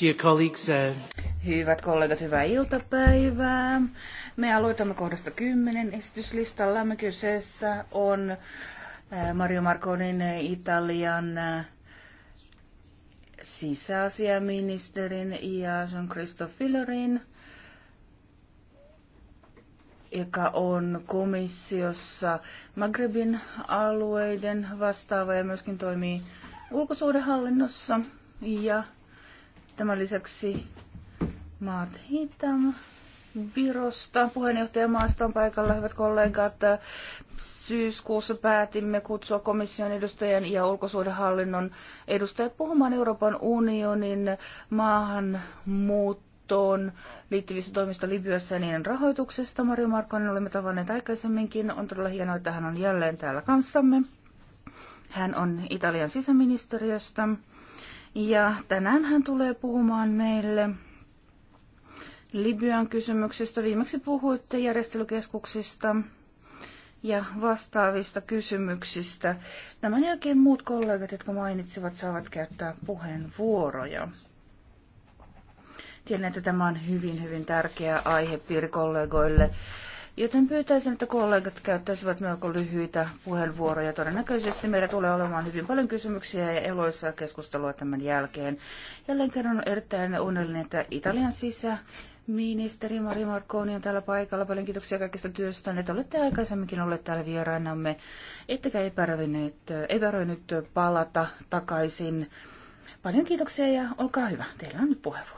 Dear colleagues, uh... Hyvät kollegat, hyvää iltapäivää. Me aloitamme kohdasta 10 esityslistallamme. Kyseessä on äh, Mario Marconin äh, Italian äh, sisäasiaministerin ja Jean-Christophe Fillerin, joka on komissiossa Magrebin alueiden vastaava ja myöskin toimii ulkosuudenhallinnossa ja Tämän lisäksi Maat Hitam Virosta, maasta on paikalla, hyvät kollegat. Syyskuussa päätimme kutsua komission edustajien ja ulkosuhdehallinnon edustajat puhumaan Euroopan unionin maahanmuuttoon liittyvistä toimista Libyassa ja niiden rahoituksesta. Mario Markkonen olemme tavanneet aikaisemminkin. On todella hienoa, että hän on jälleen täällä kanssamme. Hän on Italian sisäministeriöstä. Ja tänään hän tulee puhumaan meille Libyan kysymyksestä. Viimeksi puhuitte järjestelykeskuksista ja vastaavista kysymyksistä. Tämän jälkeen muut kollegat, jotka mainitsivat, saavat käyttää puheenvuoroja. Tiedän, että tämä on hyvin, hyvin tärkeä aihe piirikollegoille. kollegoille Joten pyytäisin, että kollegat käyttäisivät melko lyhyitä puheenvuoroja. Todennäköisesti meillä tulee olemaan hyvin paljon kysymyksiä ja eloissa keskustelua tämän jälkeen. Jälleen kerran on erittäin onnellinen, että Italian sisä Ministeri Mari Marconi on täällä paikalla. Paljon kiitoksia kaikista työstä. Että olette aikaisemminkin olleet täällä vierainamme. Ettekä epäröinyt palata takaisin. Paljon kiitoksia ja olkaa hyvä. Teillä on nyt puheenvuoro.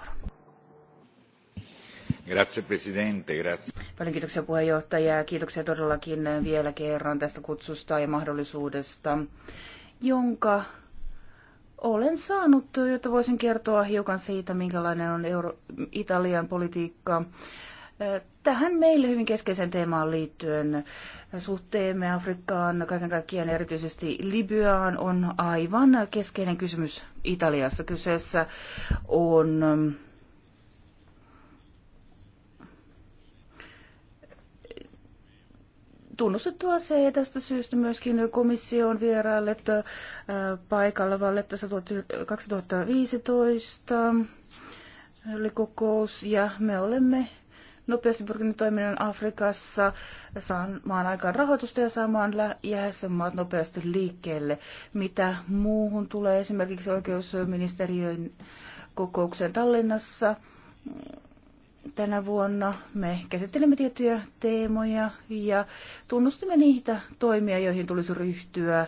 Paljon kiitoksia puheenjohtaja ja kiitoksia todellakin vielä kerran tästä kutsusta ja mahdollisuudesta, jonka olen saanut, jotta voisin kertoa hiukan siitä, minkälainen on Euro- Italian politiikka. Tähän meille hyvin keskeisen teemaan liittyen suhteemme Afrikkaan, kaiken kaikkiaan erityisesti Libyaan, on aivan keskeinen kysymys Italiassa. Kyseessä on tunnustettua se, ja tästä syystä myöskin komission vieraille paikalla Vallettassa 2015 oli kokous ja me olemme nopeasti pyrkinyt toiminnan Afrikassa saamaan aikaan rahoitusta ja saamaan jäsenmaat nopeasti liikkeelle. Mitä muuhun tulee esimerkiksi oikeusministeriön kokoukseen Tallinnassa, tänä vuonna me käsittelemme tiettyjä teemoja ja tunnustimme niitä toimia, joihin tulisi ryhtyä.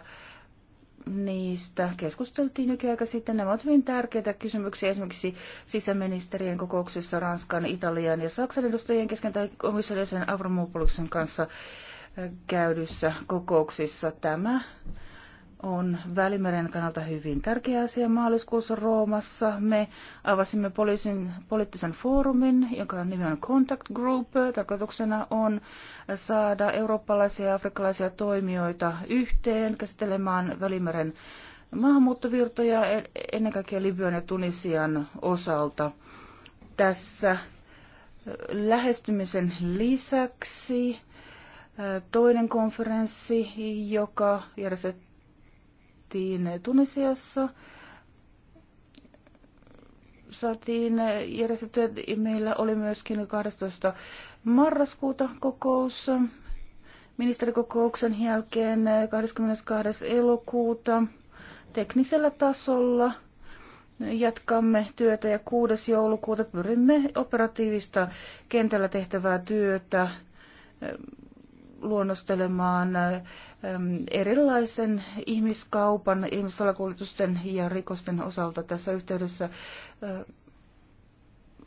Niistä keskusteltiin jokin aika sitten. Nämä ovat hyvin tärkeitä kysymyksiä esimerkiksi sisäministerien kokouksessa Ranskan, Italian ja Saksan edustajien kesken tai komissarisen Avramopoluksen kanssa äh, käydyssä kokouksissa. Tämä on Välimeren kannalta hyvin tärkeä asia. Maaliskuussa Roomassa me avasimme poliisin, poliittisen foorumin, joka on nimenomaan Contact Group. Tarkoituksena on saada eurooppalaisia ja afrikkalaisia toimijoita yhteen käsittelemään Välimeren maahanmuuttovirtoja e-, ennen kaikkea Libyan ja Tunisian osalta. Tässä lähestymisen lisäksi toinen konferenssi, joka järjestettiin tehtiin Tunisiassa. Saatiin järjestettyä, meillä oli myöskin 12. marraskuuta kokous ministerikokouksen jälkeen 22. elokuuta teknisellä tasolla. Jatkamme työtä ja 6. joulukuuta pyrimme operatiivista kentällä tehtävää työtä luonnostelemaan ähm, erilaisen ihmiskaupan, ihmissalakuljetusten ja rikosten osalta tässä yhteydessä. Äh,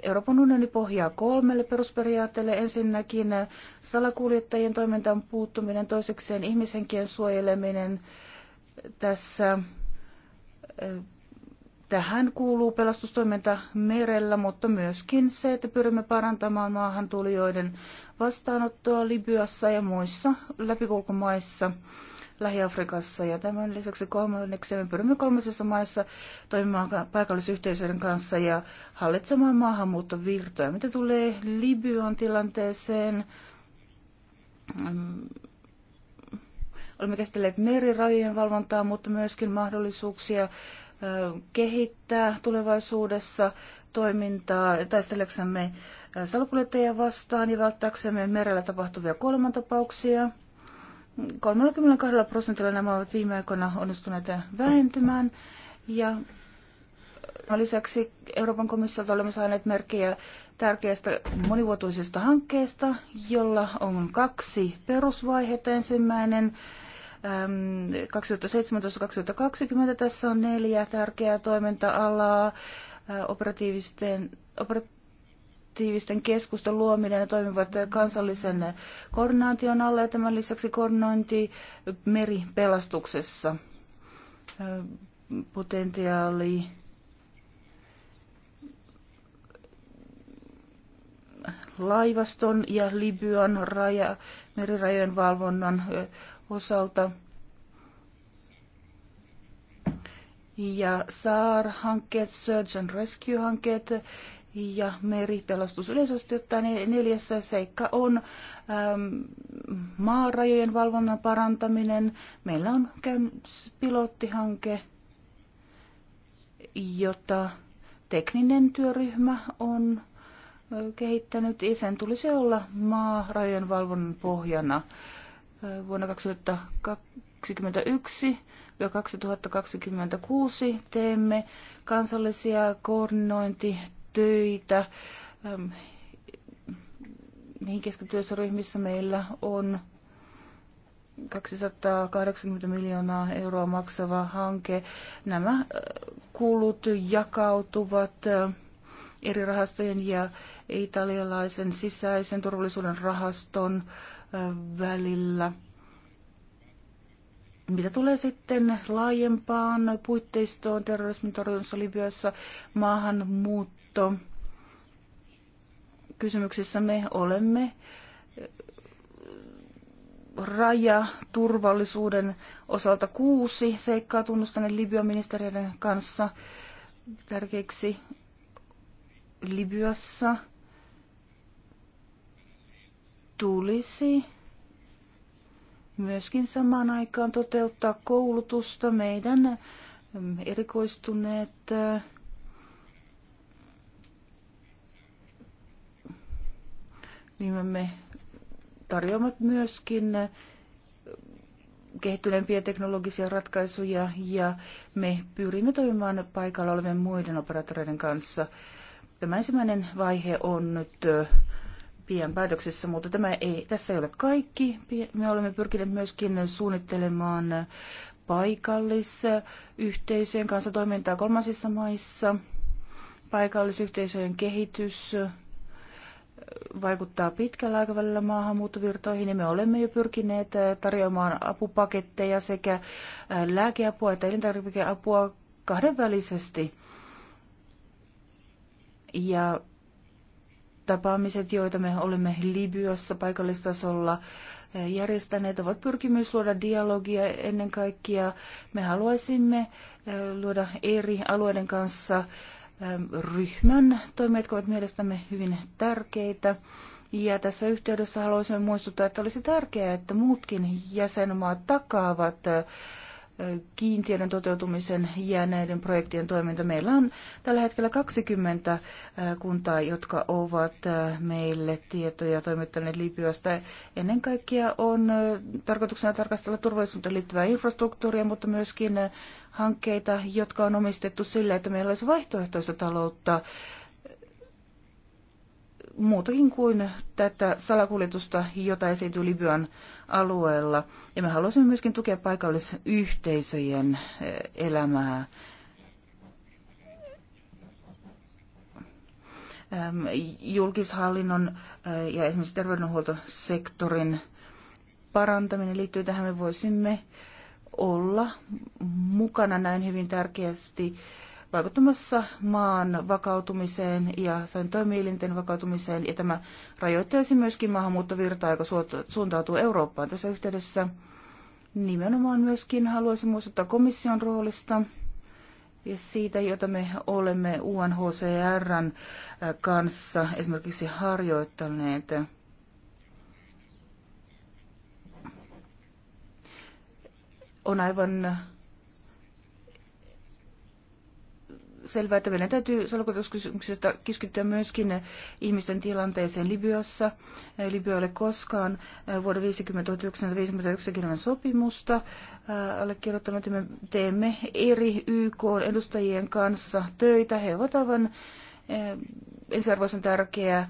Euroopan unioni pohjaa kolmelle perusperiaatteelle. Ensinnäkin äh, salakuljettajien toimintaan puuttuminen, toisekseen ihmishenkien suojeleminen tässä äh, Tähän kuuluu pelastustoiminta merellä, mutta myöskin se, että pyrimme parantamaan maahantulijoiden vastaanottoa Libyassa ja muissa läpikulkumaissa. Lähi-Afrikassa ja tämän lisäksi kolmanneksi me pyrimme kolmasessa maissa toimimaan paikallisyhteisöiden kanssa ja hallitsemaan maahanmuuttovirtoja. Mitä tulee Libyan tilanteeseen, mm, olemme käsitelleet merirajojen valvontaa, mutta myöskin mahdollisuuksia kehittää tulevaisuudessa toimintaa taisteleksemme salakuljettajia vastaan ja välttääksemme merellä tapahtuvia kuolemantapauksia. 32 prosentilla nämä ovat viime aikoina onnistuneet vähentymään. Ja lisäksi Euroopan komissiolta olemme saaneet merkkejä tärkeästä monivuotuisesta hankkeesta, jolla on kaksi perusvaihetta. Ensimmäinen 2017-2020. Tässä on neljä tärkeää toiminta-alaa. Operatiivisten, operatiivisten keskusten luominen ja toimivat kansallisen koordinaation alle ja tämän lisäksi koordinointi meripelastuksessa. Potentiaali laivaston ja Libyan raja, merirajojen valvonnan osalta. Ja SAR-hankkeet, Search and Rescue-hankkeet ja meripelastus yleisesti ottaen neljäs seikka on äm, maarajojen valvonnan parantaminen. Meillä on käynnissä pilottihanke, jota tekninen työryhmä on äh, kehittänyt. Sen tulisi olla maarajojen valvonnan pohjana vuonna 2021 ja 2026 teemme kansallisia koordinointitöitä. Niihin keskityössä ryhmissä meillä on 280 miljoonaa euroa maksava hanke. Nämä äh, kulut jakautuvat äh, eri rahastojen ja italialaisen sisäisen turvallisuuden rahaston välillä. Mitä tulee sitten laajempaan puitteistoon terrorismin torjunnassa Libyassa, maahanmuutto kysymyksissä me olemme eh, raja turvallisuuden osalta kuusi seikkaa tunnustaneet Libyan ministeriöiden kanssa tärkeiksi Libyassa – tulisi myöskin samaan aikaan toteuttaa koulutusta meidän mm, erikoistuneet niin me tarjoamme myöskin kehittyneempiä teknologisia ratkaisuja ja me pyrimme toimimaan paikalla olevien muiden operaattoreiden kanssa. Tämä ensimmäinen vaihe on nyt pian päätöksessä, mutta tämä ei, tässä ei ole kaikki. Me olemme pyrkineet myöskin suunnittelemaan paikallisyhteisöjen kanssa toimintaa kolmansissa maissa. Paikallisyhteisöjen kehitys vaikuttaa pitkällä aikavälillä maahanmuuttovirtoihin, niin me olemme jo pyrkineet tarjoamaan apupaketteja sekä lääkeapua että elintarvikeapua kahdenvälisesti. Ja tapaamiset, joita me olemme Libyassa paikallistasolla eh, järjestäneet, ovat pyrkimys luoda dialogia ennen kaikkea. Me haluaisimme eh, luoda eri alueiden kanssa eh, ryhmän toimia, jotka ovat mielestämme hyvin tärkeitä. Ja tässä yhteydessä haluaisimme muistuttaa, että olisi tärkeää, että muutkin jäsenmaat takaavat kiintiöiden toteutumisen ja näiden projektien toiminta. Meillä on tällä hetkellä 20 kuntaa, jotka ovat meille tietoja toimittaneet Libyasta. Ennen kaikkea on tarkoituksena tarkastella turvallisuuteen liittyvää infrastruktuuria, mutta myöskin hankkeita, jotka on omistettu sille, että meillä olisi vaihtoehtoista taloutta muutakin kuin tätä salakuljetusta, jota esiintyy Libyan alueella. Ja me haluaisimme myöskin tukea paikallisyhteisöjen eh, elämää. Ehm, julkishallinnon eh, ja esimerkiksi terveydenhuoltosektorin parantaminen liittyy tähän. Me voisimme olla mukana näin hyvin tärkeästi vaikuttamassa maan vakautumiseen ja sen toimielinten vakautumiseen, ja tämä rajoittaisi myöskin maahanmuuttovirtaa, joka suuntautuu Eurooppaan tässä yhteydessä. Nimenomaan myöskin haluaisin muistuttaa komission roolista ja siitä, jota me olemme UNHCRn kanssa esimerkiksi harjoittaneet. On aivan selvää, että meidän täytyy salakuljetuskysymyksestä keskittyä myöskin ihmisten tilanteeseen Libyassa. Libya ei ole koskaan vuoden 1959 sopimusta allekirjoittanut. Me teemme eri YK-edustajien kanssa töitä. He ovat aivan eh, ensiarvoisen tärkeä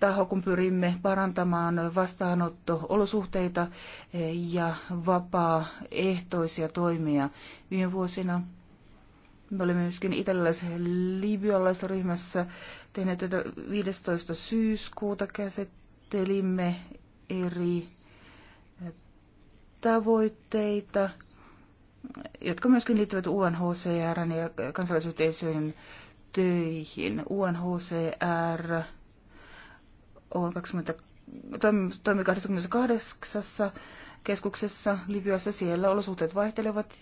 taho, kun pyrimme parantamaan vastaanotto-olosuhteita eh, ja vapaaehtoisia toimia viime vuosina me olimme myöskin italialais-libyalaisessa ryhmässä tehneet työtä 15. syyskuuta käsittelimme eri eh, tavoitteita, jotka myöskin liittyvät UNHCR ja kansalaisyhteisöjen töihin. UNHCR on 20, toimi 28 keskuksessa Libyassa. Siellä olosuhteet vaihtelevat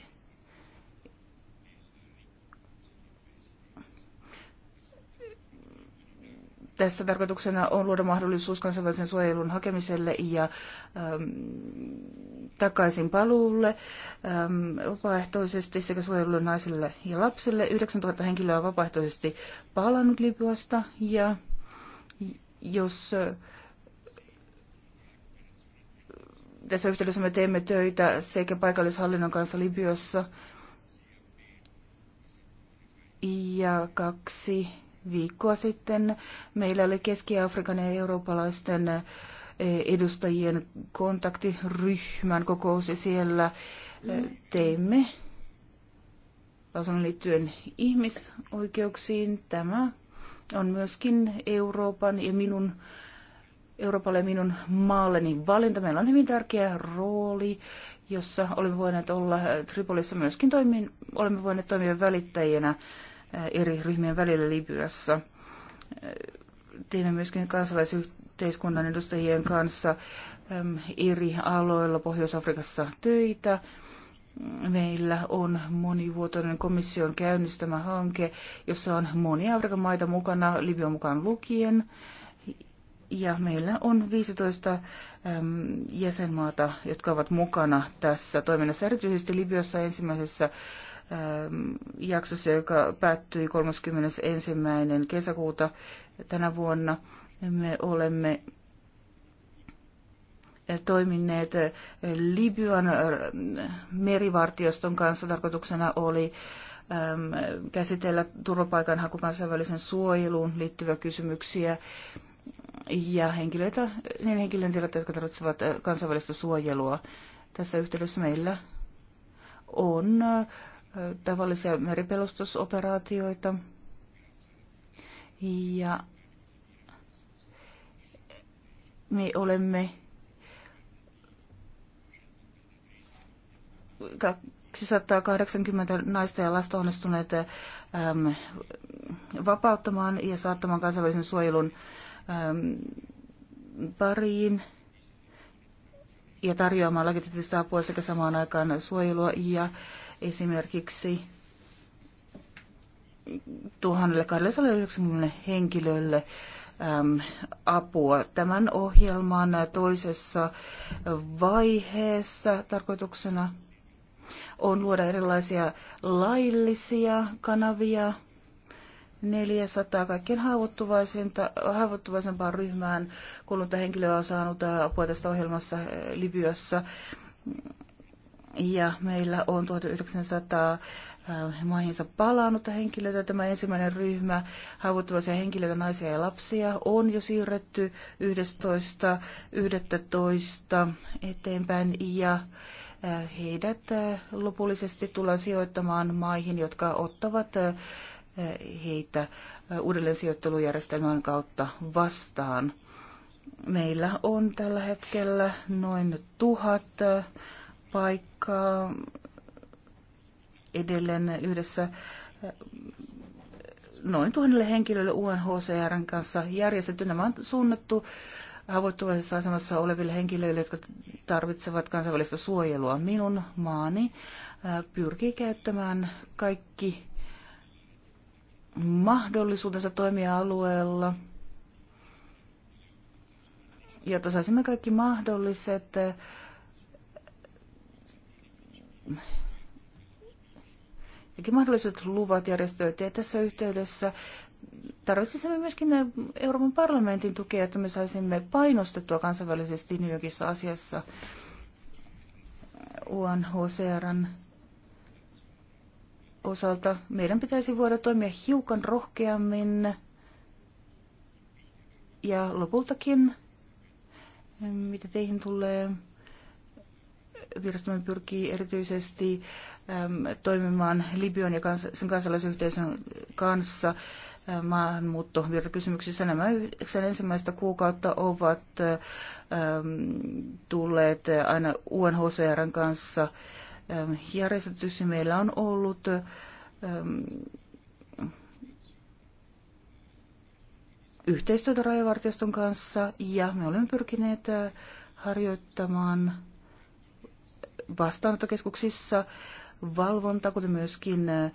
Tässä tarkoituksena on luoda mahdollisuus kansainvälisen suojelun hakemiselle ja äm, takaisin paluulle äm, vapaaehtoisesti sekä suojelulle naisille ja lapsille. 9000 henkilöä on vapaaehtoisesti palannut Libyasta ja jos äh, tässä yhteydessä me teemme töitä sekä paikallishallinnon kanssa Libyassa ja kaksi viikkoa sitten meillä oli Keski-Afrikan ja eurooppalaisten eh, edustajien kontaktiryhmän kokous ja siellä eh, teimme lausunnon liittyen ihmisoikeuksiin. Tämä on myöskin Euroopan ja minun Euroopalle ja minun maalleni valinta. Meillä on hyvin tärkeä rooli, jossa olemme voineet olla eh, Tripolissa myöskin toimin, olemme voineet toimia välittäjinä Eh, eri ryhmien välillä Libyassa. Eh, Teimme myöskin kansalaisyhteiskunnan edustajien kanssa eri aloilla Pohjois-Afrikassa töitä. Meillä on monivuotoinen komission käynnistämä hanke, jossa on monia Afrikan maita mukana, Libyan mukaan lukien ja meillä on 15 jäsenmaata, jotka ovat mukana tässä toiminnassa, erityisesti Libyassa ensimmäisessä jaksossa, joka päättyi 31. kesäkuuta tänä vuonna. Me olemme toimineet Libyan merivartioston kanssa. Tarkoituksena oli käsitellä turvapaikanhaku kansainvälisen suojeluun liittyviä kysymyksiä ja henkilöitä, niin henkilöitä, jotka tarvitsevat kansainvälistä suojelua. Tässä yhteydessä meillä on tavallisia meripelastusoperaatioita ja me olemme 280 naista ja lasta onnistuneet äm, vapauttamaan ja saattamaan kansainvälisen suojelun äh, Ähm, pariin ja tarjoamaan lakitieteellistä apua sekä samaan aikaan suojelua ja esimerkiksi 1290 henkilölle äm, apua. Tämän ohjelman toisessa vaiheessa tarkoituksena on luoda erilaisia laillisia kanavia 400 kaikkein haavoittuvaisempaan ryhmään kuulunta henkilöä on saanut apua tästä ohjelmassa Libyassa. Ja meillä on 1900 maihinsa palannutta henkilöitä. Tämä ensimmäinen ryhmä haavoittuvaisia henkilöitä, naisia ja lapsia on jo siirretty 11.11. eteenpäin ja heidät lopullisesti tullaan sijoittamaan maihin, jotka ottavat heitä uudelleen sijoittelujärjestelmän kautta vastaan. Meillä on tällä hetkellä noin tuhat paikkaa edelleen yhdessä noin tuhannelle henkilölle UNHCRn kanssa järjestetty. Nämä on suunnattu haavoittuvaisessa asemassa oleville henkilöille, jotka tarvitsevat kansainvälistä suojelua. Minun maani pyrkii käyttämään kaikki mahdollisuutensa toimia alueella, jotta saisimme kaikki mahdolliset eh, kaikki mahdolliset luvat järjestöitä. Ja tässä yhteydessä tarvitsisimme myöskin eh, Euroopan parlamentin tukea, että me saisimme painostettua kansainvälisesti New Yorkissa asiassa UNHCRn osalta meidän pitäisi voida toimia hiukan rohkeammin ja lopultakin, mitä teihin tulee, virastomme pyrkii erityisesti ähm, toimimaan Libyan ja sen kansalaisyhteisön kanssa äh, maahanmuuttovirtakysymyksissä. Nämä yhdeksän ensimmäistä kuukautta ovat ähm, tulleet aina UNHCRn kanssa järjestetyssä. Ähm, meillä on ollut ähm, yhteistyötä rajavartioston kanssa ja me olemme pyrkineet äh, harjoittamaan vastaanottokeskuksissa valvonta, kuten myöskin äh,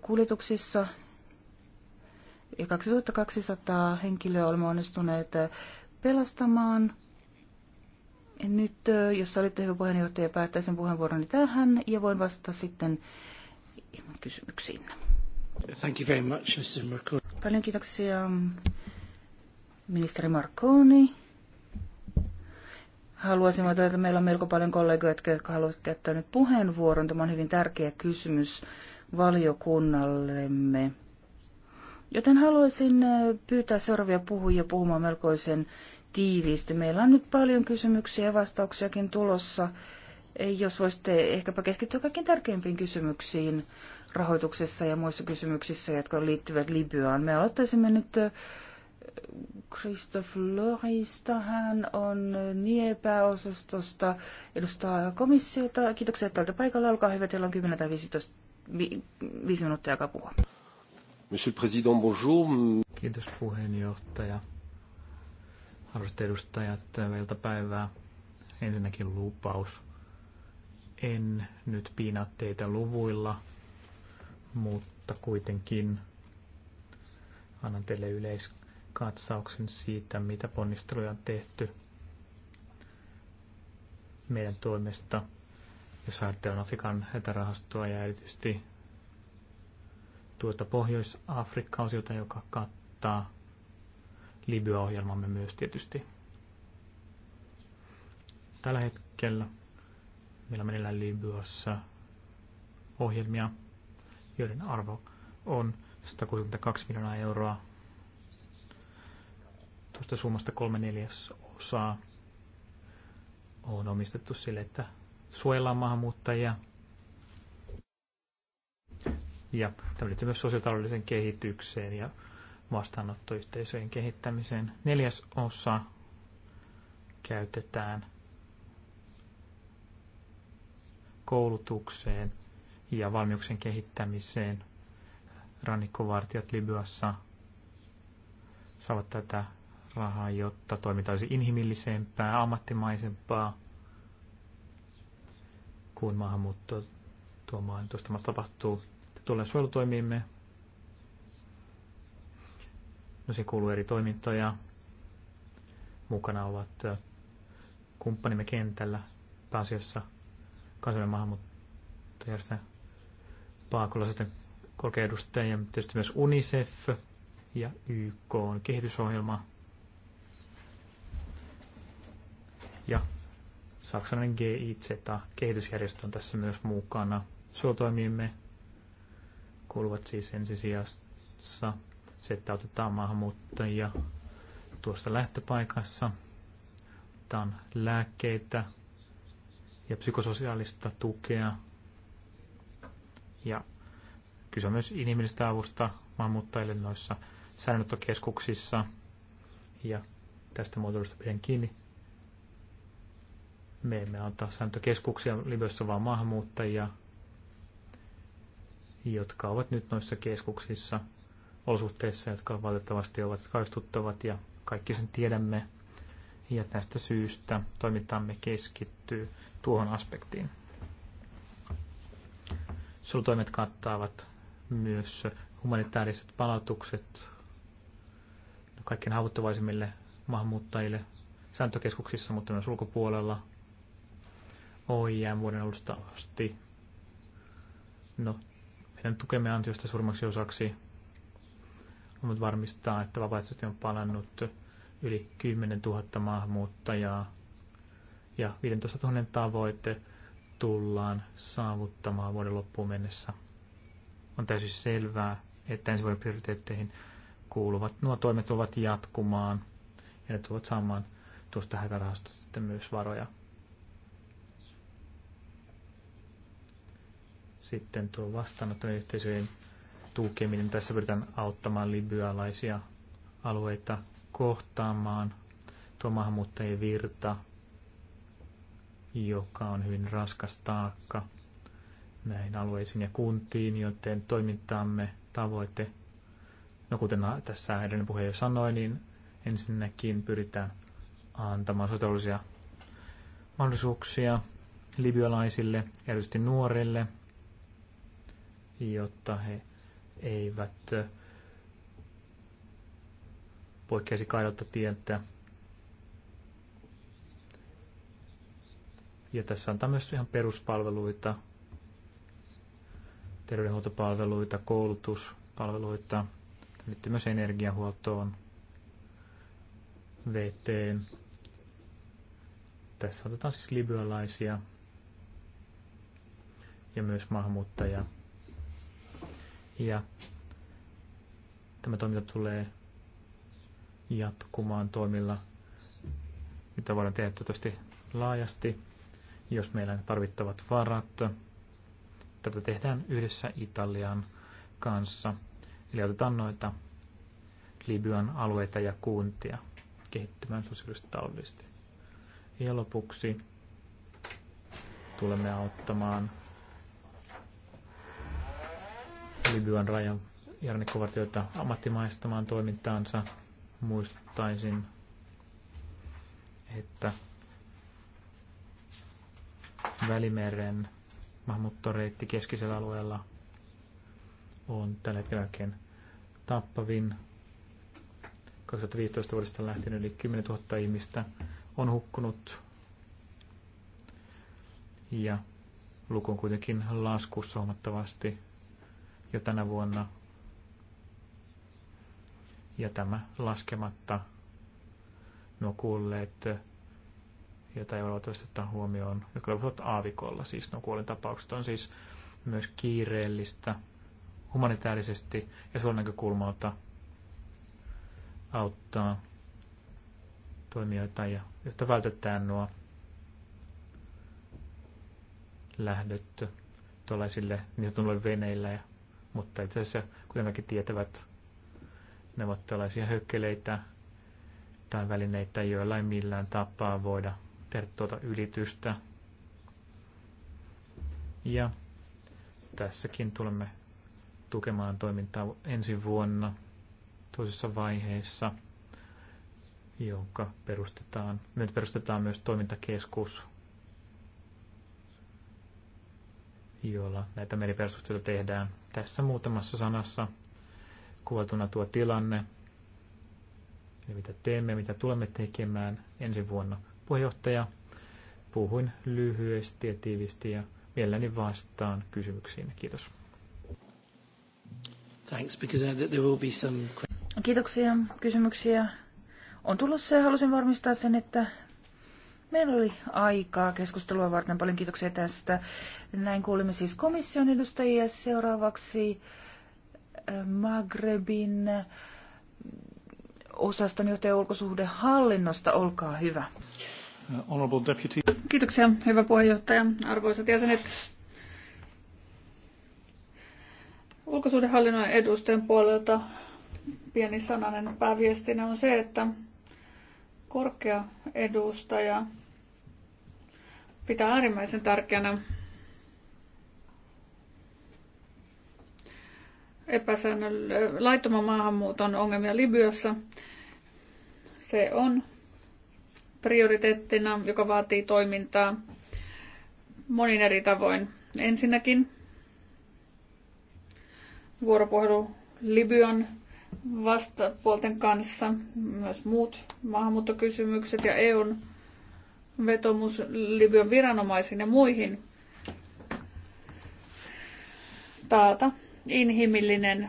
kuljetuksissa. Ja 2200 henkilöä olemme onnistuneet äh, pelastamaan. Nyt, jos olitte hyvä puheenjohtaja, päättäisin puheenvuoroni tähän ja voin vastata sitten kysymyksiin. Thank you very much, Mr. Marconi. Paljon kiitoksia ministeri Marconi. Haluaisin vaatia, että meillä on melko paljon kollegoja, jotka haluaisivat käyttää nyt puheenvuoron. Tämä on hyvin tärkeä kysymys valiokunnallemme. Joten haluaisin pyytää seuraavia puhujia puhumaan melkoisen tiiviisti. Meillä on nyt paljon kysymyksiä ja vastauksiakin tulossa. Jos voisitte ehkäpä keskittyä kaikkein tärkeimpiin kysymyksiin rahoituksessa ja muissa kysymyksissä, jotka liittyvät Libyaan. Me aloittaisimme nyt Christophe Lorista. Hän on NIE-pääosastosta, edustaa komissiota. Kiitoksia, että olette paikalla. Olkaa hyvä, teillä on 10 tai 15 5 minuuttia aikaa puhua. Monsieur le Président, bonjour. Kiitos puheenjohtaja. Arvoisat edustajat, meiltä päivää. Ensinnäkin lupaus. En nyt piinaa teitä luvuilla, mutta kuitenkin annan teille yleiskatsauksen siitä, mitä ponnisteluja on tehty meidän toimesta, jos ajatellaan Afrikan hätärahastoa ja erityisesti tuota Pohjois-Afrikkaa, joka kattaa Libya-ohjelmamme myös tietysti. Tällä hetkellä meillä meneillään Libyassa ohjelmia, joiden arvo on 162 miljoonaa euroa. Tuosta summasta kolme neljäsosaa on omistettu sille, että suojellaan maahanmuuttajia. Ja tämä liittyy myös sosiaalitaloudelliseen kehitykseen ja vastaanottoyhteisöjen kehittämiseen. Neljäs osa käytetään koulutukseen ja valmiuksen kehittämiseen. Rannikkovartijat Libyassa saavat tätä rahaa, jotta toiminta olisi inhimillisempää, ammattimaisempaa kuin maahanmuutto tuomaan tuosta tapahtuu. Tulee suojelutoimiimme No se kuuluu eri toimintoja. Mukana ovat kumppanimme kentällä pääasiassa kansainvälinen maahanmuuttajärjestö Paakola, sitten korkean edustaja ja tietysti myös UNICEF ja YK on kehitysohjelma. Ja saksalainen GIZ, kehitysjärjestö on tässä myös mukana. Suotoimimme kuuluvat siis ensisijassa se, että otetaan maahanmuuttajia tuossa lähtöpaikassa, otetaan lääkkeitä ja psykososiaalista tukea. Ja kyse on myös inhimillistä avusta maahanmuuttajille noissa säännöttökeskuksissa. Ja tästä muotoilusta pidän kiinni. Me emme antaa sääntökeskuksia Libyassa, vaan maahanmuuttajia, jotka ovat nyt noissa keskuksissa – olosuhteissa, jotka valitettavasti ovat kaistuttavat ja kaikki sen tiedämme. Ja tästä syystä toimintamme keskittyy tuohon aspektiin. Sulutoimet kattaavat myös humanitaariset palautukset kaikkien haavoittuvaisimmille maahanmuuttajille sääntökeskuksissa, mutta myös ulkopuolella. OIM vuoden alusta asti. No, meidän tukemme ansiosta suurimmaksi osaksi mutta varmistaa, että vapaaehtoisesti on palannut yli 10 000 maahanmuuttajaa ja 15 000 tavoite tullaan saavuttamaan vuoden loppuun mennessä. On täysin selvää, että ensi vuoden prioriteetteihin kuuluvat nuo toimet ovat jatkumaan ja ne tulevat saamaan tuosta hätärahastosta sitten myös varoja. Sitten tuo vastaanottojen yhteisöjen tukeminen. Tässä pyritään auttamaan libyalaisia alueita kohtaamaan tuo maahanmuuttajien virta, joka on hyvin raskas taakka näihin alueisiin ja kuntiin, joten toimintamme tavoite, no kuten tässä edellinen puhe jo sanoi, niin ensinnäkin pyritään antamaan sotilaallisia mahdollisuuksia libyalaisille, erityisesti nuorille, jotta he eivät äh, poikkeisi kaidalta tientä. Ja tässä on myös ihan peruspalveluita, terveydenhuoltopalveluita, koulutuspalveluita, liittyy myös energiahuoltoon, VT. Tässä otetaan siis libyalaisia ja myös maahanmuuttajia. Ja tämä toiminta tulee jatkumaan toimilla, mitä voidaan tehdä toivottavasti laajasti, jos meillä on tarvittavat varat. Tätä tehdään yhdessä Italian kanssa. Eli otetaan noita Libyan alueita ja kuntia kehittymään sosiaalisesti taloudellisesti. Ja lopuksi tulemme auttamaan Libyan rajan jarnikkovartijoita ammattimaistamaan toimintaansa. Muistaisin, että Välimeren maahanmuuttoreitti keskisellä alueella on tällä hetkellä oikein tappavin. 2015 vuodesta lähtien yli 10 000 ihmistä on hukkunut. Ja luku on kuitenkin laskussa huomattavasti jo tänä vuonna. Ja tämä laskematta nuo kuulleet, joita ei ole otettu ottaa huomioon, jotka ovat aavikolla. Siis nuo kuolintapaukset on siis myös kiireellistä humanitaarisesti ja suoran näkökulmalta auttaa toimijoita, ja, jotta vältetään nuo lähdöt tuollaisille niin sanotulle veneillä ja mutta itse asiassa, kuten kaikki tietävät, ne ovat tällaisia hökkeleitä tai välineitä, joilla ei millään tapaa voida tehdä tuota ylitystä. Ja tässäkin tulemme tukemaan toimintaa ensi vuonna toisessa vaiheessa, jonka perustetaan, nyt perustetaan myös toimintakeskus jolla näitä meriperustustyötä tehdään. Tässä muutamassa sanassa kuvatuna tuo tilanne, eli mitä teemme, mitä tulemme tekemään ensi vuonna. Puheenjohtaja, puhuin lyhyesti ja tiivisti ja mielelläni vastaan kysymyksiin. Kiitos. Thanks, because uh, there will be some... Kiitoksia. Kysymyksiä on tulossa ja halusin varmistaa sen, että Meillä oli aikaa keskustelua varten. Paljon kiitoksia tästä. Näin kuulimme siis komission edustajia. Seuraavaksi äh, Magrebin äh, osaston johtaja ulkosuhdehallinnosta. Olkaa hyvä. Honorable Deputy. Kiitoksia, hyvä puheenjohtaja. Arvoisat jäsenet, ulkosuhdehallinnon edustajan puolelta pieni sananen pääviestinä on se, että korkea edustaja pitää äärimmäisen tärkeänä laittoman maahanmuuton ongelmia Libyassa. Se on prioriteettina, joka vaatii toimintaa monin eri tavoin. Ensinnäkin vuoropuhelu Libyan vastapuolten kanssa, myös muut maahanmuuttokysymykset ja EUn vetomus Libyan viranomaisiin ja muihin taata inhimillinen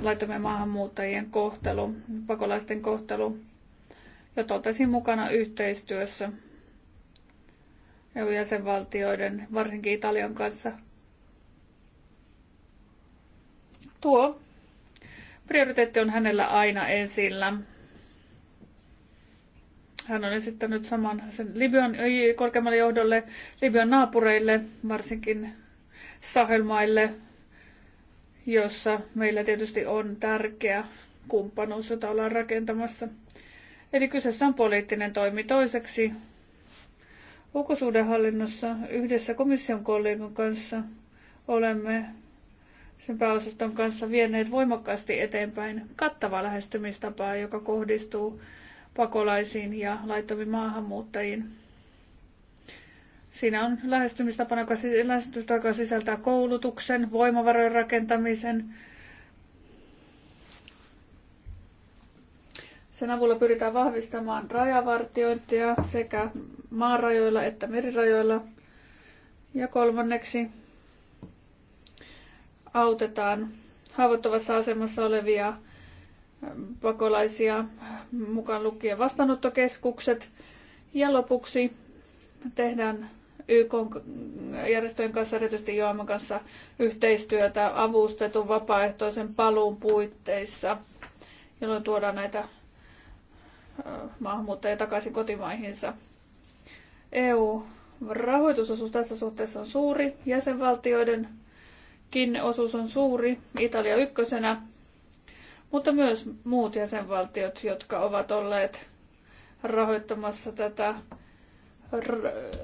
laitomien maahanmuuttajien kohtelu, pakolaisten kohtelu, ja totesin mukana yhteistyössä EU-jäsenvaltioiden, varsinkin Italian kanssa. Tuo prioriteetti on hänellä aina esillä. Hän on esittänyt saman sen Libyan korkeammalle johdolle, Libyan naapureille, varsinkin Sahelmaille, jossa meillä tietysti on tärkeä kumppanuus, jota ollaan rakentamassa. Eli kyseessä on poliittinen toimi. Toiseksi Ulkosuhdehallinnossa yhdessä komission kollegan kanssa olemme sen pääosaston kanssa vieneet voimakkaasti eteenpäin kattavaa lähestymistapaa, joka kohdistuu pakolaisiin ja laittomiin maahanmuuttajiin. Siinä on lähestymistapana, joka, lähestymistapa, joka sisältää koulutuksen, voimavarojen rakentamisen. Sen avulla pyritään vahvistamaan rajavartiointia sekä maarajoilla että merirajoilla. Ja kolmanneksi autetaan haavoittuvassa asemassa olevia pakolaisia, mukaan lukien vastaanottokeskukset. Ja lopuksi tehdään YK-järjestöjen kanssa, erityisesti Joaman kanssa, yhteistyötä avustetun vapaaehtoisen paluun puitteissa, jolloin tuodaan näitä maahanmuuttajia takaisin kotimaihinsa. EU-rahoitusosuus tässä suhteessa on suuri, jäsenvaltioidenkin osuus on suuri, Italia ykkösenä, mutta myös muut jäsenvaltiot, jotka ovat olleet rahoittamassa tätä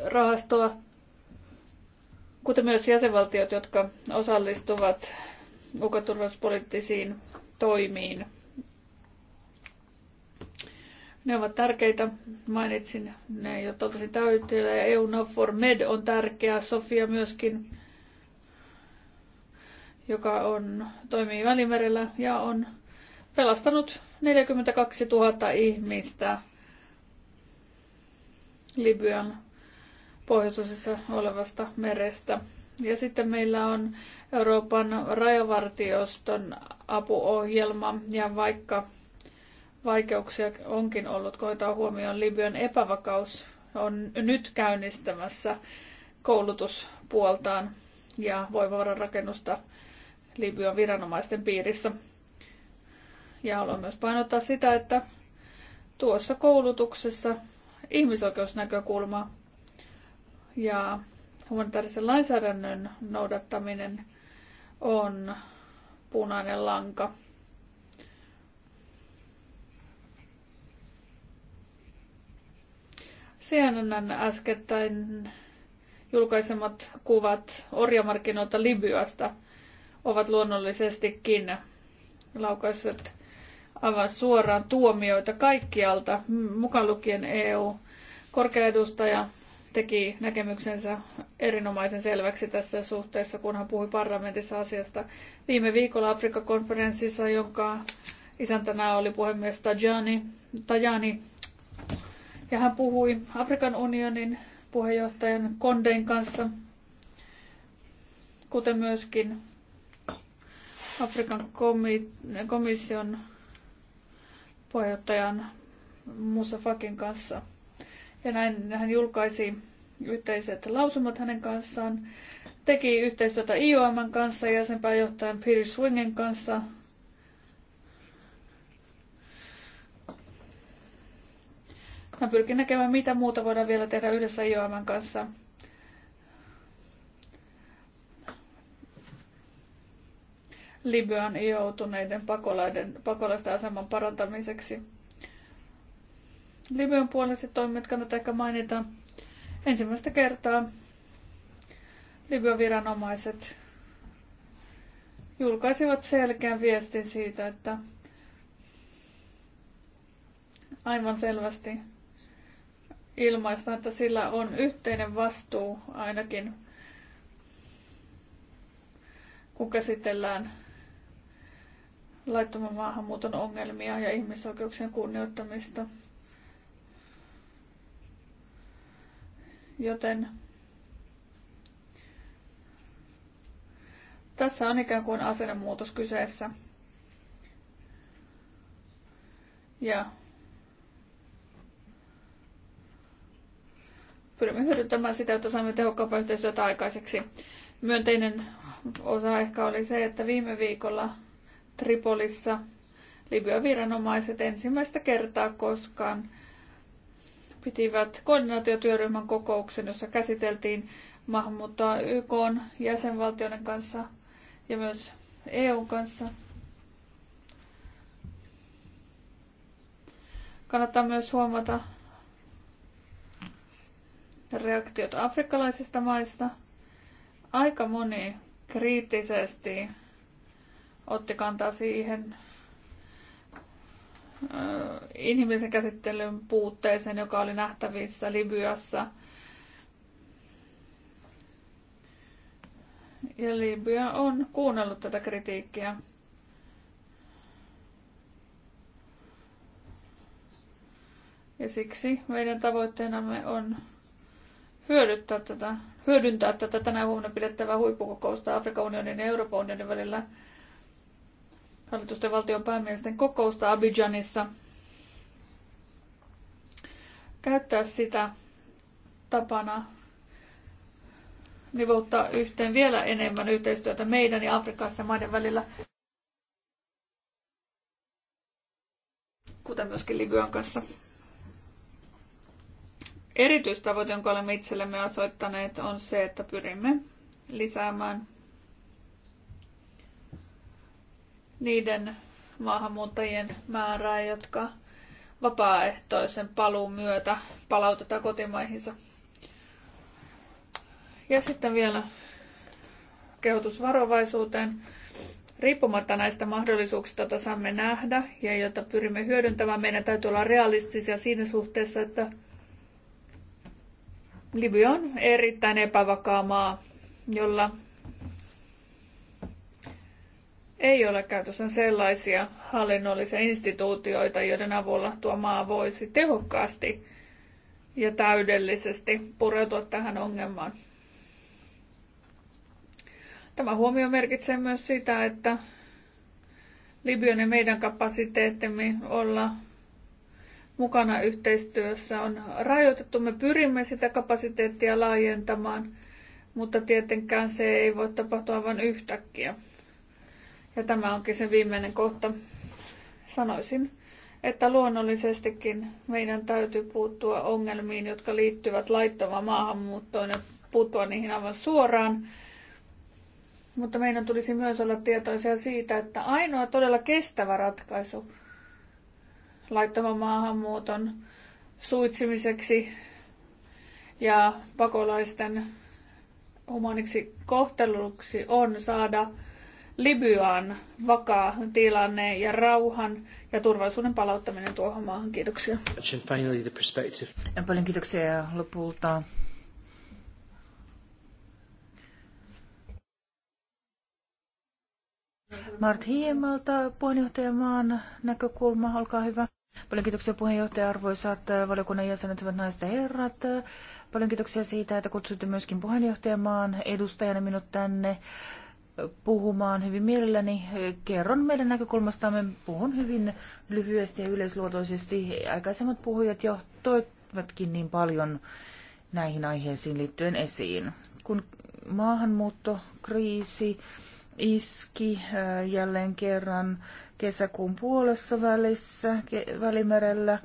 rahastoa, kuten myös jäsenvaltiot, jotka osallistuvat ulkoturvallisuuspoliittisiin toimiin. Ne ovat tärkeitä, mainitsin ne jo tosi täytillä. Ja EU for Med on tärkeä, Sofia myöskin, joka on, toimii Välimerellä ja on pelastanut 42 000 ihmistä Libyan pohjoisosissa olevasta merestä. Ja sitten meillä on Euroopan rajavartioston apuohjelma ja vaikka vaikeuksia onkin ollut, koetaan huomioon Libyan epävakaus on nyt käynnistämässä koulutuspuoltaan ja voimavararakennusta Libyan viranomaisten piirissä. Ja haluan myös painottaa sitä, että tuossa koulutuksessa ihmisoikeusnäkökulma ja humanitaarisen lainsäädännön noudattaminen on punainen lanka. CNN äskettäin julkaisemat kuvat orjamarkkinoilta Libyasta ovat luonnollisestikin laukaiset avaa suoraan tuomioita kaikkialta, mukaan lukien EU. Korkea edustaja teki näkemyksensä erinomaisen selväksi tässä suhteessa, kun hän puhui parlamentissa asiasta viime viikolla Afrikka-konferenssissa, jonka isäntänä oli puhemies Tajani, Tajani. Ja hän puhui Afrikan unionin puheenjohtajan Kondein kanssa, kuten myöskin Afrikan komission puheenjohtajan Musa Fakin kanssa. Ja näin hän julkaisi yhteiset lausumat hänen kanssaan, teki yhteistyötä IOM kanssa ja sen pääjohtajan Peter Swingen kanssa. Hän pyrkii näkemään, mitä muuta voidaan vielä tehdä yhdessä IOM kanssa – Libyan joutuneiden pakolaiden, pakolaisten aseman parantamiseksi. Libyan puoliset toimet kannattaa ehkä mainita. Ensimmäistä kertaa Libyan viranomaiset julkaisivat selkeän viestin siitä, että aivan selvästi ilmaista, että sillä on yhteinen vastuu ainakin, kun käsitellään laittoman maahanmuuton ongelmia ja ihmisoikeuksien kunnioittamista. Joten tässä on ikään kuin asennemuutos kyseessä. Ja pyrimme hyödyntämään sitä, että saamme tehokkaampaa yhteistyötä aikaiseksi. Myönteinen osa ehkä oli se, että viime viikolla Tripolissa Libyan viranomaiset ensimmäistä kertaa koskaan pitivät koordinaatiotyöryhmän kokouksen, jossa käsiteltiin maahanmuuttoa YK jäsenvaltioiden kanssa ja myös EUn kanssa. Kannattaa myös huomata reaktiot afrikkalaisista maista. Aika moni kriittisesti otti kantaa siihen inhimillisen käsittelyn puutteeseen, joka oli nähtävissä Libyassa. Ja Libya on kuunnellut tätä kritiikkiä. Ja siksi meidän tavoitteenamme on hyödyntää tätä, hyödyntää tätä tänä huomenna pidettävää huippukokousta Afrikan unionin ja Euroopan unionin välillä – hallitusten valtion päämiesten kokousta Abidjanissa, käyttää sitä tapana nivouttaa yhteen vielä enemmän yhteistyötä meidän ja afrikkalaisten maiden välillä, kuten myöskin Libyan kanssa. Erityistavoite, jonka olemme itsellemme asoittaneet, on se, että pyrimme lisäämään niiden maahanmuuttajien määrää, jotka vapaaehtoisen paluun myötä palautetaan kotimaihinsa. Ja sitten vielä kehotus varovaisuuteen. Riippumatta näistä mahdollisuuksista, joita saamme nähdä ja joita pyrimme hyödyntämään, meidän täytyy olla realistisia siinä suhteessa, että Libya on erittäin epävakaa maa, jolla ei ole käytössä sellaisia hallinnollisia instituutioita, joiden avulla tuo maa voisi tehokkaasti ja täydellisesti pureutua tähän ongelmaan. Tämä huomio merkitsee myös sitä, että Libyan ja meidän kapasiteettimme olla mukana yhteistyössä on rajoitettu. Me pyrimme sitä kapasiteettia laajentamaan, mutta tietenkään se ei voi tapahtua vain yhtäkkiä. Ja tämä onkin se viimeinen kohta. Sanoisin, että luonnollisestikin meidän täytyy puuttua ongelmiin, jotka liittyvät laittomaan maahanmuuttoon ja puuttua niihin aivan suoraan. Mutta meidän tulisi myös olla tietoisia siitä, että ainoa todella kestävä ratkaisu laittoman maahanmuuton suitsimiseksi ja pakolaisten humaniksi kohteluksi on saada Libyaan vakaa tilanne ja rauhan ja turvallisuuden palauttaminen tuohon maahan. Kiitoksia. Ja paljon kiitoksia lopulta. Mart Hiemalta, puheenjohtajamaan näkökulma, olkaa hyvä. Paljon kiitoksia puheenjohtaja, arvoisat äh, valiokunnan jäsenet, hyvät naiset ja herrat. Äh, paljon kiitoksia siitä, että kutsutte myöskin puheenjohtajamaan edustajana minut tänne puhumaan hyvin mielelläni. Kerron meidän näkökulmastamme, puhun hyvin lyhyesti ja yleisluotoisesti. Aikaisemmat puhujat jo toivatkin niin paljon näihin aiheisiin liittyen esiin. Kun maahanmuuttokriisi iski äh, jälleen kerran kesäkuun puolessa välissä, välimerellä,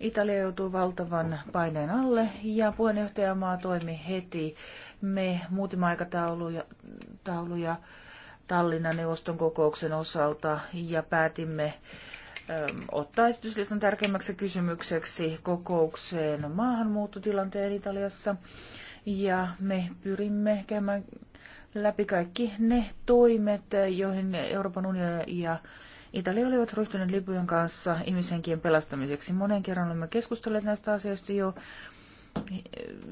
Italia joutui valtavan paineen alle ja puheenjohtajamaa toimi heti. Me muutimme aikatauluja tauluja Tallinnan neuvoston kokouksen osalta ja päätimme ähm, ottaa esityslistan tärkeimmäksi kysymykseksi kokoukseen maahanmuuttotilanteen Italiassa. Ja me pyrimme käymään läpi kaikki ne toimet, joihin Euroopan unioni ja Italia olivat ryhtyneet Libyan kanssa ihmishenkien pelastamiseksi. Monen kerran olemme keskustelleet näistä asioista jo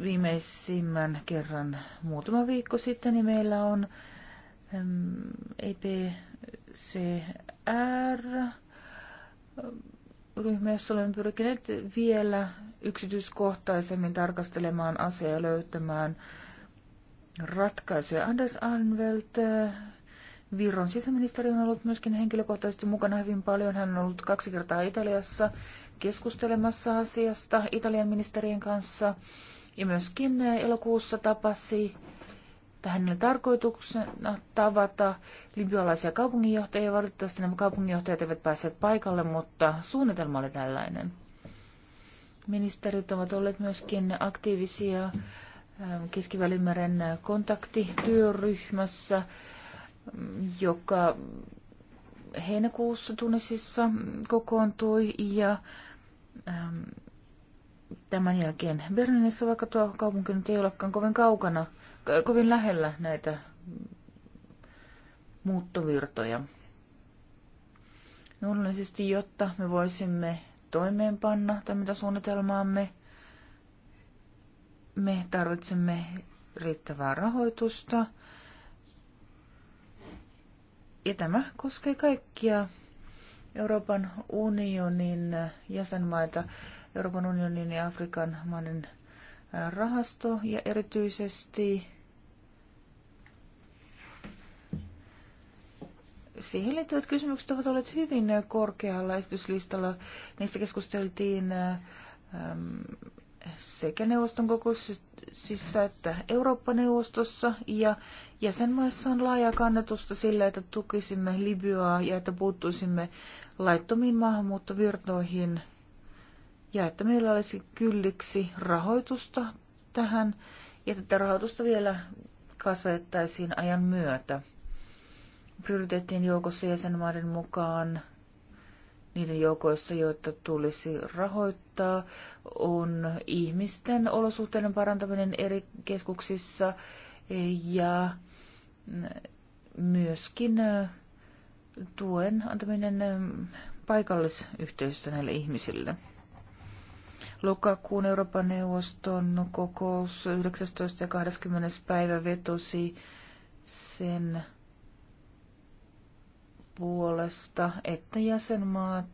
viimeisimmän kerran muutama viikko sitten, niin meillä on EPCR ryhmä, jossa olemme pyrkineet vielä yksityiskohtaisemmin tarkastelemaan asiaa ja löytämään ratkaisuja. Anders Anvelt Virron sisäministeri on ollut myöskin henkilökohtaisesti mukana hyvin paljon. Hän on ollut kaksi kertaa Italiassa keskustelemassa asiasta Italian ministerien kanssa. Ja myöskin eh, elokuussa tapasi tähän tarkoituksena tavata libyalaisia kaupunginjohtajia. Valitettavasti nämä kaupunginjohtajat eivät päässeet paikalle, mutta suunnitelma oli tällainen. Ministerit ovat olleet myöskin aktiivisia eh, Keskivälimeren kontaktityöryhmässä joka heinäkuussa Tunisissa kokoontui ja ähm, tämän jälkeen Berliinissä, vaikka tuo kaupunki nyt ei olekaan kovin kaukana, kovin lähellä näitä muuttovirtoja. Luonnollisesti, jotta me voisimme toimeenpanna tämmöistä suunnitelmaamme, me tarvitsemme riittävää rahoitusta – ja tämä koskee kaikkia Euroopan unionin jäsenmaita, Euroopan unionin ja Afrikan maiden rahasto ja erityisesti siihen liittyvät kysymykset ovat olleet hyvin korkealla esityslistalla. Niistä keskusteltiin sekä neuvoston kokouksessa Yhdysvalloissa että Eurooppa-neuvostossa ja jäsenmaissa on laaja kannatusta sillä, että tukisimme Libyaa ja että puuttuisimme laittomiin maahanmuuttovirtoihin ja että meillä olisi kylliksi rahoitusta tähän ja tätä rahoitusta vielä kasvettaisiin ajan myötä. Prioriteettien joukossa jäsenmaiden mukaan niiden joukoissa, joita tulisi rahoittaa, on ihmisten olosuhteiden parantaminen eri keskuksissa ja myöskin tuen antaminen paikallisyhteisössä näille ihmisille. Lokakuun Euroopan neuvoston kokous 19. ja 20. päivä vetosi sen puolesta, että jäsenmaat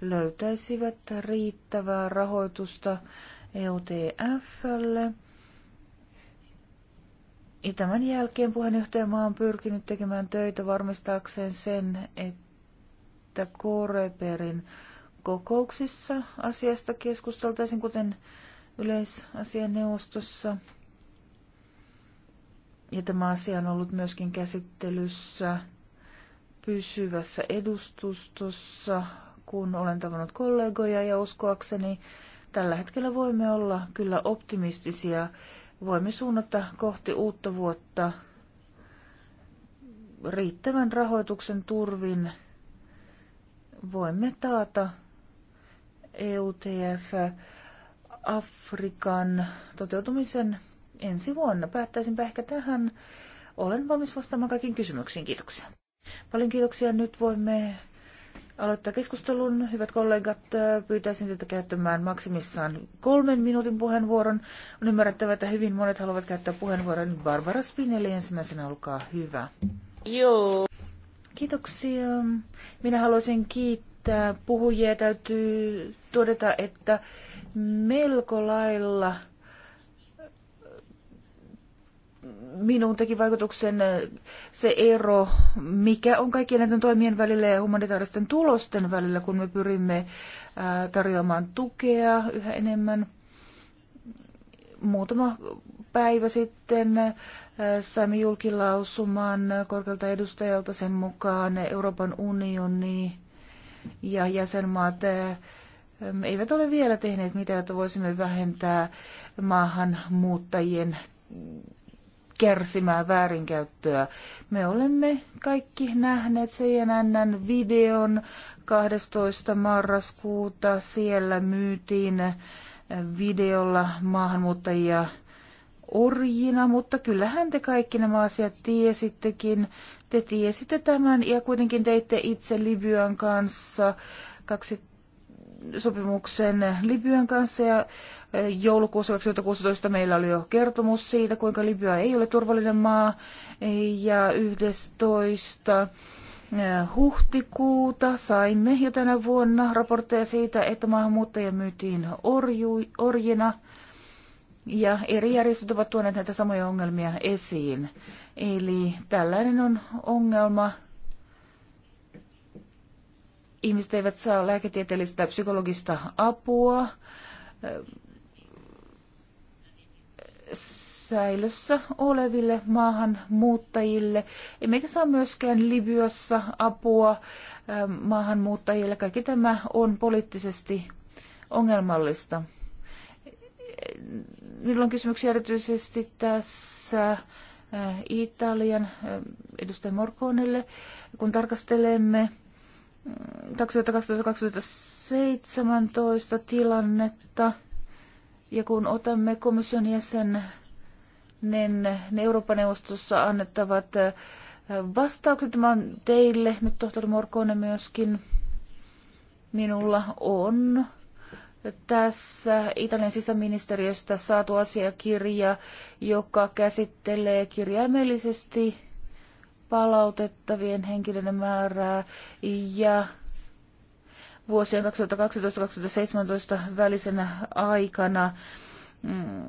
löytäisivät riittävää rahoitusta EUTFlle. Ja tämän jälkeen puheenjohtajamaa on pyrkinyt tekemään töitä varmistaakseen sen, että Koreperin kokouksissa asiasta keskusteltaisiin, kuten yleisasianeuvostossa. Ja tämä asia on ollut myöskin käsittelyssä pysyvässä edustustossa, kun olen tavannut kollegoja ja uskoakseni tällä hetkellä voimme olla kyllä optimistisia. Voimme suunnata kohti uutta vuotta riittävän rahoituksen turvin. Voimme taata EUTF Afrikan toteutumisen ensi vuonna. Päättäisinpä ehkä tähän. Olen valmis vastaamaan kaikkiin kysymyksiin. Kiitoksia. Paljon kiitoksia. Nyt voimme aloittaa keskustelun. Hyvät kollegat, pyytäisin teitä käyttämään maksimissaan kolmen minuutin puheenvuoron. On ymmärrettävä, että hyvin monet haluavat käyttää puheenvuoron. Barbara Spinelli ensimmäisenä, olkaa hyvä. Joo. Kiitoksia. Minä haluaisin kiittää puhujia. Täytyy todeta, että melko lailla – minuun teki vaikutuksen äh, se ero, mikä on kaikkien näiden toimien välillä ja humanitaaristen tulosten välillä, kun me pyrimme äh, tarjoamaan tukea yhä enemmän. Muutama päivä sitten äh, saimme julkilausuman korkealta edustajalta sen mukaan Euroopan unioni ja jäsenmaat ähm, eivät ole vielä tehneet mitään, että voisimme vähentää maahanmuuttajien kärsimään väärinkäyttöä. Me olemme kaikki nähneet CNNn videon 12. marraskuuta. Siellä myytiin videolla maahanmuuttajia orjina, mutta kyllähän te kaikki nämä asiat tiesittekin. Te tiesitte tämän ja kuitenkin teitte itse Libyan kanssa sopimuksen Libyan kanssa ja joulukuussa 2016 meillä oli jo kertomus siitä, kuinka Libya ei ole turvallinen maa ja 11 huhtikuuta saimme jo tänä vuonna raportteja siitä, että maahanmuuttajia myytiin orju, orjina ja eri järjestöt ovat tuoneet näitä samoja ongelmia esiin. Eli tällainen on ongelma, ihmiset eivät saa lääketieteellistä psykologista apua äh, säilössä oleville maahanmuuttajille. Emmekä saa myöskään Libyassa apua äh, maahanmuuttajille. Kaikki tämä on poliittisesti ongelmallista. Nyt on kysymyksiä erityisesti tässä äh, Italian edustaja Morkonelle, kun tarkastelemme 2017 tilannetta. Ja kun otamme komission jäsenen niin Euroopan neuvostossa annettavat vastaukset, tämä on teille, nyt tohtori Morkonen myöskin minulla on tässä Italian sisäministeriöstä saatu asiakirja, joka käsittelee kirjaimellisesti palautettavien henkilöiden määrää ja vuosien 2012-2017 välisenä aikana mm,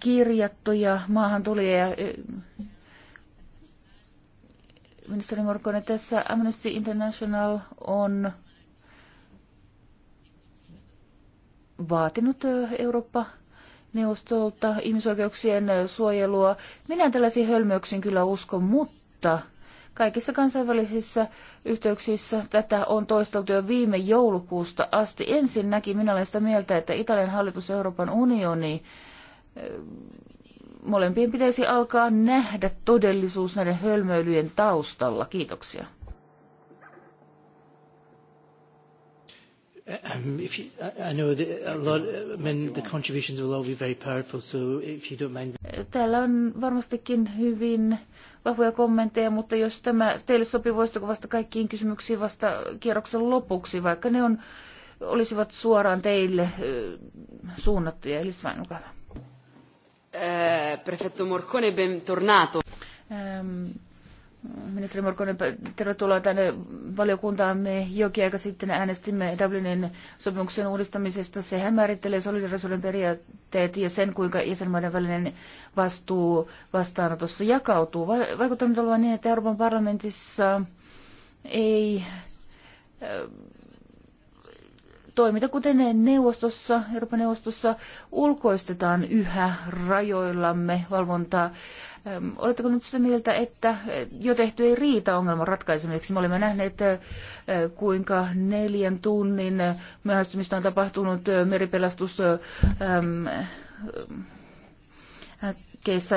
kirjattuja maahan ja eh, Ministeri Morkonen, tässä Amnesty International on vaatinut eh, Eurooppa neuvostolta ihmisoikeuksien suojelua. Minä tällaisiin hölmöyksiin kyllä usko, mutta kaikissa kansainvälisissä yhteyksissä tätä on toisteltu jo viime joulukuusta asti. Ensinnäkin minä olen sitä mieltä, että Italian hallitus ja Euroopan unioni eh, molempien pitäisi alkaa nähdä todellisuus näiden hölmöilyjen taustalla. Kiitoksia. Um, if you, I I know that a lot, I uh, mean, the contributions will all be very powerful, so if you don't mind. Täällä on varmastikin hyvin vahvoja kommentteja, mutta jos tämä teille sopii, voisitko vasta kaikkiin kysymyksiin vasta kierroksen lopuksi, vaikka ne on, olisivat suoraan teille suunnattuja. Eli Svain, olkaa hyvä. Eh, prefetto Morcone, bentornato. Ähm, Ministeri Morkonen, tervetuloa tänne valiokuntaamme. Jokin aika sitten äänestimme Dublinin sopimuksen uudistamisesta. Sehän määrittelee solidarisuuden periaatteet ja sen, kuinka jäsenmaiden välinen vastuu vastaanotossa jakautuu. Vaikuttaa nyt olevan niin, että Euroopan parlamentissa ei äh, toimita kuten neuvostossa, Euroopan neuvostossa, ulkoistetaan yhä rajoillamme valvontaa. Oletteko nyt sitä mieltä, että jo tehty ei riitä ongelman ratkaisemiseksi? Me olemme nähneet, kuinka neljän tunnin myöhästymistä on tapahtunut meripelastus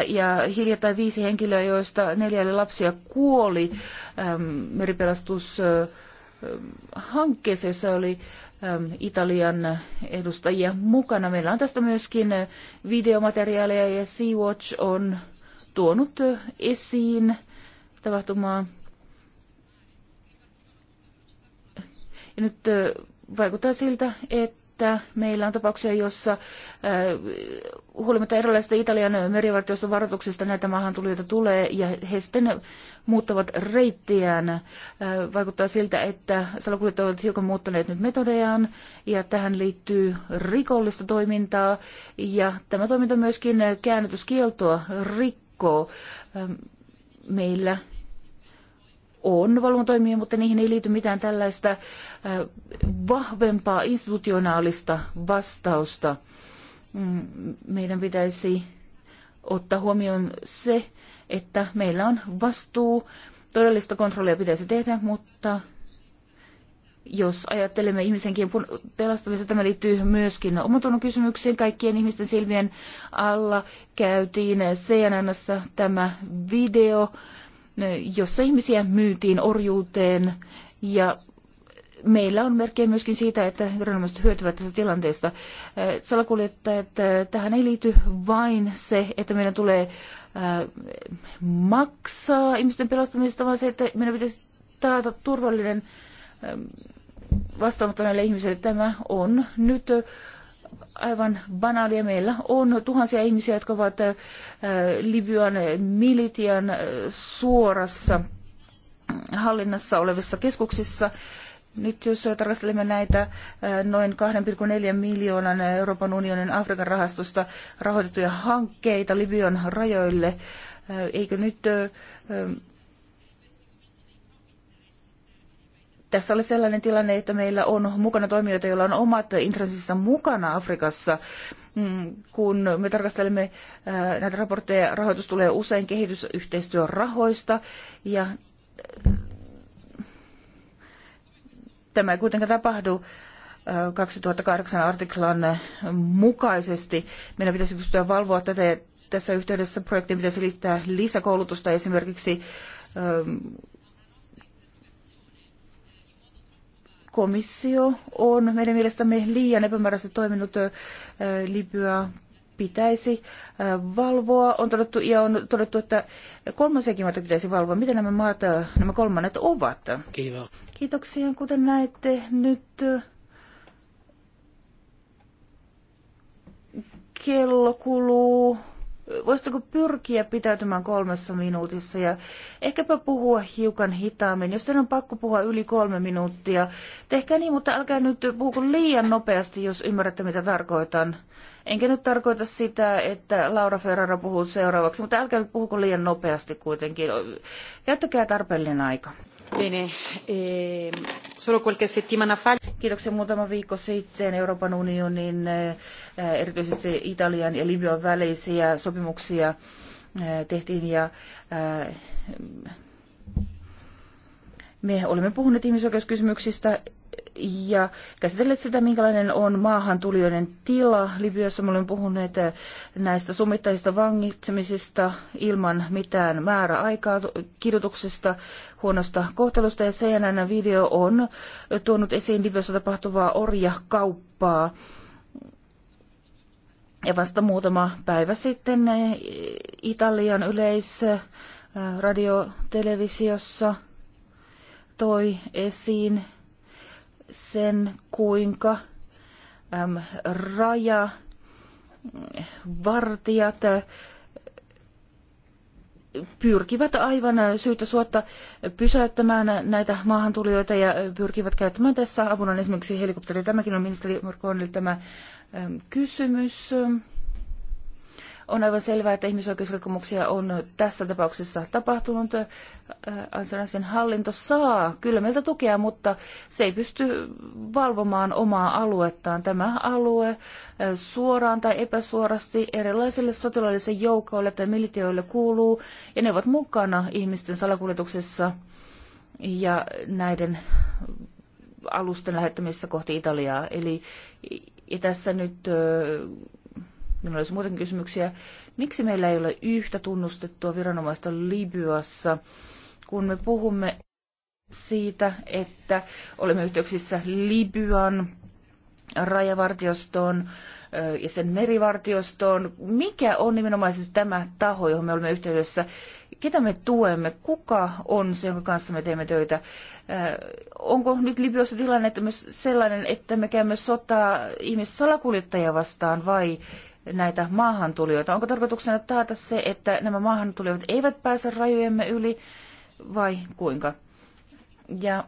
ja hiljattain viisi henkilöä, joista neljälle lapsia kuoli meripelastushankkeessa, jossa oli Italian edustajia mukana. Meillä on tästä myöskin videomateriaalia ja Sea-Watch on tuonut esiin tapahtumaa. Ja nyt vaikuttaa siltä, että meillä on tapauksia, jossa huolimatta erilaisista Italian merivartioston varoituksista näitä maahantulijoita tulee ja he sitten muuttavat reittiään. Vaikuttaa siltä, että salakuljettajat ovat hiukan muuttaneet nyt metodejaan ja tähän liittyy rikollista toimintaa ja tämä toiminta myöskin käännytyskieltoa rikkoa joukko. Ähm, meillä on valvontoimia, mutta niihin ei liity mitään tällaista äh, vahvempaa institutionaalista vastausta. Mm, meidän pitäisi ottaa huomioon se, että meillä on vastuu, todellista kontrollia pitäisi tehdä, mutta jos ajattelemme ihmisenkin pelastamista, tämä liittyy myöskin omatunnon kysymyksiin. Kaikkien ihmisten silmien alla käytiin cnn tämä video, jossa ihmisiä myytiin orjuuteen ja meillä on merkkejä myöskin siitä, että viranomaiset hyötyvät tästä tilanteesta. Salakuljettajat, tähän ei liity vain se, että meidän tulee maksaa ihmisten pelastamisesta, vaan se, että meidän pitäisi taata turvallinen Ähm, vastaanottaneille ihmisille tämä on nyt äh, aivan banaalia. Meillä on tuhansia ihmisiä, jotka ovat äh, Libyan militian äh, suorassa hallinnassa olevissa keskuksissa. Nyt jos tarkastelemme näitä noin 2,4 miljoonan Euroopan unionin Afrikan rahastosta rahoitettuja hankkeita Libyan rajoille, eikö nyt tässä oli sellainen tilanne, että meillä on mukana toimijoita, joilla on omat intressinsä mukana Afrikassa. Mm, kun me tarkastelemme äh, näitä raportteja, rahoitus tulee usein kehitysyhteistyön rahoista ja äh, tämä ei kuitenkaan tapahdu 2008 äh, artiklan mukaisesti. Meidän pitäisi pystyä valvoa tätä ja tässä yhteydessä projektiin pitäisi liittää lisäkoulutusta esimerkiksi ähm, komissio on meidän mielestämme liian epämääräisesti toiminut Libya pitäisi valvoa. On todettu, ja on todettu, että kolmansiakin maita pitäisi valvoa. Mitä nämä maat, nämä kolmannet ovat? Kiitos. Kiitoksia. Kuten näette, nyt kello kuluu. Voisitko pyrkiä pitäytymään kolmessa minuutissa ja ehkäpä puhua hiukan hitaammin. Jos teidän on pakko puhua yli kolme minuuttia, tehkää niin, mutta älkää nyt puhuko liian nopeasti, jos ymmärrätte mitä tarkoitan. Enkä nyt tarkoita sitä, että Laura Ferrara puhuu seuraavaksi, mutta älkää nyt puhuko liian nopeasti kuitenkin. Käyttäkää tarpeellinen aika. Bene, eh, solo qualche settimana fa kierroksen muutama viikko sitten Euroopan unionin, eh, erityisesti Italian ja Libyan välisiä sopimuksia eh, tehtiin ja eh, me olemme puhuneet ihmisoikeuskysymyksistä ja käsitelleet sitä, minkälainen on maahan tulijoiden tila. Libyassa me olemme puhuneet eh, näistä summittaisista vangitsemisista ilman mitään määräaikaa, kidutuksesta, huonosta kohtelusta ja CNN video on tuonut esiin Libyassa tapahtuvaa orjakauppaa. Ja vasta muutama päivä sitten eh, Italian yleisradiotelevisiossa eh, radiotelevisiossa toi esiin sen, kuinka äm, raja vartijat äh, pyrkivät aivan syytä suotta pysäyttämään näitä maahantulijoita ja pyrkivät käyttämään tässä apuna esimerkiksi helikopteria. Tämäkin on ministeri Morkonille tämä kysymys. On aivan selvää, että ihmisoikeusrikkomuksia on tässä tapauksessa tapahtunut. Äh, Ansanasin hallinto saa kyllä meiltä tukea, mutta se ei pysty valvomaan omaa aluettaan. Tämä alue äh, suoraan tai epäsuorasti erilaisille sotilaallisille joukoille tai militioille kuuluu, ja ne ovat mukana ihmisten salakuljetuksessa ja näiden alusten lähettämisessä kohti Italiaa. Eli ja tässä nyt äh, Minulla olisi muuten kysymyksiä. Miksi meillä ei ole yhtä tunnustettua viranomaista Libyassa, kun me puhumme siitä, että olemme yhteyksissä Libyan rajavartiostoon ja sen merivartiostoon. Mikä on nimenomaisesti tämä taho, johon me olemme yhteydessä? Ketä me tuemme? Kuka on se, jonka kanssa me teemme töitä? Onko nyt Libyassa tilanne että myös sellainen, että me käymme sotaa ihmissalakuljettajia vastaan vai näitä maahantulijoita? Onko tarkoituksena taata se, että nämä maahantulijat eivät pääse rajojemme yli vai kuinka? Ja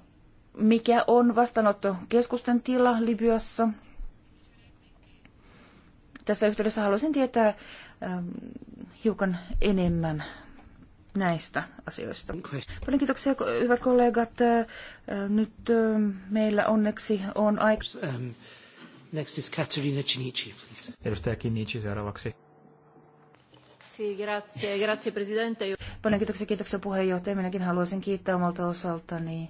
mikä on vastaanottokeskusten tila Libyassa? Tässä yhteydessä haluaisin tietää äh, hiukan enemmän näistä asioista. Paljon kiitoksia, hyvät kollegat. Äh, nyt äh, meillä onneksi on aika... Ähm, Next is Caterina Cinici, please. Edustaja Kinici seuraavaksi. Grazie, grazie presidente. Paljon kiitoksia, kiitoksia puheenjohtaja. Minäkin haluaisin kiittää omalta osaltani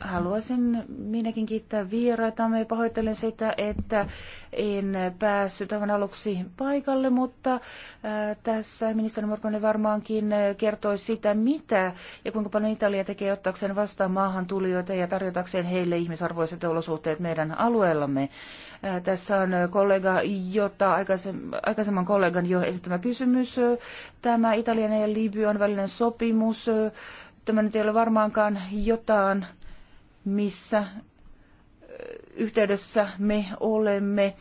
Haluaisin minäkin kiittää vieraitamme ja pahoittelen sitä, että en päässyt aivan aluksi paikalle, mutta tässä ministeri Morkonen varmaankin kertoi sitä, mitä ja kuinka paljon Italia tekee ottaakseen vastaan maahan tulijoita ja tarjotakseen heille ihmisarvoiset olosuhteet meidän alueellamme. Tässä on kollega, jota aikaisemman kollegan jo esittämä kysymys. Tämä Italian ja Libyan välinen sopimus Tämä nyt ei ole varmaankaan jotain, missä yhteydessä me olemme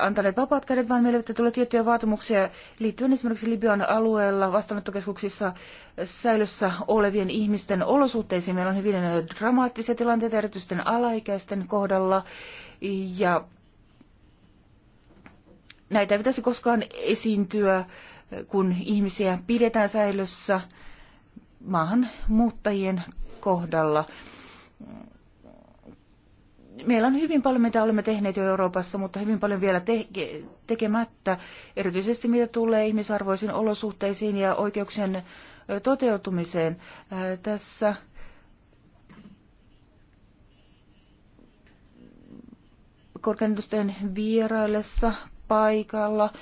antaneet vapaat kädet, vaan meille tulee tiettyjä vaatimuksia liittyen esimerkiksi Libyan alueella vastaanottokeskuksissa säilössä olevien ihmisten olosuhteisiin. Meillä on hyvin dramaattisia tilanteita erityisesti alaikäisten kohdalla ja näitä ei pitäisi koskaan esiintyä, kun ihmisiä pidetään säilössä – maahanmuuttajien kohdalla. Meillä on hyvin paljon, mitä olemme tehneet jo Euroopassa, mutta hyvin paljon vielä teke- tekemättä, erityisesti mitä tulee ihmisarvoisiin olosuhteisiin ja oikeuksien toteutumiseen. Tässä korkeanedustajan vieraillessa paikalla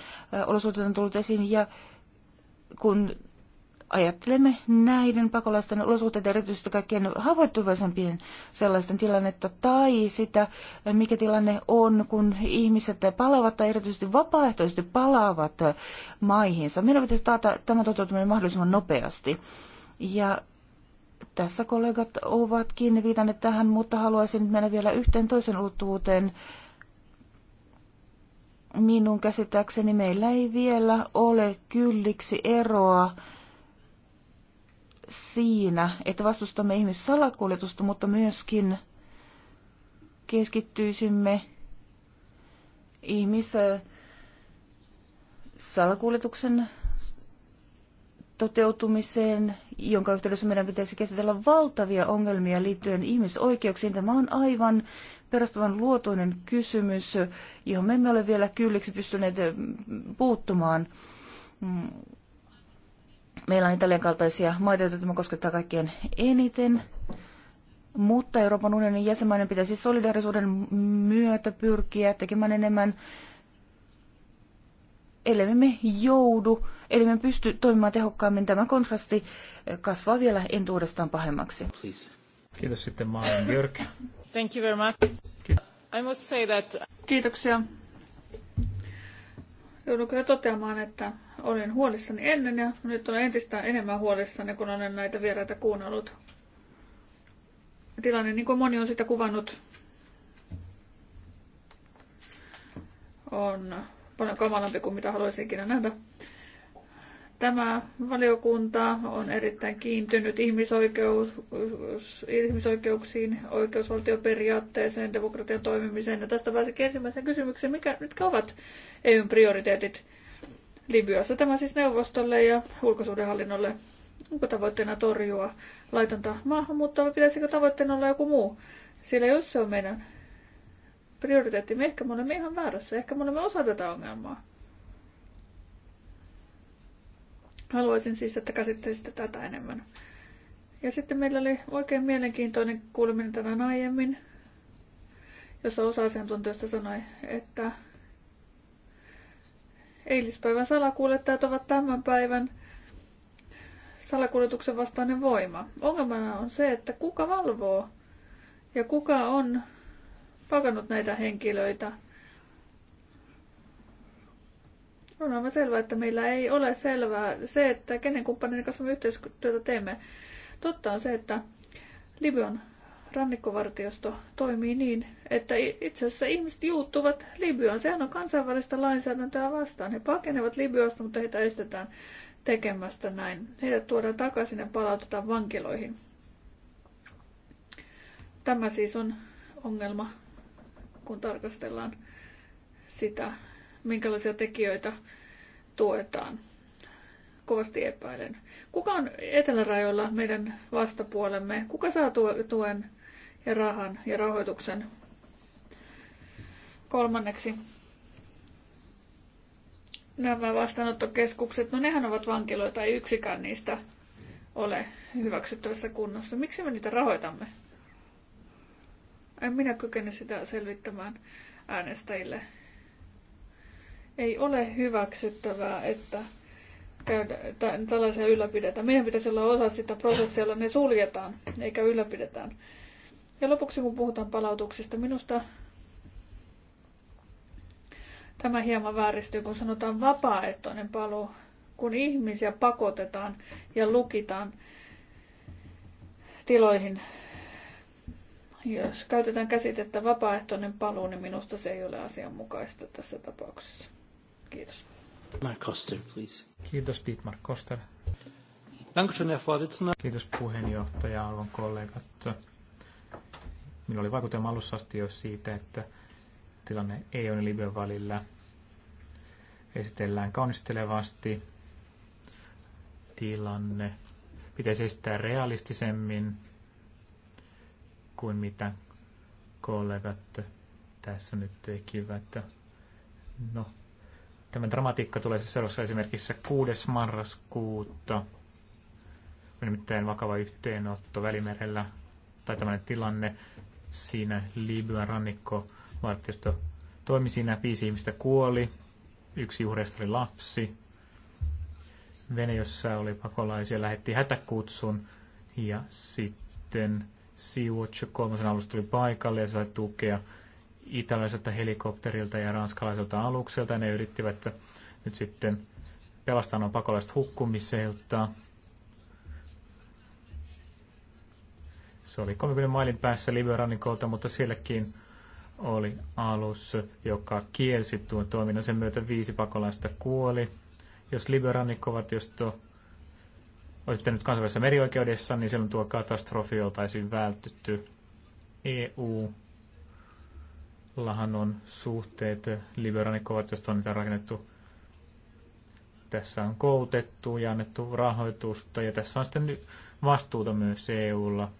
olosuhteet on tullut esiin ja kun ajattelemme näiden pakolaisten olosuhteita, erityisesti kaikkein haavoittuvaisempien sellaisten tilannetta, tai sitä, mikä tilanne on, kun ihmiset palaavat tai erityisesti vapaaehtoisesti palaavat maihinsa. Meidän pitäisi taata tämä toteutuminen mahdollisimman nopeasti. Ja tässä kollegat ovatkin viitanneet tähän, mutta haluaisin nyt mennä vielä yhteen toisen ulottuvuuteen. Minun käsittääkseni meillä ei vielä ole kylliksi eroa siinä, että vastustamme ihmissalakuljetusta, mutta myöskin keskittyisimme ihmissalakuljetuksen toteutumiseen, jonka yhteydessä meidän pitäisi käsitellä valtavia ongelmia liittyen ihmisoikeuksiin. Tämä on aivan perustavan luotoinen kysymys, johon me emme ole vielä kylliksi pystyneet puuttumaan. Mm, Meillä on Italian kaltaisia maita, joita tämä koskettaa kaikkien eniten. Mutta Euroopan unionin jäsenmaiden pitäisi solidaarisuuden myötä pyrkiä tekemään enemmän, ellei me joudu, ellei me pysty toimimaan tehokkaammin. Tämä kontrasti kasvaa vielä entuudestaan pahemmaksi. Please. Kiitos sitten Maren Thank you very much. I must say that... Kiitoksia. Joudun kyllä toteamaan, että olin huolissani ennen ja nyt olen entistä enemmän huolissani, kun olen näitä vieraita kuunnellut. Tilanne, niin kuin moni on sitä kuvannut, on paljon kamalampi kuin mitä haluaisinkin nähdä. Tämä valiokunta on erittäin kiintynyt ihmisoikeus, ihmisoikeuksiin, oikeusvaltioperiaatteeseen, demokratian toimimiseen. Ja tästä pääsi ensimmäisen kysymykseen, mikä, mitkä ovat EUn prioriteetit Libyassa. Tämä siis neuvostolle ja ulkosuudenhallinnolle. Onko tavoitteena torjua laitonta maahanmuuttoa vai pitäisikö tavoitteena olla joku muu? Sillä jos se on meidän prioriteettimme, ehkä me olemme ihan väärässä. Ehkä me olemme osa tätä ongelmaa. Haluaisin siis, että käsittelisitte tätä enemmän. Ja sitten meillä oli oikein mielenkiintoinen kuuleminen tänään aiemmin, jossa osa asiantuntijoista sanoi, että eilispäivän salakuljettajat ovat tämän päivän salakuljetuksen vastainen voima. Ongelmana on se, että kuka valvoo ja kuka on pakannut näitä henkilöitä On aivan selvää, että meillä ei ole selvää se, että kenen kumppanin kanssa me yhteistyötä teemme. Totta on se, että Libyan rannikkovartiosto toimii niin, että itse asiassa ihmiset juuttuvat Libyaan. Sehän on kansainvälistä lainsäädäntöä vastaan. He pakenevat Libyasta, mutta heitä estetään tekemästä näin. Heidät tuodaan takaisin ja palautetaan vankiloihin. Tämä siis on ongelma, kun tarkastellaan sitä, minkälaisia tekijöitä tuetaan. Kovasti epäilen. Kuka on etelärajoilla meidän vastapuolemme? Kuka saa tuen ja rahan ja rahoituksen? Kolmanneksi, nämä vastaanottokeskukset, no nehän ovat vankiloita, ei yksikään niistä ole hyväksyttävässä kunnossa. Miksi me niitä rahoitamme? En minä kykene sitä selvittämään äänestäjille. Ei ole hyväksyttävää, että tällaisia ylläpidetään. Meidän pitäisi olla osa sitä prosessia, jolla ne suljetaan eikä ylläpidetään. Ja lopuksi kun puhutaan palautuksista, minusta tämä hieman vääristyy, kun sanotaan vapaaehtoinen paluu, kun ihmisiä pakotetaan ja lukitaan tiloihin. Jos käytetään käsitettä vapaaehtoinen paluu, niin minusta se ei ole asianmukaista tässä tapauksessa. Kiitos. Mark Koster, please. Kiitos Dietmar Koster. Kiitos puheenjohtaja, arvon kollegat. Minulla oli vaikutelma alussa asti jo siitä, että tilanne ei ole Libyan välillä. Esitellään kaunistelevasti tilanne. Pitäisi esittää realistisemmin kuin mitä kollegat tässä nyt tekivät. No, Tämä dramatiikka tulee siis seuraavassa esimerkissä 6. marraskuuta. On nimittäin vakava yhteenotto Välimerellä tai tämmöinen tilanne. Siinä Libyan rannikko vartiosto toimi siinä, viisi ihmistä kuoli, yksi juhreista oli lapsi. Vene, jossa oli pakolaisia, lähetti hätäkutsun ja sitten Sea-Watch 3 alusta tuli paikalle ja sai tukea italialaiselta helikopterilta ja ranskalaiselta alukselta. Ne yrittivät nyt sitten pelastaa nuo pakolaiset hukkumiselta. Se oli 30 mailin päässä Libyan mutta sielläkin oli alus, joka kielsi tuon toiminnan. Sen myötä viisi pakolaista kuoli. Jos libyan tuo olisi pitänyt kansainvälisessä merioikeudessa, niin silloin tuo katastrofi oltaisiin vältytty. EU lahan on suhteet liberaalikovartiosta on niitä rakennettu. Tässä on koulutettu ja annettu rahoitusta ja tässä on sitten vastuuta myös EUlla.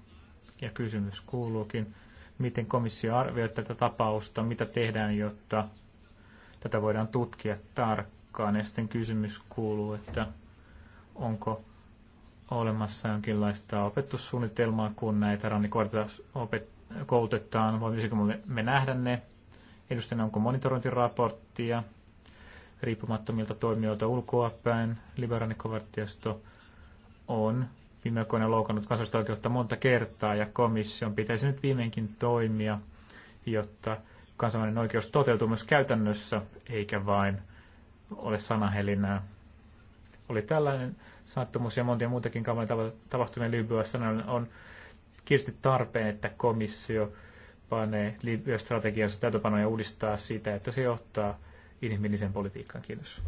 Ja kysymys kuuluukin, miten komissio arvioi tätä tapausta, mitä tehdään, jotta tätä voidaan tutkia tarkkaan. Ja sitten kysymys kuuluu, että onko olemassa jonkinlaista opetussuunnitelmaa, kun näitä rannikoita opet- koulutetaan, voimmeko me nähdä ne, edustajana onko monitorointiraporttia riippumattomilta toimijoilta päin, Liberanikovartiosto on viime aikoina loukannut kansallista oikeutta monta kertaa ja komission pitäisi nyt viimeinkin toimia, jotta kansainvälinen oikeus toteutuu myös käytännössä, eikä vain ole sanahelinää. Oli tällainen sattumus ja montia muutakin kamalin tapahtumia Libyassa. On kiisti tarpeen, että komissio panee Libya-strategiansa täytöpanoja ja uudistaa sitä, että se johtaa inhimilliseen politiikkaan. Kiitos.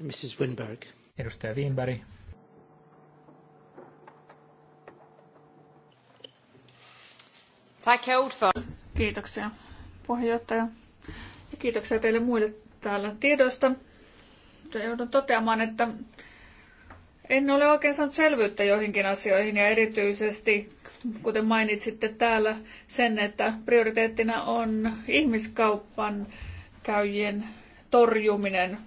Mrs. Winberg. Edustaja Winberg. Tack, Kiitoksia puheenjohtaja ja kiitoksia teille muille täällä tiedoista. Joudun toteamaan, että en ole oikein saanut selvyyttä joihinkin asioihin ja erityisesti, kuten mainitsitte täällä, sen, että prioriteettina on ihmiskauppan käyjien torjuminen.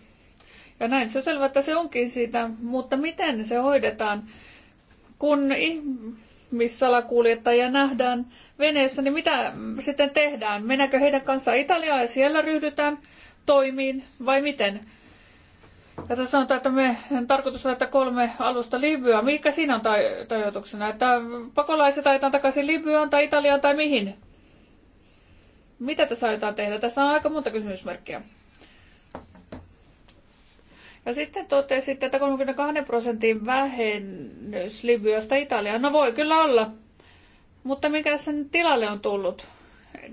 Ja näin se on selvä, että se onkin siitä, mutta miten se hoidetaan, kun ihmissalakuljettajia nähdään veneessä, niin mitä sitten tehdään? Mennäänkö heidän kanssaan Italiaan ja siellä ryhdytään toimiin vai miten? Ja sanotaan, että me tarkoitus lähettää kolme alusta Libyaan. Mikä siinä on tajoituksena? Että pakolaiset ajetaan takaisin Libyaan tai Italiaan tai mihin? Mitä tässä aiotaan tehdä? Tässä on aika monta kysymysmerkkiä. Ja sitten totesitte, että 32 prosentin vähennys Libyasta Italiaan. No voi kyllä olla. Mutta mikä sen tilalle on tullut?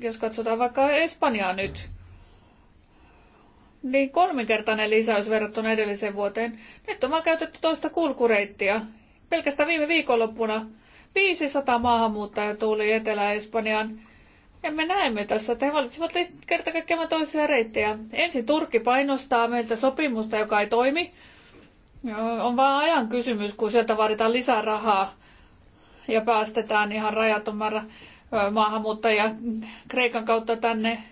Jos katsotaan vaikka Espanjaa nyt niin kolminkertainen lisäys verrattuna edelliseen vuoteen. Nyt on vaan käytetty toista kulkureittiä. Pelkästään viime viikonloppuna 500 maahanmuuttajaa tuli Etelä-Espanjaan. Ja me näemme tässä, että he valitsivat kerta kaikkiaan toisia reittejä. Ensin Turkki painostaa meiltä sopimusta, joka ei toimi. On vaan ajan kysymys, kun sieltä vaaditaan lisää rahaa ja päästetään ihan rajaton määrä maahanmuuttajia Kreikan kautta tänne.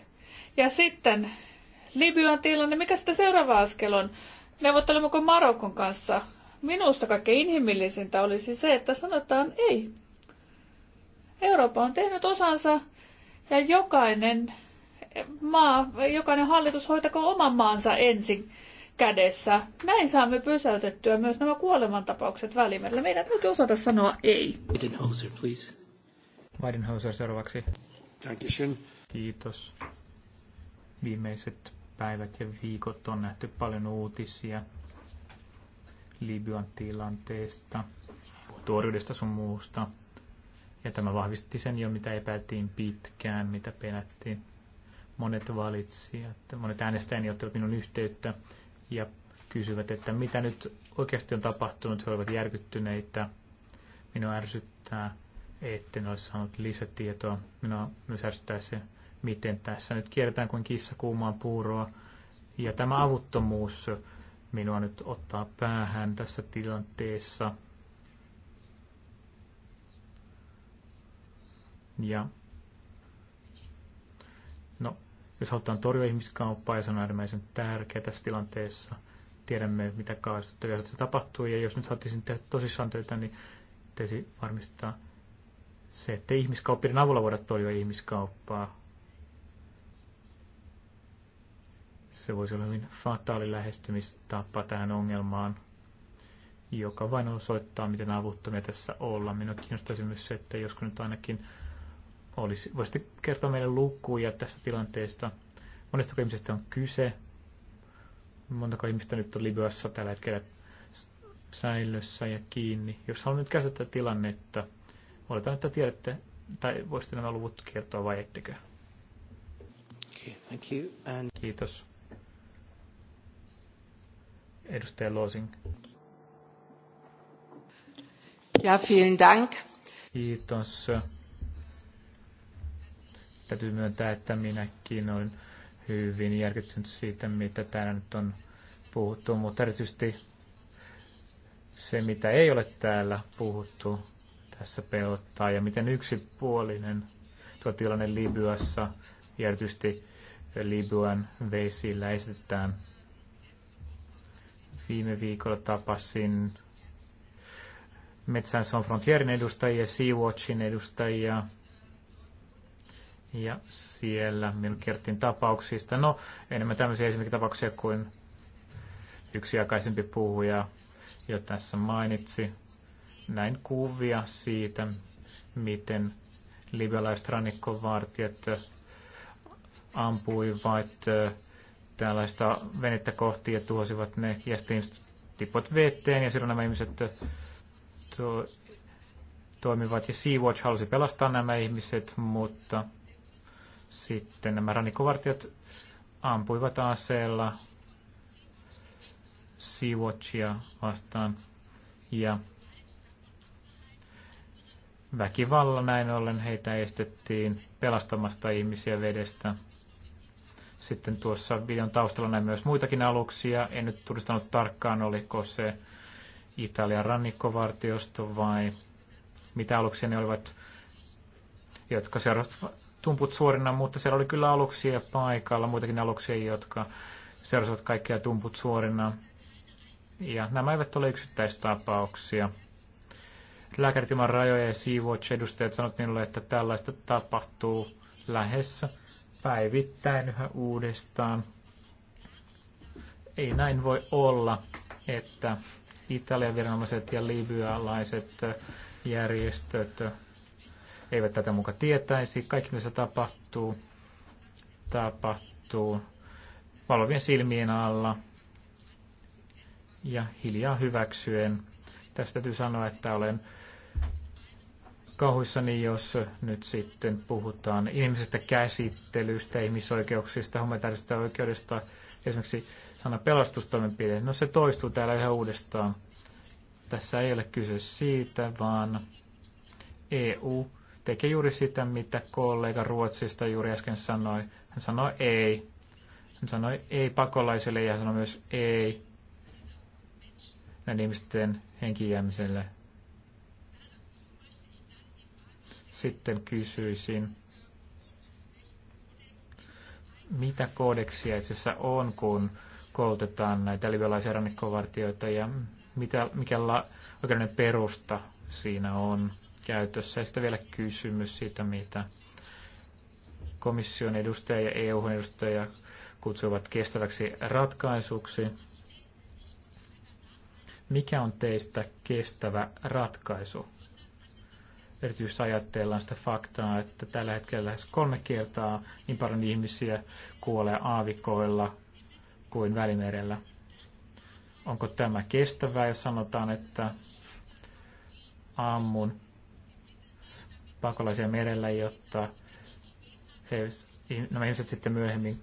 Ja sitten Libyan tilanne, mikä sitten seuraava askel on? Neuvottelemmeko Marokon kanssa? Minusta kaikkein inhimillisintä olisi se, että sanotaan ei. Eurooppa on tehnyt osansa ja jokainen maa, jokainen hallitus hoitako oman maansa ensin kädessä. Näin saamme pysäytettyä myös nämä kuolemantapaukset välimerellä. Meidän täytyy osata sanoa ei. Weidenhauser, please. Weidenhauser seuraavaksi. Kiitos. Viimeiset päivät ja viikot on nähty paljon uutisia Libyan tilanteesta, tuoriudesta sun muusta. Ja tämä vahvisti sen jo, mitä epäiltiin pitkään, mitä pelättiin. Monet valitsijat, monet äänestäjäni ottivat minun yhteyttä ja kysyvät, että mitä nyt oikeasti on tapahtunut. He olivat järkyttyneitä. Minua ärsyttää, etten ole saanut lisätietoa. Minua myös ärsyttää se, miten tässä nyt kierretään kuin kissa kuumaan puuroa. Ja tämä avuttomuus minua nyt ottaa päähän tässä tilanteessa. Ja no, jos halutaan torjua ihmiskauppaa, ja se on äärimmäisen tärkeä tässä tilanteessa, tiedämme, mitä kaasuttavia tapahtuu, ja jos nyt haluaisin tehdä tosissaan töitä, niin pitäisi varmistaa se, että ihmiskauppien avulla voidaan torjua ihmiskauppaa. Se voisi olla hyvin fataali lähestymistapa tähän ongelmaan, joka vain osoittaa, miten avuttomia tässä ollaan. Minua kiinnostaisi myös se, että joskus nyt ainakin olisi, voisitte kertoa meille lukuja tästä tilanteesta. Monesta ihmisestä on kyse? Montako ihmistä nyt on Libyassa tällä hetkellä säilössä ja kiinni? Jos haluan nyt käsittää tilannetta, oletan, että tiedätte, tai voisitte nämä luvut kertoa vai ettekö? Okay, thank you. And... Kiitos. Edustaja Losing. Ja, vielen dank. Kiitos. Täytyy myöntää, että minäkin olen hyvin järkyttynyt siitä, mitä täällä nyt on puhuttu, mutta erityisesti se, mitä ei ole täällä puhuttu, tässä pelottaa ja miten yksipuolinen tuo tilanne Libyassa ja erityisesti Libyan vesillä esitetään Viime viikolla tapasin Metsän Son Frontierin edustajia, Sea-Watchin edustajia, ja siellä minulle kerrottiin tapauksista. No, enemmän tämmöisiä esimerkiksi tapauksia kuin yksi aikaisempi puhuja jo tässä mainitsi. Näin kuvia siitä, miten libyalaiset rannikkovartijat ampuivat tällaista venettä kohti ja tuosivat ne ja sitten tipot veteen ja silloin nämä ihmiset äh, to, toimivat ja Sea-Watch halusi pelastaa nämä ihmiset, mutta sitten nämä rannikkovartijat ampuivat aseella Sea-Watchia vastaan ja väkivalla näin ollen heitä estettiin pelastamasta ihmisiä vedestä. Sitten tuossa videon taustalla näin myös muitakin aluksia. En nyt tunnistanut tarkkaan, oliko se Italian rannikkovartiosto vai mitä aluksia ne olivat, jotka seurasivat tumput suorina, mutta siellä oli kyllä aluksia paikalla, muitakin aluksia, jotka seurasivat kaikkia tumput suorina. Ja nämä eivät ole yksittäistapauksia. Lääkärit ilman rajoja ja watch edustajat sanot minulle, että tällaista tapahtuu lähes päivittäin yhä uudestaan. Ei näin voi olla, että Italian viranomaiset ja libyalaiset järjestöt eivät tätä muka tietäisi. Kaikki, mitä tapahtuu, tapahtuu valovien silmien alla ja hiljaa hyväksyen. Tästä täytyy sanoa, että olen kauhuissani, niin jos nyt sitten puhutaan ihmisestä käsittelystä, ihmisoikeuksista, humanitaarisesta oikeudesta, esimerkiksi sana pelastustoimenpide. No se toistuu täällä yhä uudestaan. Tässä ei ole kyse siitä, vaan EU tekee juuri sitä, mitä kollega Ruotsista juuri äsken sanoi. Hän sanoi ei. Hän sanoi ei pakolaisille ja hän sanoi myös ei näiden ihmisten jäämiselle Sitten kysyisin, mitä koodeksia itse asiassa on, kun koulutetaan näitä libyalaisia rannikkovartioita ja mitä, mikä la, oikeudellinen perusta siinä on käytössä. Ja sitten vielä kysymys siitä, mitä komission edustaja ja eu edustaja kutsuvat kestäväksi ratkaisuksi. Mikä on teistä kestävä ratkaisu? erityisesti ajatellaan sitä faktaa, että tällä hetkellä lähes kolme kertaa niin paljon ihmisiä kuolee aavikoilla kuin välimerellä. Onko tämä kestävää, jos sanotaan, että ammun pakolaisia merellä, jotta he, nämä ihmiset sitten myöhemmin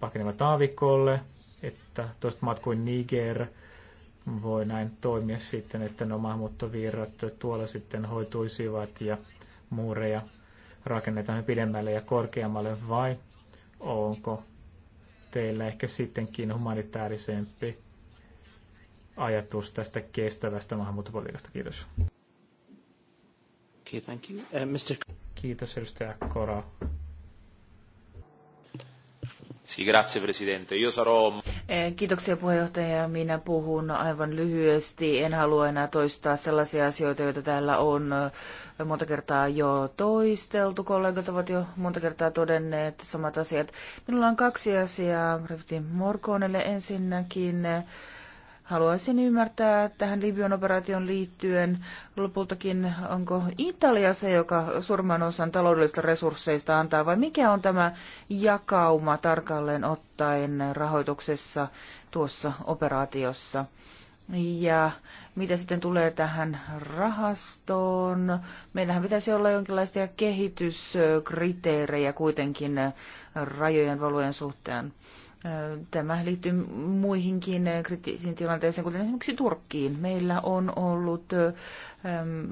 pakenevat aavikolle, että toiset maat kuin Niger – voi näin toimia sitten, että no maahanmuuttovirrat tuolla sitten hoituisivat ja muureja rakennetaan pidemmälle ja korkeammalle vai onko teillä ehkä sittenkin humanitaarisempi ajatus tästä kestävästä maahanmuuttopolitiikasta? Kiitos. Okay, thank you. Uh, Mr. Kiitos edustaja Kora. Sì, grazie Presidente. Io sarò... Kiitoksia puheenjohtaja. Minä puhun aivan lyhyesti. En halua enää toistaa sellaisia asioita, joita täällä on eh, monta kertaa jo toisteltu. Kollegat ovat jo monta kertaa todenneet samat asiat. Minulla on kaksi asiaa Rifti Morkonelle. Ensinnäkin eh, Haluaisin ymmärtää tähän Libyan operaation liittyen lopultakin, onko Italia se, joka surman osan taloudellisista resursseista antaa, vai mikä on tämä jakauma tarkalleen ottaen rahoituksessa tuossa operaatiossa? Ja mitä sitten tulee tähän rahastoon? Meillähän pitäisi olla jonkinlaisia kehityskriteerejä kuitenkin rajojen valojen suhteen. Tämä liittyy muihinkin kriittisiin tilanteisiin, kuten esimerkiksi Turkkiin. Meillä on ollut ähm,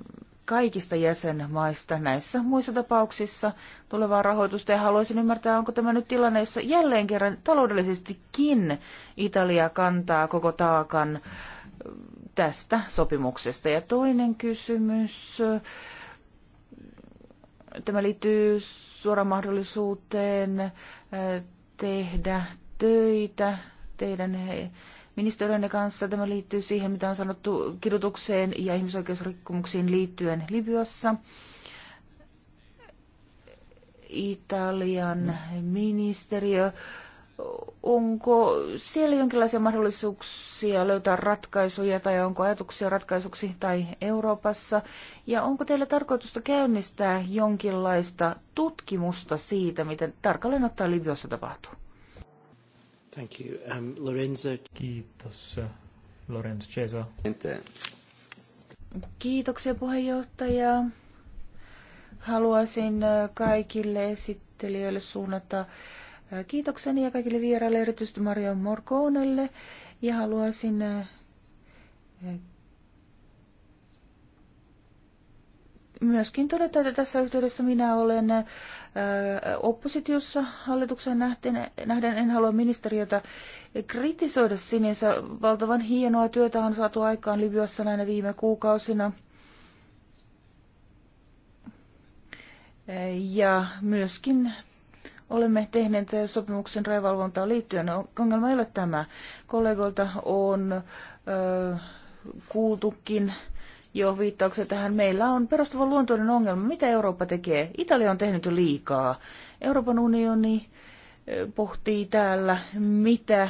kaikista jäsenmaista näissä muissa tapauksissa tulevaa rahoitusta ja haluaisin ymmärtää, onko tämä nyt tilanne, jossa jälleen kerran taloudellisestikin Italia kantaa koko taakan äh, tästä sopimuksesta. Ja toinen kysymys, äh, tämä liittyy suoraan mahdollisuuteen äh, tehdä töitä teidän he, ministeriönne kanssa. Tämä liittyy siihen, mitä on sanottu kidutukseen ja ihmisoikeusrikkomuksiin liittyen Libyassa. Italian ministeriö. Onko siellä jonkinlaisia mahdollisuuksia löytää ratkaisuja tai onko ajatuksia ratkaisuksi tai Euroopassa? Ja onko teillä tarkoitusta käynnistää jonkinlaista tutkimusta siitä, miten tarkalleen ottaen Libyassa tapahtuu? Thank you. Um, Lorenzo. Kiitos. Lorenzo Kiitoksia puheenjohtaja. Haluaisin äh, kaikille esittelijöille suunnata äh, kiitokseni ja kaikille vieraille, erityisesti Maria Morconelle. Ja haluaisin äh, myöskin todeta, että tässä yhteydessä minä olen oppositiossa hallituksen nähden, nähden. En halua ministeriötä kritisoida sinänsä. Valtavan hienoa työtä on saatu aikaan Libyassa näinä viime kuukausina. Ja myöskin olemme tehneet sopimuksen rajavalvontaan liittyen. No, ongelma ei ole tämä. Kollegoilta on ö, kuultukin jo viittauksia tähän. Meillä on perustuva luontoinen ongelma. Mitä Eurooppa tekee? Italia on tehnyt jo liikaa. Euroopan unioni eh, pohtii täällä, mitä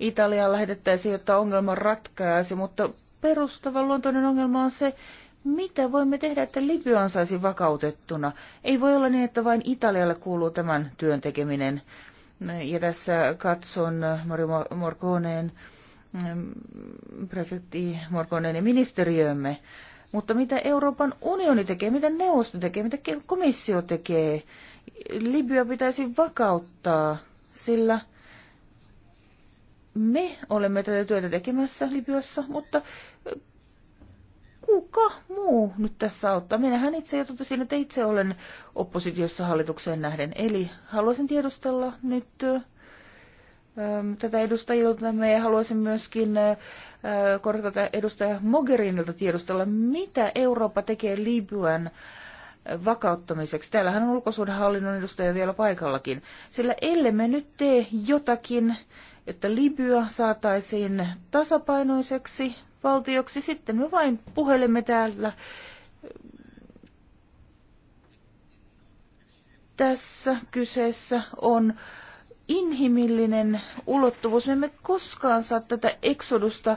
Italiaan lähetettäisiin, jotta ongelma ratkaisi, mutta perustava luontoinen ongelma on se, mitä voimme tehdä, että Libyan saisi vakautettuna. Ei voi olla niin, että vain Italialle kuuluu tämän työn tekeminen. Ja tässä katson Mario Morconeen Mm, prefekti Morkonen ja ministeriömme. Mutta mitä Euroopan unioni tekee, mitä neuvosto tekee, mitä komissio tekee? Libya pitäisi vakauttaa, sillä me olemme tätä työtä tekemässä Libyassa, mutta kuka muu nyt tässä auttaa? Minähän itse jo totesin, että itse olen oppositiossa hallitukseen nähden. Eli haluaisin tiedustella nyt Ähm, tätä edustajilta. Me haluaisin myöskin äh, korkata edustaja Mogherinilta tiedustella, mitä Eurooppa tekee Libyan vakauttamiseksi. Täällähän on ulkosuudenhallinnon edustaja vielä paikallakin. Sillä ellemme nyt tee jotakin, että Libya saataisiin tasapainoiseksi valtioksi, sitten me vain puhelemme täällä tässä kyseessä on inhimillinen ulottuvuus. Me emme koskaan saa tätä eksodusta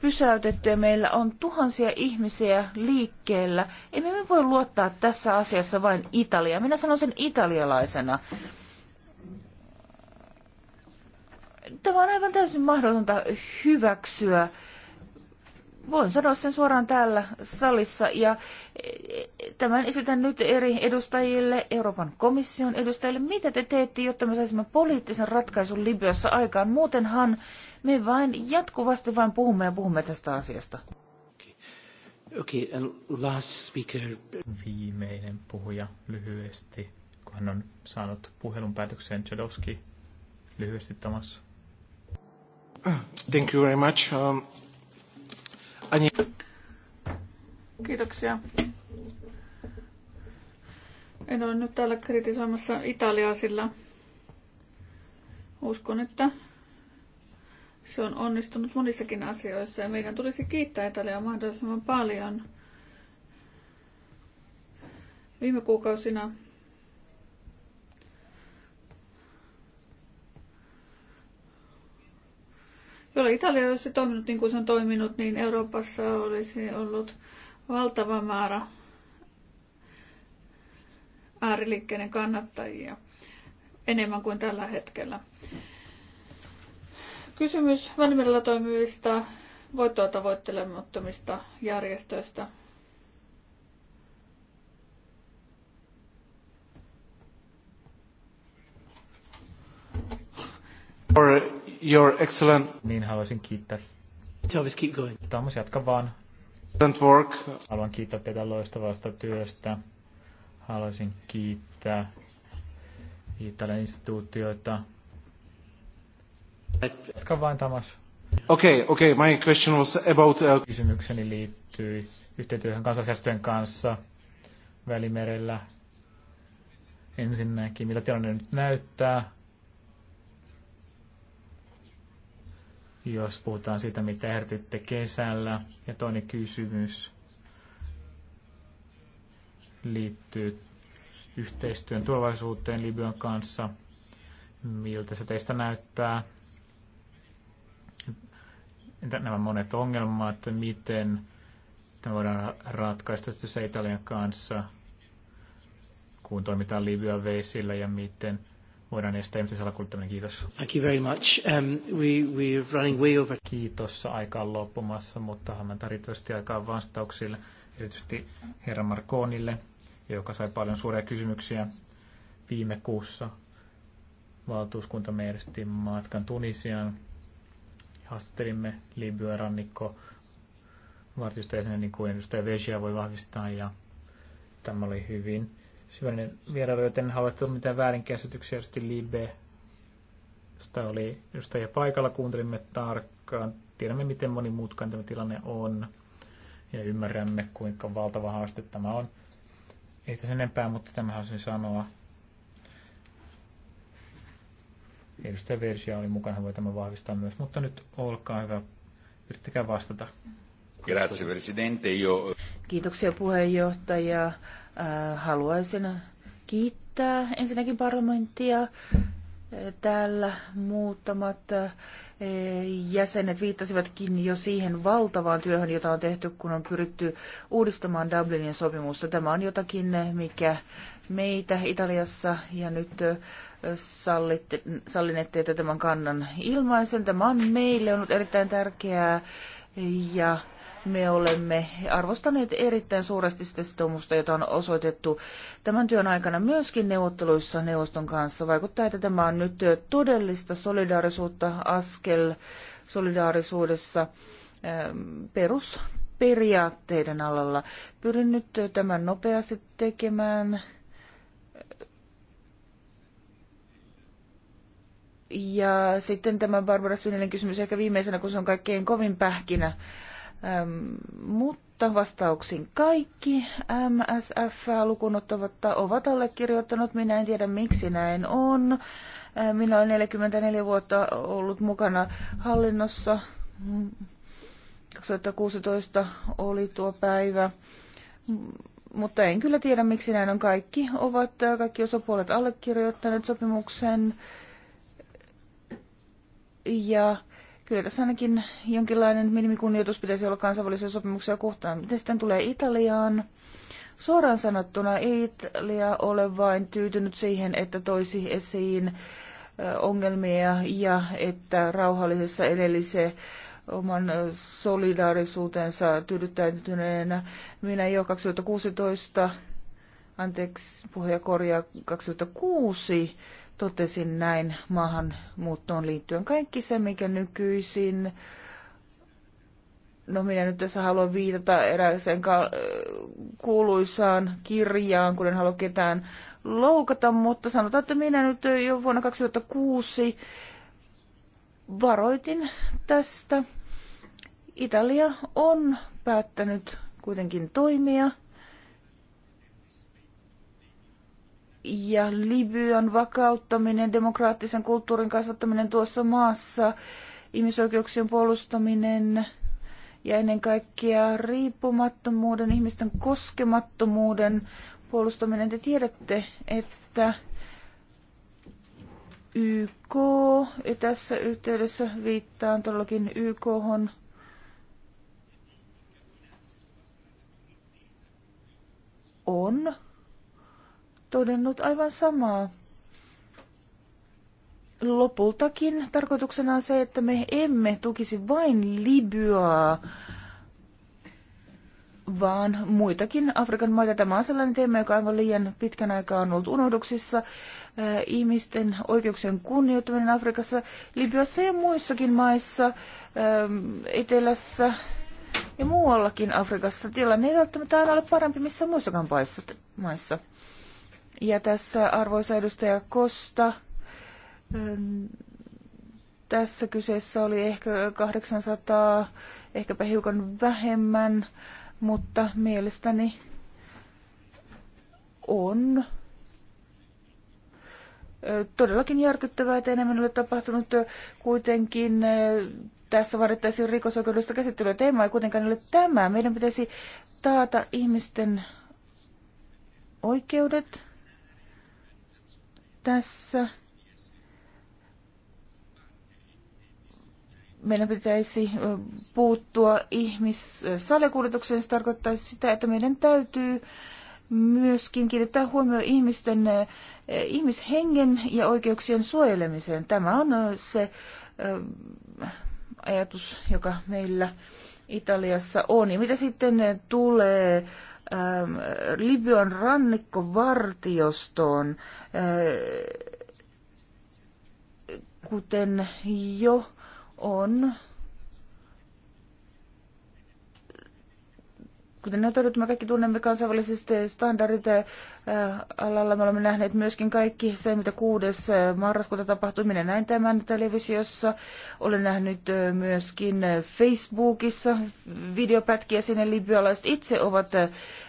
pysäytettyä. Meillä on tuhansia ihmisiä liikkeellä. Emme me voi luottaa tässä asiassa vain Italiaan. Minä sanon sen italialaisena. Tämä on aivan täysin mahdotonta hyväksyä voin sanoa sen suoraan täällä salissa ja e, e, tämän esitän nyt eri edustajille, Euroopan komission edustajille. Mitä te teette, jotta me saisimme poliittisen ratkaisun Libyassa aikaan? Muutenhan me vain jatkuvasti vain puhumme ja puhumme tästä asiasta. Okay, and last speaker. Viimeinen puhuja lyhyesti, kun hän on saanut puhelun päätökseen Jadowski. Lyhyesti, Thomas. Thank you very much. Um, Ani... Kiitoksia. En ole nyt täällä kritisoimassa Italiaa, sillä uskon, että se on onnistunut monissakin asioissa ja meidän tulisi kiittää Italiaa mahdollisimman paljon. Viime kuukausina Kyllä, Italia olisi toiminut niin kuin se on toiminut, niin Euroopassa olisi ollut valtava määrä ääriliikkeiden kannattajia enemmän kuin tällä hetkellä. Kysymys Välimerellä toimivista voittoa tavoittelemattomista järjestöistä. Or your excellent... Niin haluaisin kiittää. Thomas, keep going. Thomas, jatka vaan. Excellent work. Haluan kiittää teitä loistavasta työstä. Haluaisin kiittää Italian instituutioita. Jatka vain, Thomas. Okay, okay, my question was about... Uh... Kysymykseni liittyy yhteistyöhön kansallisjärjestöjen kanssa Välimerellä. Ensinnäkin, mitä tilanne nyt näyttää, jos puhutaan siitä, mitä ehdotitte kesällä. Ja toinen kysymys liittyy yhteistyön tulevaisuuteen Libyan kanssa. Miltä se teistä näyttää? Entä nämä monet ongelmat, miten tämä voidaan ratkaista Italian kanssa, kun toimitaan Libyan veisillä ja miten voidaan estää ihmisten salakuljettaminen. Kiitos. Thank you very much. Um, we, we're running way over. Kiitos. Aika on loppumassa, mutta annan riittävästi aikaa vastauksille, erityisesti herra Markonille, joka sai paljon suuria kysymyksiä viime kuussa. Valtuuskunta järjesti matkan Tunisiaan. Haastattelimme Libyan rannikko vartiosta jäsenen, niin kuin edustaja Vesia voi vahvistaa, ja tämä oli hyvin syvällinen vierailu, joten haluat tulla mitään väärinkäsityksiä, tietysti Libe, josta oli edustaja paikalla, kuuntelimme tarkkaan, tiedämme miten monimutkainen tämä tilanne on ja ymmärrämme kuinka valtava haaste tämä on. Ei tässä enempää, mutta tämä haluaisin sanoa. Edustaja Versia oli mukana, hän voi tämän vahvistaa myös, mutta nyt olkaa hyvä, yrittäkää vastata. Grazie, Presidente. Io... Kiitoksia puheenjohtaja. Äh, haluaisin kiittää ensinnäkin parlamenttia. Äh, täällä muutamat äh, jäsenet viittasivatkin jo siihen valtavaan työhön, jota on tehty, kun on pyritty uudistamaan Dublinin sopimusta. Tämä on jotakin, mikä meitä Italiassa ja nyt sallitte, sallinette, että tämän kannan ilmaisen. Tämä on meille ollut erittäin tärkeää ja me olemme arvostaneet erittäin suuresti sitä sitoumusta, jota on osoitettu tämän työn aikana myöskin neuvotteluissa neuvoston kanssa. Vaikuttaa, että tämä on nyt todellista solidaarisuutta askel solidaarisuudessa ähm, perusperiaatteiden alalla. Pyrin nyt tämän nopeasti tekemään. Ja sitten tämä Barbara Svinelin kysymys ehkä viimeisenä, kun se on kaikkein kovin pähkinä mutta vastauksin kaikki MSF lukunottavatta ovat allekirjoittanut. Minä en tiedä miksi näin on. Minä olen 44 vuotta ollut mukana hallinnossa. 2016 mm. oli tuo päivä. Mm. Mutta en kyllä tiedä, miksi näin on. Kaikki ovat, kaikki osapuolet allekirjoittaneet sopimuksen. Ja Kyllä tässä ainakin jonkinlainen minimikunnioitus pitäisi olla kansainvälisiä sopimuksia kohtaan. Miten sitten tulee Italiaan? Suoraan sanottuna Italia ole vain tyytynyt siihen, että toisi esiin ongelmia ja että rauhallisessa edellisessä oman solidaarisuutensa tyydyttäytyneenä. Minä jo 2016, anteeksi, puhuja korjaa 2006 totesin näin maahanmuuttoon liittyen. Kaikki se, mikä nykyisin, no minä nyt tässä haluan viitata erääseen kuuluisaan kirjaan, kun en halua ketään loukata, mutta sanotaan, että minä nyt jo vuonna 2006 varoitin tästä. Italia on päättänyt kuitenkin toimia ja Libyan vakauttaminen, demokraattisen kulttuurin kasvattaminen tuossa maassa, ihmisoikeuksien puolustaminen ja ennen kaikkea riippumattomuuden, ihmisten koskemattomuuden puolustaminen. Te tiedätte, että YK, ja tässä yhteydessä viittaan todellakin YK on on todennut aivan samaa. Lopultakin tarkoituksena on se, että me emme tukisi vain Libyaa, vaan muitakin Afrikan maita. Tämä on sellainen teema, joka aivan liian pitkän aikaa on ollut unohduksissa. Äh, ihmisten oikeuksien kunnioittaminen Afrikassa, Libyassa ja muissakin maissa, ähm, Etelässä ja muuallakin Afrikassa. Tilanne ei välttämättä aina ole parempi missä muissakaan maissa. Ja tässä arvoisa edustaja Kosta, ähm, tässä kyseessä oli ehkä 800, ehkäpä hiukan vähemmän, mutta mielestäni on todellakin järkyttävää, että enemmän ole tapahtunut kuitenkin tässä vaadittaisiin rikosoikeudellista käsittelyä. Teema ei kuitenkaan ole tämä. Meidän pitäisi taata ihmisten oikeudet tässä meidän pitäisi puuttua ihmissalakuljetukseen. Se tarkoittaisi sitä, että meidän täytyy myöskin kiinnittää huomioon ihmisten, ihmishengen ja oikeuksien suojelemiseen. Tämä on se ajatus, joka meillä Italiassa on. Ja mitä sitten tulee Ähm, Libyan rannikkovartiostoon, äh, kuten jo on Kuten ne todettu, me kaikki tunnemme kansainväliset standardit äh, alalla. Me olemme nähneet myöskin kaikki se, mitä 6. Äh, marraskuuta tapahtui. Minä näin tämän televisiossa. Olen nähnyt äh, myöskin Facebookissa videopätkiä sinne. Libyalaiset itse ovat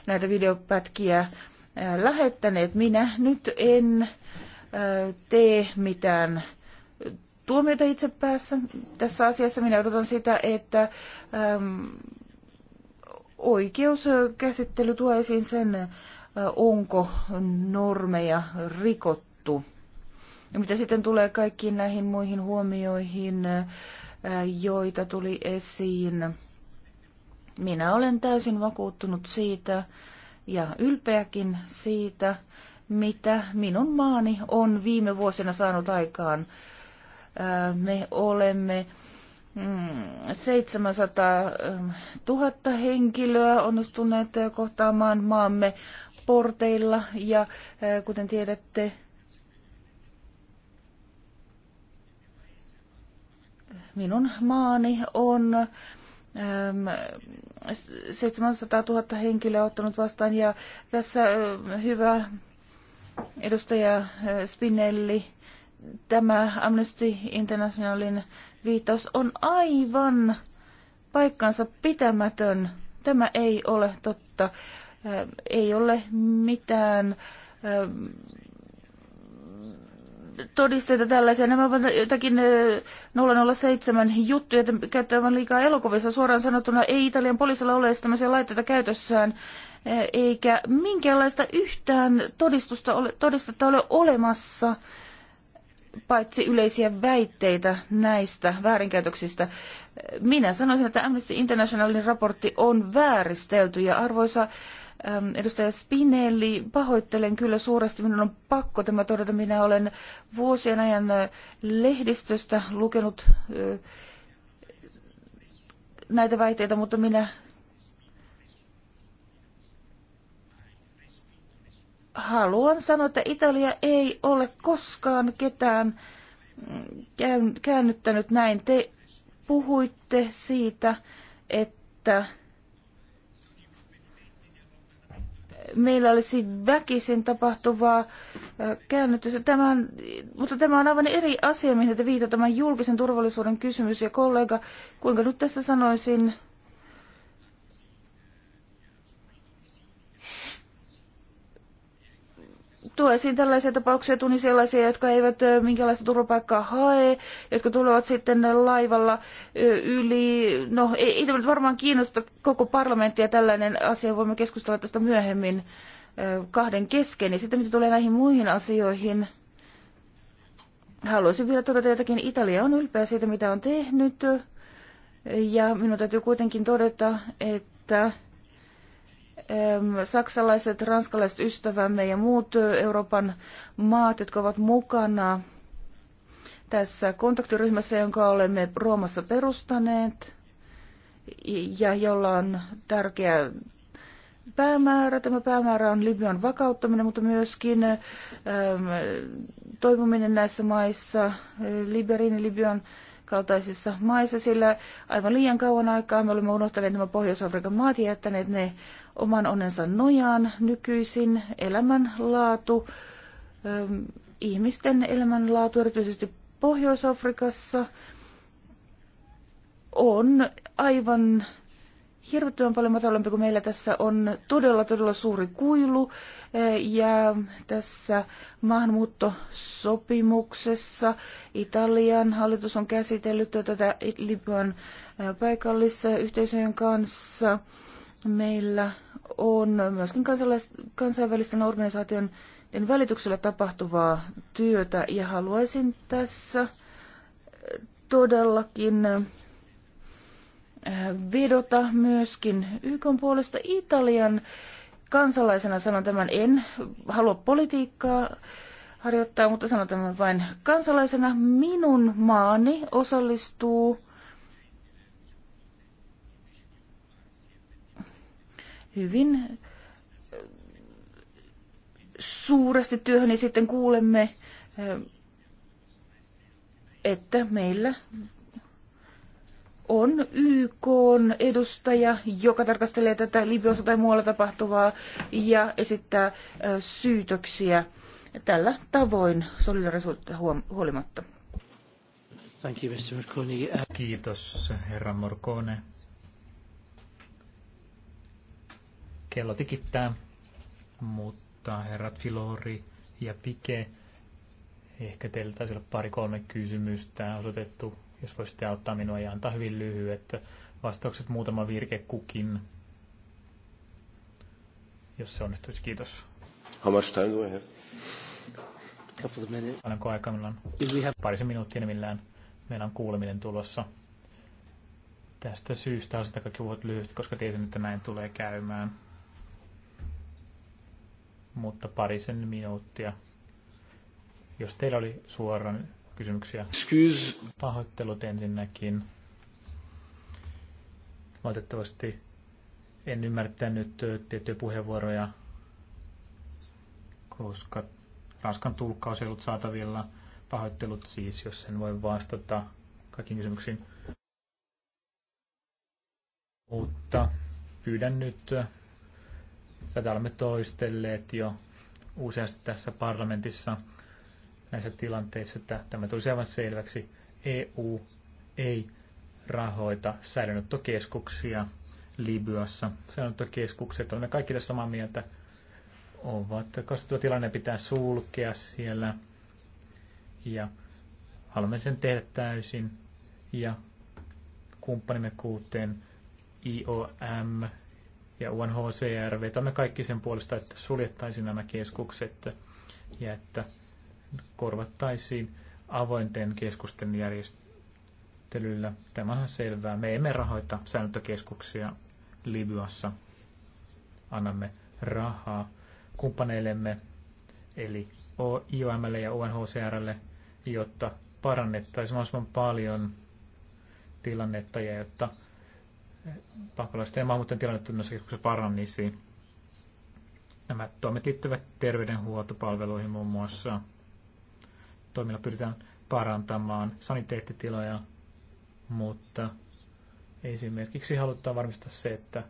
näitä videopätkiä lähettäneet. Minä nyt en tee mitään tuomiota itse päässä tässä asiassa. Minä odotan sitä, että ähm, oikeuskäsittely tuo esiin sen, onko normeja rikottu. Ja mitä sitten tulee kaikkiin näihin muihin huomioihin, joita tuli esiin, minä olen täysin vakuuttunut siitä ja ylpeäkin siitä, mitä minun maani on viime vuosina saanut aikaan. Me olemme 700 mm, 000 henkilöä onnistuneet eh, kohtaamaan maamme porteilla ja eh, kuten tiedätte, minun maani on 700 ehm, 000 henkilöä ottanut vastaan ja tässä eh, hyvä edustaja Spinelli, tämä Amnesty Internationalin viittaus on aivan paikkansa pitämätön. Tämä ei ole totta. Ei ole mitään todisteita tällaisia. Nämä ovat jotakin 007 juttuja, että käyttävän liikaa elokuvissa. Suoraan sanottuna ei Italian poliisilla ole tämmöisiä laitteita käytössään, eikä minkäänlaista yhtään todistusta ole, todistetta ole olemassa paitsi yleisiä väitteitä näistä väärinkäytöksistä. Minä sanoisin, että Amnesty Internationalin raportti on vääristelty ja arvoisa ähm, Edustaja Spinelli, pahoittelen kyllä suuresti, minun on pakko tämä todeta. Minä olen vuosien ajan äh, lehdistöstä lukenut äh, näitä väitteitä, mutta minä haluan sanoa, että Italia ei ole koskaan ketään mm, käännyttänyt näin. Te puhuitte siitä, että meillä olisi väkisin tapahtuvaa käännytystä. Tämän, mutta tämä on aivan eri asia, mihin te viitataan, tämän julkisen turvallisuuden kysymys. Ja kollega, kuinka nyt tässä sanoisin, tuo esiin tällaisia tapauksia, tuli sellaisia, jotka eivät minkälaista turvapaikkaa hae, jotka tulevat sitten laivalla yli. No ei, ei tämä nyt varmaan kiinnosta koko parlamenttia tällainen asia, voimme keskustella tästä myöhemmin kahden kesken. Ja sitten mitä tulee näihin muihin asioihin, haluaisin vielä todeta jotakin. Italia on ylpeä siitä, mitä on tehnyt. Ja minun täytyy kuitenkin todeta, että saksalaiset, ranskalaiset ystävämme ja muut Euroopan maat, jotka ovat mukana tässä kontaktiryhmässä, jonka olemme Roomassa perustaneet ja jolla on tärkeä päämäärä. Tämä päämäärä on Libyan vakauttaminen, mutta myöskin äm, toipuminen näissä maissa, Liberin ja Libyan kaltaisissa maissa, sillä aivan liian kauan aikaa me olemme unohtaneet nämä Pohjois-Afrikan maat ja jättäneet ne oman onnensa nojaan nykyisin elämänlaatu, ähm, ihmisten elämänlaatu erityisesti Pohjois-Afrikassa on aivan hirvittävän paljon matalampi kuin meillä. Tässä on todella, todella suuri kuilu äh, ja tässä maahanmuuttosopimuksessa Italian hallitus on käsitellyt tätä Libyan äh, paikallisessa kanssa. Meillä on myöskin kansainvälisten organisaatioiden välityksellä tapahtuvaa työtä ja haluaisin tässä todellakin äh, vedota myöskin YK puolesta Italian kansalaisena sanon tämän, en halua politiikkaa harjoittaa, mutta sanon tämän vain kansalaisena. Minun maani osallistuu hyvin äh, suuresti työhön ja sitten kuulemme, äh, että meillä on YK edustaja, joka tarkastelee tätä Libyassa tai muualla tapahtuvaa ja esittää äh, syytöksiä tällä tavoin solidarisuutta huolimatta. Thank you, Mr. Kiitos, herra Morcone. kello tikittää, mutta herrat Filori ja Pike, ehkä teillä taisi olla pari-kolme kysymystä osoitettu, jos voisitte auttaa minua ja antaa hyvin lyhyet vastaukset, muutama virke kukin, jos se onnistuisi. Kiitos. How much time do I have? Couple of minutes. Paljonko aikaa meillä on? Have... Parisen minuuttia millään. Meillä on kuuleminen tulossa. Tästä syystä on sitä kaikki lyhyesti, koska tiesin, että näin tulee käymään mutta parisen minuuttia. Jos teillä oli suoran kysymyksiä. Excuse. Pahoittelut ensinnäkin. Valitettavasti en ymmärtänyt tiettyjä puheenvuoroja, koska Ranskan tulkkaus ei ollut saatavilla. Pahoittelut siis, jos sen voi vastata kaikkiin kysymyksiin. Mutta pyydän nyt Tätä olemme toistelleet jo useasti tässä parlamentissa näissä tilanteissa, että tämä tulisi aivan selväksi. EU ei rahoita säilönottokeskuksia Libyassa. Säilönottokeskukset, olemme kaikki tässä samaa mieltä, ovat, koska tuo tilanne pitää sulkea siellä ja haluamme sen tehdä täysin ja kumppanimme kuuteen IOM ja UNHCR. Vetämme kaikki sen puolesta, että suljettaisiin nämä keskukset ja että korvattaisiin avointen keskusten järjestelyllä. Tämä on selvää. Me emme rahoita sääntökeskuksia Libyassa. Annamme rahaa kumppaneillemme, eli IOMlle ja UNHCRlle, jotta parannettaisiin mahdollisimman paljon tilannetta ja jotta pakolaisten ja maahanmuuttajien tilannetta noissa keskuksissa parannisi. Nämä toimet liittyvät terveydenhuoltopalveluihin muun muassa. Toimilla pyritään parantamaan saniteettitiloja, mutta esimerkiksi halutaan varmistaa se, että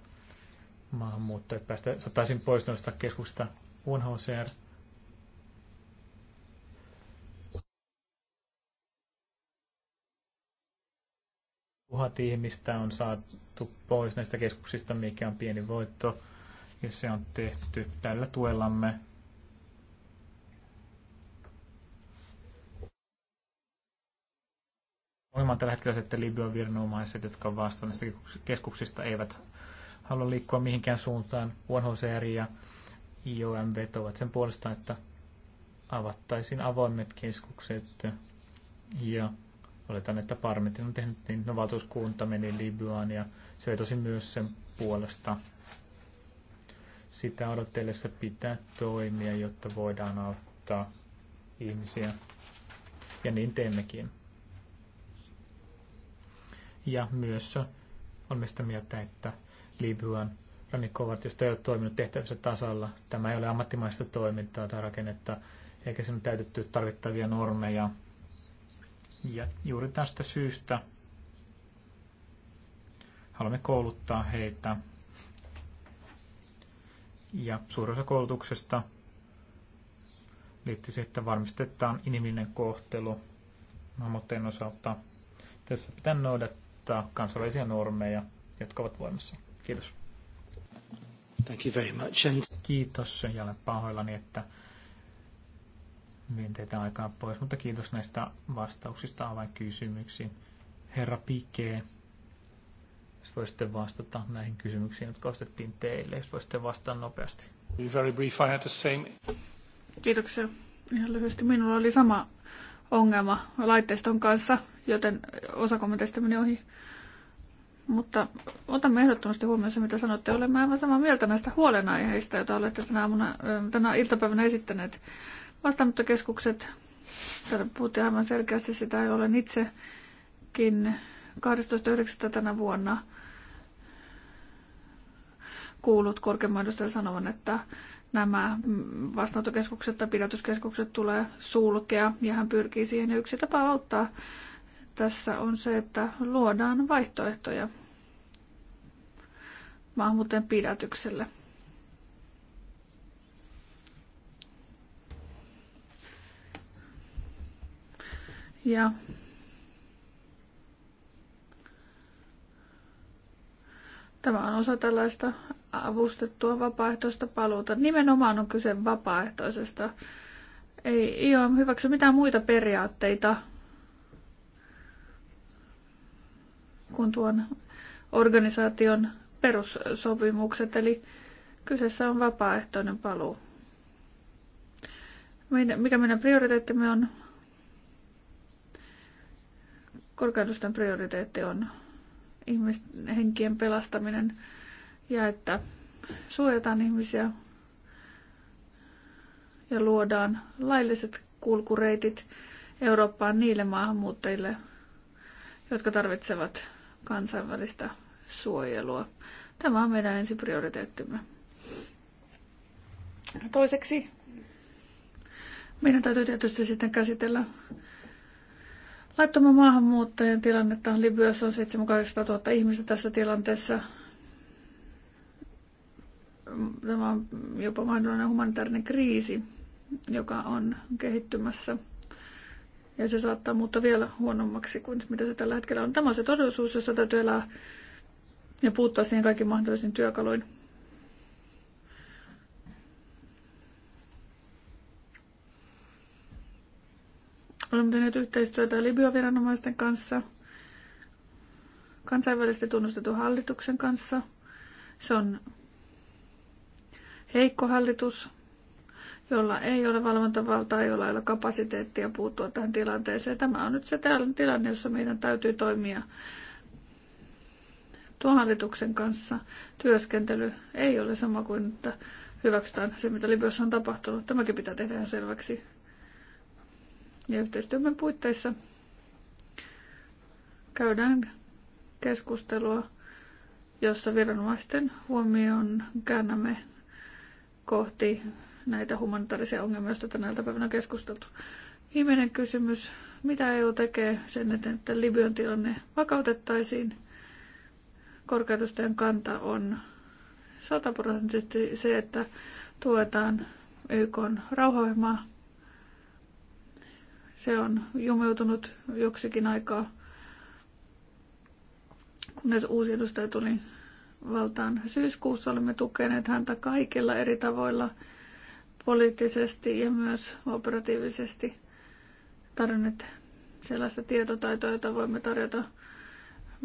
maahanmuuttajat päästä, saataisiin pois noista keskuksista. UNHCR Tuhat ihmistä on saatu pois näistä keskuksista, mikä on pieni voitto. Ja se on tehty tällä tuellamme. Ongelma on tällä hetkellä se, että Libyan viranomaiset, jotka vastaavat näistä keskuksista, eivät halua liikkua mihinkään suuntaan. UNHCR ja IOM vetovat sen puolesta, että avattaisiin avoimet keskukset ja Oletan, että parlamentin on tehnyt niin, no valtuuskunta meni niin Libyaan ja se tosi myös sen puolesta. Sitä odotellessa pitää toimia, jotta voidaan auttaa ihmisiä. Ja niin teemmekin. Ja myös on mistä mieltä, että Libyan rannikkovartiosta ei ole toiminut tehtävänsä tasalla. Tämä ei ole ammattimaista toimintaa tai rakennetta, eikä sen täytetty tarvittavia normeja ja juuri tästä syystä haluamme kouluttaa heitä. Ja suurin osa koulutuksesta liittyy siihen, että varmistetaan inhimillinen kohtelu maahanmuuttajien osalta. Tässä pitää noudattaa kansainvälisiä normeja, jotka ovat voimassa. Kiitos. Thank you very much. And... Kiitos ja olen pahoillani, että Vien teitä aikaa pois, mutta kiitos näistä vastauksista kysymyksiin. Herra Pike, jos voisitte vastata näihin kysymyksiin, jotka ostettiin teille, jos voisitte vastata nopeasti. Very brief, I had the same. Kiitoksia. Ihan lyhyesti. Minulla oli sama ongelma laitteiston kanssa, joten osa kommenteista meni ohi. Mutta otamme ehdottomasti huomioon se, mitä sanotte. Olemme aivan samaa mieltä näistä huolenaiheista, joita olette tänä, aamuna, tänä iltapäivänä esittäneet. Vastaanottokeskukset, täällä puhuttiin aivan selkeästi sitä, ei olen itsekin 12.9. tänä vuonna kuullut korkeimman edustajan sanovan, että nämä vastaanottokeskukset tai pidätyskeskukset tulee sulkea ja hän pyrkii siihen. Ja yksi tapa auttaa tässä on se, että luodaan vaihtoehtoja maahanmuuttajan pidätykselle. Ja Tämä on osa tällaista avustettua vapaaehtoista paluuta. Nimenomaan on kyse vapaaehtoisesta. Ei ole hyväksy mitään muita periaatteita kuin tuon organisaation perussopimukset, eli kyseessä on vapaaehtoinen paluu. Mikä meidän prioriteettimme on korkeudusten prioriteetti on ihmisten henkien pelastaminen ja että suojataan ihmisiä ja luodaan lailliset kulkureitit Eurooppaan niille maahanmuuttajille, jotka tarvitsevat kansainvälistä suojelua. Tämä on meidän ensiprioriteettimme. Toiseksi meidän täytyy tietysti sitten käsitellä Laittoman maahanmuuttajien tilannetta Libyassa on 700 000 ihmistä tässä tilanteessa. Tämä on jopa mahdollinen humanitaarinen kriisi, joka on kehittymässä. Ja se saattaa muuttaa vielä huonommaksi kuin mitä se tällä hetkellä on. Tämä on se todellisuus, jossa täytyy elää ja puuttua siihen kaikki mahdollisin työkaluin. Olemme tehneet yhteistyötä Libya-viranomaisten kanssa, kansainvälisesti tunnustetun hallituksen kanssa. Se on heikko hallitus, jolla ei ole valvontavaltaa, jolla ei ole kapasiteettia puuttua tähän tilanteeseen. Tämä on nyt se tilanne, jossa meidän täytyy toimia tuon hallituksen kanssa. Työskentely ei ole sama kuin, että hyväksytään se, mitä Libyassa on tapahtunut. Tämäkin pitää tehdä selväksi. Ja yhteistyömme puitteissa käydään keskustelua, jossa viranomaisten huomioon käännämme kohti näitä humanitaarisia ongelmia, joista tänä päivänä on keskusteltu. Viimeinen kysymys. Mitä EU tekee sen eteen, että Libyan tilanne vakautettaisiin? Korkeudustajan kanta on sataprosenttisesti se, että tuetaan YK rauhoimaa se on jumeutunut joksikin aikaa, kunnes uusi edustaja tuli valtaan. Syyskuussa olemme tukeneet häntä kaikilla eri tavoilla poliittisesti ja myös operatiivisesti tarjonneet sellaista tietotaitoa, jota voimme tarjota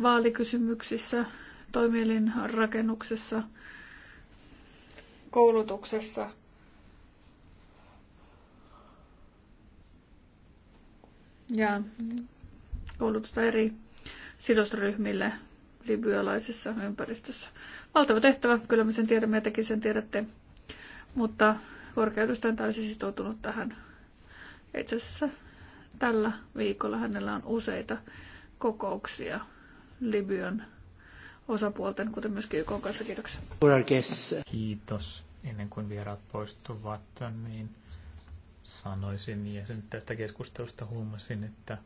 vaalikysymyksissä, toimielin rakennuksessa, koulutuksessa – ja koulutusta eri sidosryhmille libyalaisessa ympäristössä. Valtava tehtävä, kyllä me sen tiedämme ja tekin sen tiedätte, mutta korkeutusta on täysin sitoutunut tähän. Itse asiassa tällä viikolla hänellä on useita kokouksia Libyan osapuolten, kuten myöskin YK kanssa. Kiitoksia. Kiitos. Ennen kuin vieraat poistuvat, niin sanoisin. Ja sen tästä keskustelusta huomasin, että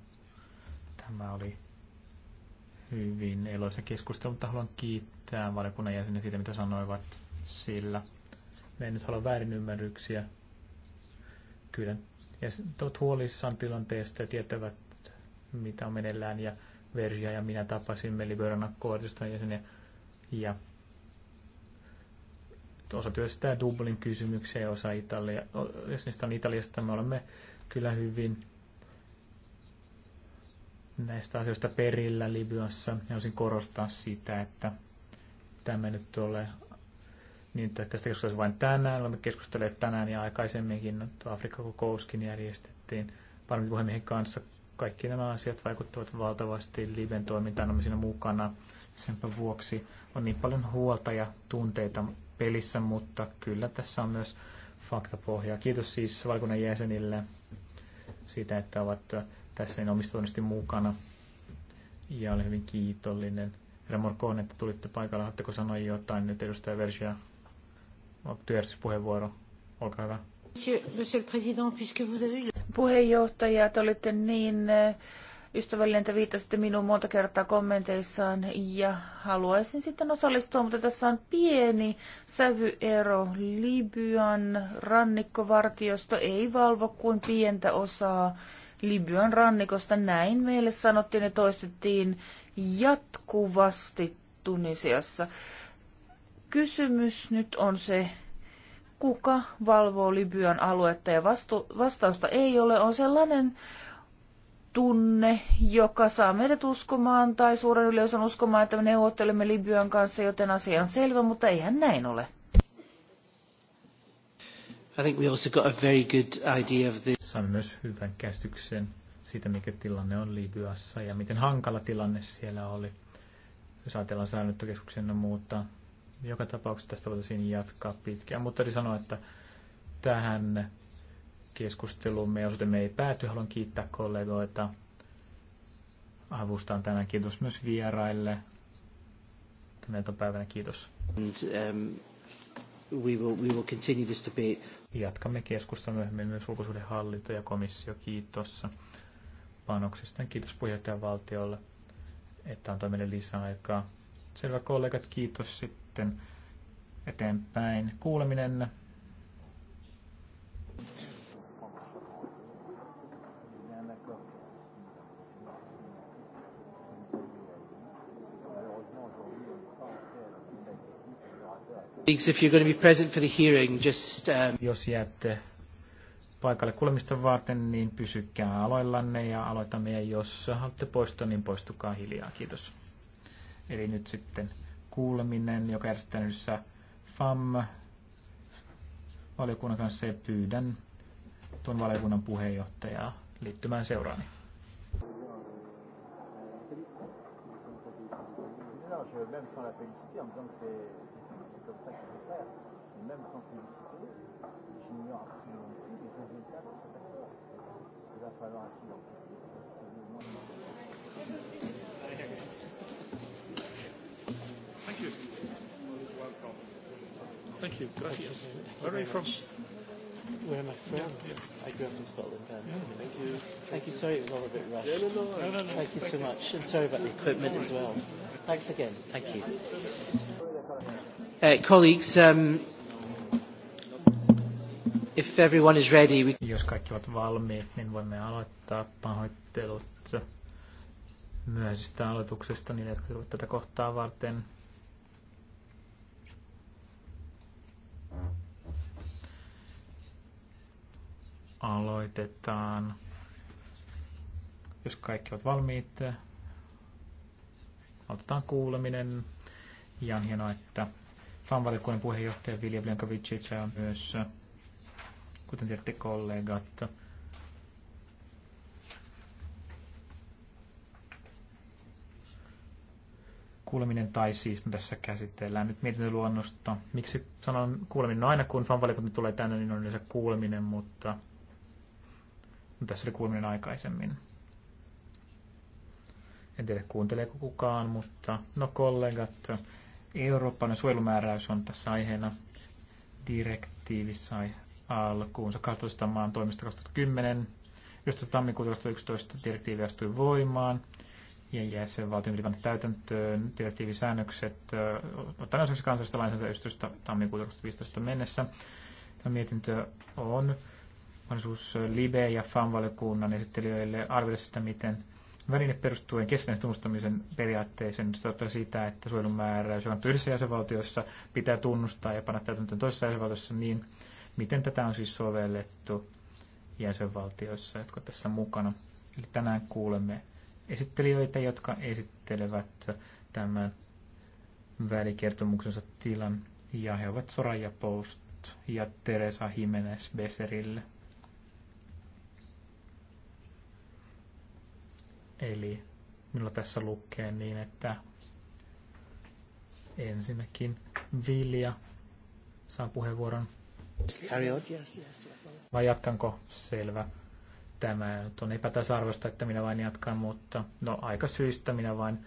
tämä oli hyvin eloisa keskustelu, mutta haluan kiittää valiokunnan jäseniä siitä, mitä sanoivat sillä. Me en nyt halua väärinymmärryksiä. Kyllä ja olet huolissaan tilanteesta ja tietävät, mitä on meneillään. Ja Verja ja minä tapasimme Liberana kohdistan jäseniä ja osa työstää Dublin kysymyksiä ja osa Italia, niistä on Italiasta. Me olemme kyllä hyvin näistä asioista perillä Libyassa. Ja olisin korostaa sitä, että tämä nyt ole niin, että tästä keskustelua vain tänään. Olemme keskustelleet tänään ja aikaisemminkin Afrikka-kokouskin järjestettiin paremmin puhemiehen kanssa. Kaikki nämä asiat vaikuttavat valtavasti Liben toimintaan, olemme siinä mukana. Senpä vuoksi on niin paljon huolta ja tunteita pelissä, mutta kyllä tässä on myös faktapohjaa. Kiitos siis valkoinen jäsenille siitä, että ovat tässä niin omistautuneesti mukana. Ja olen hyvin kiitollinen. Herra Morkoon, että tulitte paikalle. Haluatteko sanoa jotain nyt edustaja Versia? Työjärjestyspuheenvuoro. Olkaa hyvä. Monsieur, le Président, puisque vous avez... Puheenjohtaja, te olitte niin äh, ystävällinen, että viittasitte minuun monta kertaa kommenteissaan ja haluaisin sitten osallistua, mutta tässä on pieni sävyero. Libyan rannikkovartiosto ei valvo kuin pientä osaa Libyan rannikosta. Näin meille sanottiin ja toistettiin jatkuvasti Tunisiassa. Kysymys nyt on se, kuka valvoo Libyan aluetta ja vastu- vastausta ei ole, on sellainen tunne, joka saa meidät uskomaan tai suuren yleisön uskomaan, että me neuvottelemme Libyan kanssa, joten asia on selvä, mutta eihän näin ole. I think we also got a very good idea of this. Saimme myös hyvän käsityksen siitä, mikä tilanne on Libyassa ja miten hankala tilanne siellä oli. Jos ajatellaan säännöttökeskuksen ja muuta, joka tapauksessa tästä voitaisiin jatkaa pitkään, mutta oli sanoa, että tähän keskustelumme ja me ei pääty. Haluan kiittää kollegoita avustaan tänään. Kiitos myös vieraille tänä päivänä Kiitos. And, um, we will, we will continue this debate. Jatkamme keskustelua myöhemmin myös ulkosuhdehallinto ja komissio. Kiitos panoksista. Kiitos puheenjohtajan valtiolle, että antoi meille lisäaikaa. Selvä kollegat, kiitos sitten eteenpäin kuuleminen. If you're going to be present for the hearing, just, um, Jos jäätte paikalle kuulemista varten, niin pysykää aloillanne ja aloitamme. Ja jos haluatte poistua, niin poistukaa hiljaa. Kiitos. Eli nyt sitten kuuleminen, joka järjestetään yhdessä FAM-valiokunnan kanssa ja pyydän tuon valiokunnan puheenjohtajaa liittymään seuraani. je vais même sans la féliciter en me disant que c'est comme ça qu'il faut faire. Et même sans publicité, j'ignore absolument plus les résultats de cette action. Il va falloir un Thank you. Thank you. Gracias. Where are you from? Where am I from? Yeah, yeah. I grew up in Scotland. yeah. Thank you. Thank you. Sorry, it was all a bit rushed. Yeah, no, no, no, no, no. Thank you Thank so you. much. And sorry about the equipment as well. Thanks again. Thank you. Uh, colleagues, um, if everyone is ready, we... Jos kaikki ovat valmiit, niin voimme aloittaa pahoittelut myöhäisestä aloituksesta niille, jotka tulivat tätä kohtaa varten. Aloitetaan. Jos kaikki ovat valmiit, aloitetaan kuuleminen. Ja hienoa, että FAN-valiokunnan puheenjohtaja Vilja Blankovicic ja myös, kuten tiedätte, kollegat. Kuuleminen tai siis no tässä käsitellään nyt luonnosta Miksi sanon kuuleminen? No aina kun fan tulee tänne, niin on yleensä kuuleminen, mutta no tässä oli kuuleminen aikaisemmin. En tiedä kuunteleeko kukaan, mutta no kollegat, Euroopan suojelumääräys on tässä aiheena. direktiivissä alkuunsa 12 maan toimista 2010, josta tammikuuta 2011 direktiivi astui voimaan ja jäsenvaltion ylipäin täytäntöön direktiivisäännökset ottaen osaksi kansallista lainsäädäntöystystä tammikuuta 2015 mennessä. Tämä mietintö on mahdollisuus Libe- ja FAM-valiokunnan esittelijöille arvioida sitä, miten väline perustuu keskinäisen tunnustamisen periaatteeseen, se tarkoittaa sitä, että suojelun määräys, joka on yhdessä jäsenvaltiossa, pitää tunnustaa ja panna täytäntöön toisessa jäsenvaltiossa, niin miten tätä on siis sovellettu jäsenvaltioissa, jotka tässä mukana. Eli tänään kuulemme esittelijöitä, jotka esittelevät tämän välikertomuksensa tilan, ja he ovat Soraya Post ja Teresa Jimenez Beserille. Eli minulla tässä lukee niin, että ensinnäkin Vilja saa puheenvuoron. Vai jatkanko? Selvä. Tämä nyt on epätasa-arvoista, että minä vain jatkan, mutta no aika syystä minä vain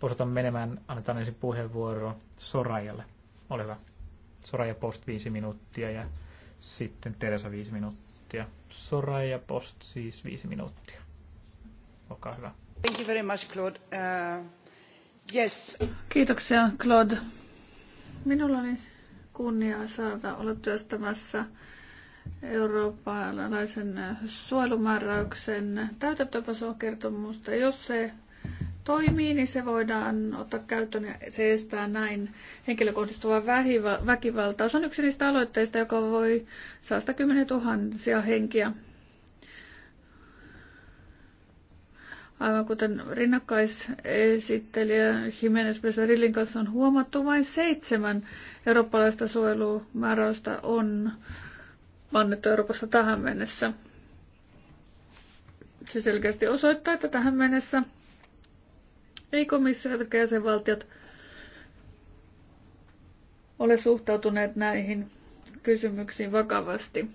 posotan menemään. Annetaan ensin puheenvuoro Sorajalle. Ole hyvä. Soraja Post viisi minuuttia ja sitten Teresa viisi minuuttia. Soraja Post siis viisi minuuttia. Olkaa hyvä. Thank you very much, Claude. Uh, yes. Kiitoksia, Claude. Minulla oli kunnia saada olla työstämässä eurooppalaisen suojelumääräyksen täytäntöönpanokertomusta. Jos se toimii, niin se voidaan ottaa käyttöön ja se estää näin henkilökohdistuva väkivaltaa. Se on yksi niistä aloitteista, joka voi saada kymmeniä tuhansia henkiä Aivan kuten rinnakkaisesittelijä Jimenez Pesarillin kanssa on huomattu, vain seitsemän eurooppalaista suojelumääräystä on annettu Euroopassa tähän mennessä. Se selkeästi osoittaa, että tähän mennessä ei komissio eivätkä jäsenvaltiot ole suhtautuneet näihin kysymyksiin vakavasti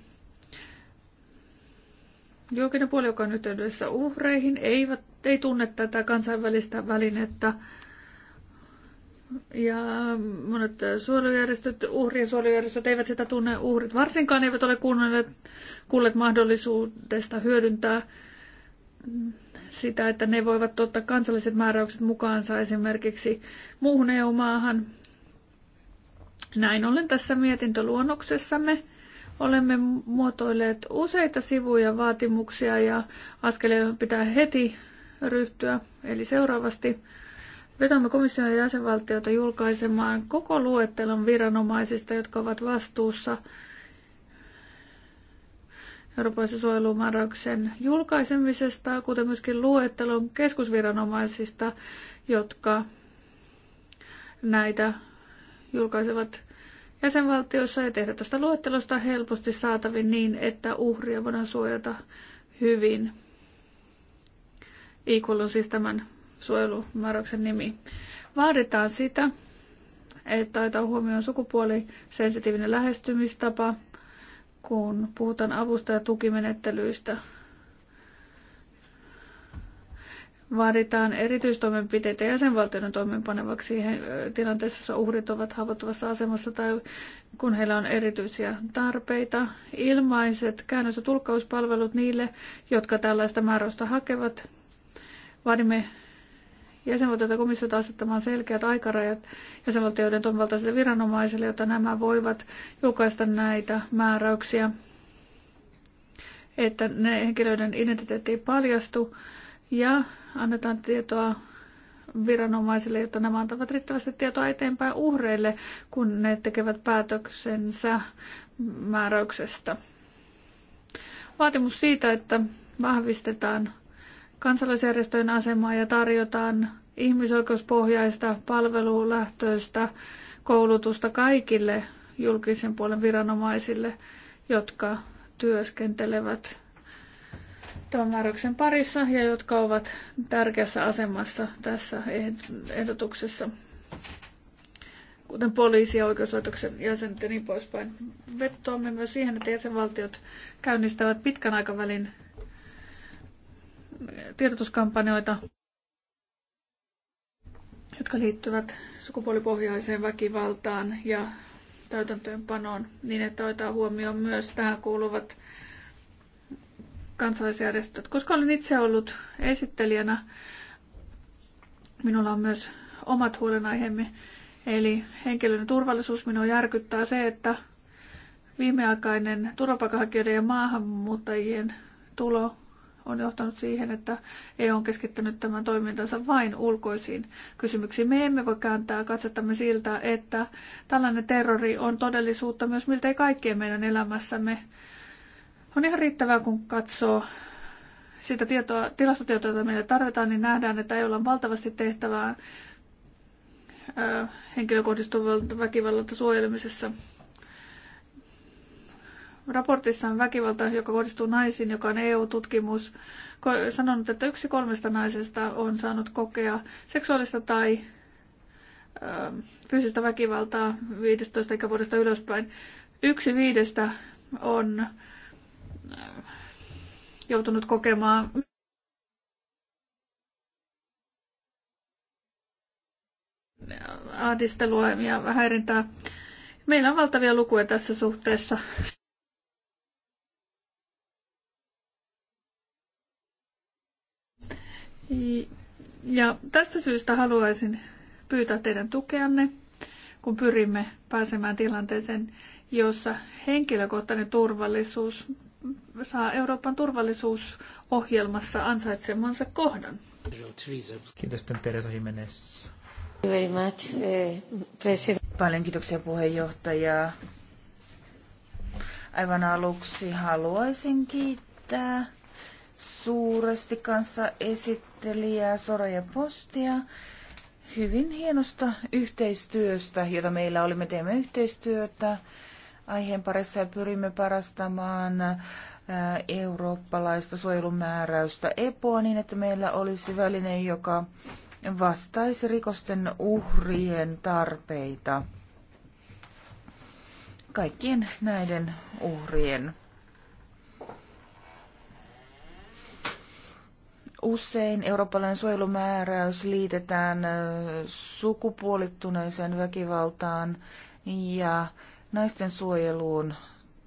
julkinen puoli, joka on yhteydessä uhreihin, eivät, ei tunne tätä kansainvälistä välinettä. Ja monet suojelujärjestöt, uhrien suojelujärjestöt eivät sitä tunne. Uhrit varsinkaan eivät ole kuulleet, kuulleet mahdollisuudesta hyödyntää sitä, että ne voivat ottaa kansalliset määräykset mukaansa esimerkiksi muuhun EU-maahan. Näin ollen tässä mietintöluonnoksessamme Olemme muotoilleet useita sivuja vaatimuksia ja askelia, joihin pitää heti ryhtyä. Eli seuraavasti vetomme komission ja jäsenvaltiota julkaisemaan koko luettelon viranomaisista, jotka ovat vastuussa Euroopan suojelumääräyksen julkaisemisesta, kuten myöskin luettelon keskusviranomaisista, jotka näitä julkaisevat jäsenvaltioissa ja tehdä tästä luettelosta helposti saatavin niin, että uhria voidaan suojata hyvin. Equal on siis tämän suojelumääräyksen nimi. Vaaditaan sitä, että otetaan huomioon sensitiivinen lähestymistapa, kun puhutaan avusta ja tukimenettelyistä – vaaditaan erityistoimenpiteitä jäsenvaltioiden toimeenpanevaksi tilanteessa, jossa uhrit ovat haavoittuvassa asemassa tai kun heillä on erityisiä tarpeita. Ilmaiset käännös- ja tulkkauspalvelut niille, jotka tällaista määräystä hakevat. Vaadimme jäsenvaltioita komissiota asettamaan selkeät aikarajat jäsenvaltioiden toimivaltaisille viranomaisille, jotta nämä voivat julkaista näitä määräyksiä, että ne henkilöiden identiteetti ei paljastu ja annetaan tietoa viranomaisille, jotta nämä antavat riittävästi tietoa eteenpäin uhreille, kun ne tekevät päätöksensä määräyksestä. Vaatimus siitä, että vahvistetaan kansalaisjärjestöjen asemaa ja tarjotaan ihmisoikeuspohjaista, palvelulähtöistä koulutusta kaikille julkisen puolen viranomaisille, jotka työskentelevät tämän määräyksen parissa ja jotka ovat tärkeässä asemassa tässä ehdotuksessa, kuten poliisi ja oikeuslaitoksen jäsenet ja niin poispäin. Vettoamme myös siihen, että jäsenvaltiot käynnistävät pitkän aikavälin tiedotuskampanjoita, jotka liittyvät sukupuolipohjaiseen väkivaltaan ja täytäntöönpanoon niin, että otetaan huomioon myös tähän kuuluvat kansalaisjärjestöt. Koska olen itse ollut esittelijänä, minulla on myös omat huolenaiheemme. Eli henkilön turvallisuus minua järkyttää se, että viimeaikainen turvapaikanhakijoiden ja maahanmuuttajien tulo on johtanut siihen, että EU on keskittänyt tämän toimintansa vain ulkoisiin kysymyksiin. Me emme voi kääntää katsettamme siltä, että tällainen terrori on todellisuutta myös miltei kaikkien meidän elämässämme on ihan riittävää, kun katsoo sitä tietoa, tilastotietoa, jota meille tarvitaan, niin nähdään, että ei olla valtavasti tehtävää henkilökohdistuvalta väkivallalta suojelemisessa. Raportissa on väkivalta, joka kohdistuu naisiin, joka on EU-tutkimus, sanonut, että yksi kolmesta naisesta on saanut kokea seksuaalista tai ö, fyysistä väkivaltaa 15 ikävuodesta ylöspäin. Yksi viidestä on Äh, joutunut kokemaan. ahdistelua ja häirintää. Meillä on valtavia lukuja tässä suhteessa. Ja tästä syystä haluaisin pyytää teidän tukeanne, kun pyrimme pääsemään tilanteeseen, jossa henkilökohtainen turvallisuus saa Euroopan turvallisuusohjelmassa ansaitsemansa kohdan. Kiitos, Teresa Jimenez. Very much, eh, Paljon kiitoksia puheenjohtaja. Aivan aluksi haluaisin kiittää suuresti kanssa esittelijää Soraya Postia hyvin hienosta yhteistyöstä, jota meillä oli. Me teemme yhteistyötä aiheen parissa ja pyrimme parastamaan eurooppalaista suojelumääräystä EPOa niin, että meillä olisi väline, joka vastaisi rikosten uhrien tarpeita. Kaikkien näiden uhrien. Usein eurooppalainen suojelumääräys liitetään sukupuolittuneeseen väkivaltaan ja naisten suojeluun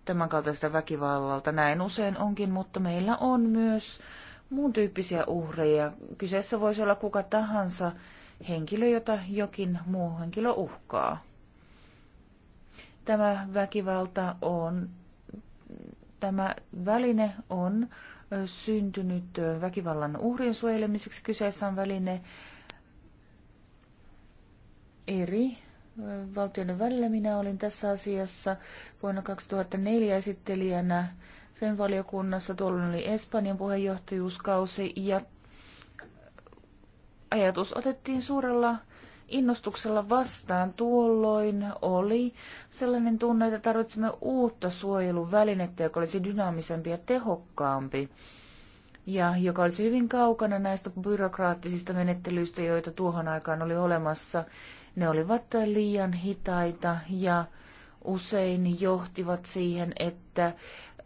tämänkaltaista väkivallalta. Näin usein onkin, mutta meillä on myös muun tyyppisiä uhreja. Kyseessä voisi olla kuka tahansa henkilö, jota jokin muu henkilö uhkaa. Tämä väkivalta on, tämä väline on syntynyt väkivallan uhrin suojelemiseksi. Kyseessä on väline eri valtioiden välillä. Minä olin tässä asiassa vuonna 2004 esittelijänä FEM-valiokunnassa. Tuolloin oli Espanjan puheenjohtajuuskausi ja ajatus otettiin suurella innostuksella vastaan. Tuolloin oli sellainen tunne, että tarvitsemme uutta suojeluvälinettä, joka olisi dynaamisempi ja tehokkaampi ja joka olisi hyvin kaukana näistä byrokraattisista menettelyistä, joita tuohon aikaan oli olemassa ne olivat liian hitaita ja usein johtivat siihen, että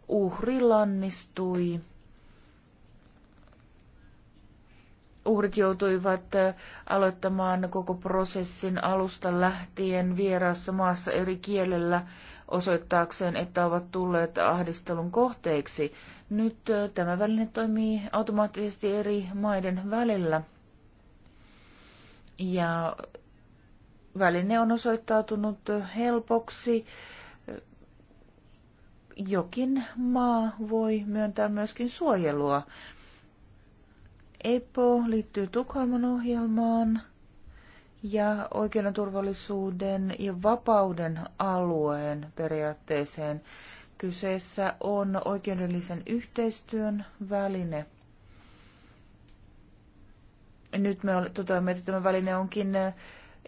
uhri lannistui. Uhrit joutuivat aloittamaan koko prosessin alusta lähtien vieraassa maassa eri kielellä osoittaakseen, että ovat tulleet ahdistelun kohteiksi. Nyt tämä väline toimii automaattisesti eri maiden välillä. Ja väline on osoittautunut helpoksi. Jokin maa voi myöntää myöskin suojelua. EPO liittyy Tukholman ohjelmaan ja oikeuden turvallisuuden ja vapauden alueen periaatteeseen. Kyseessä on oikeudellisen yhteistyön väline. Nyt me toteamme, että tämä väline onkin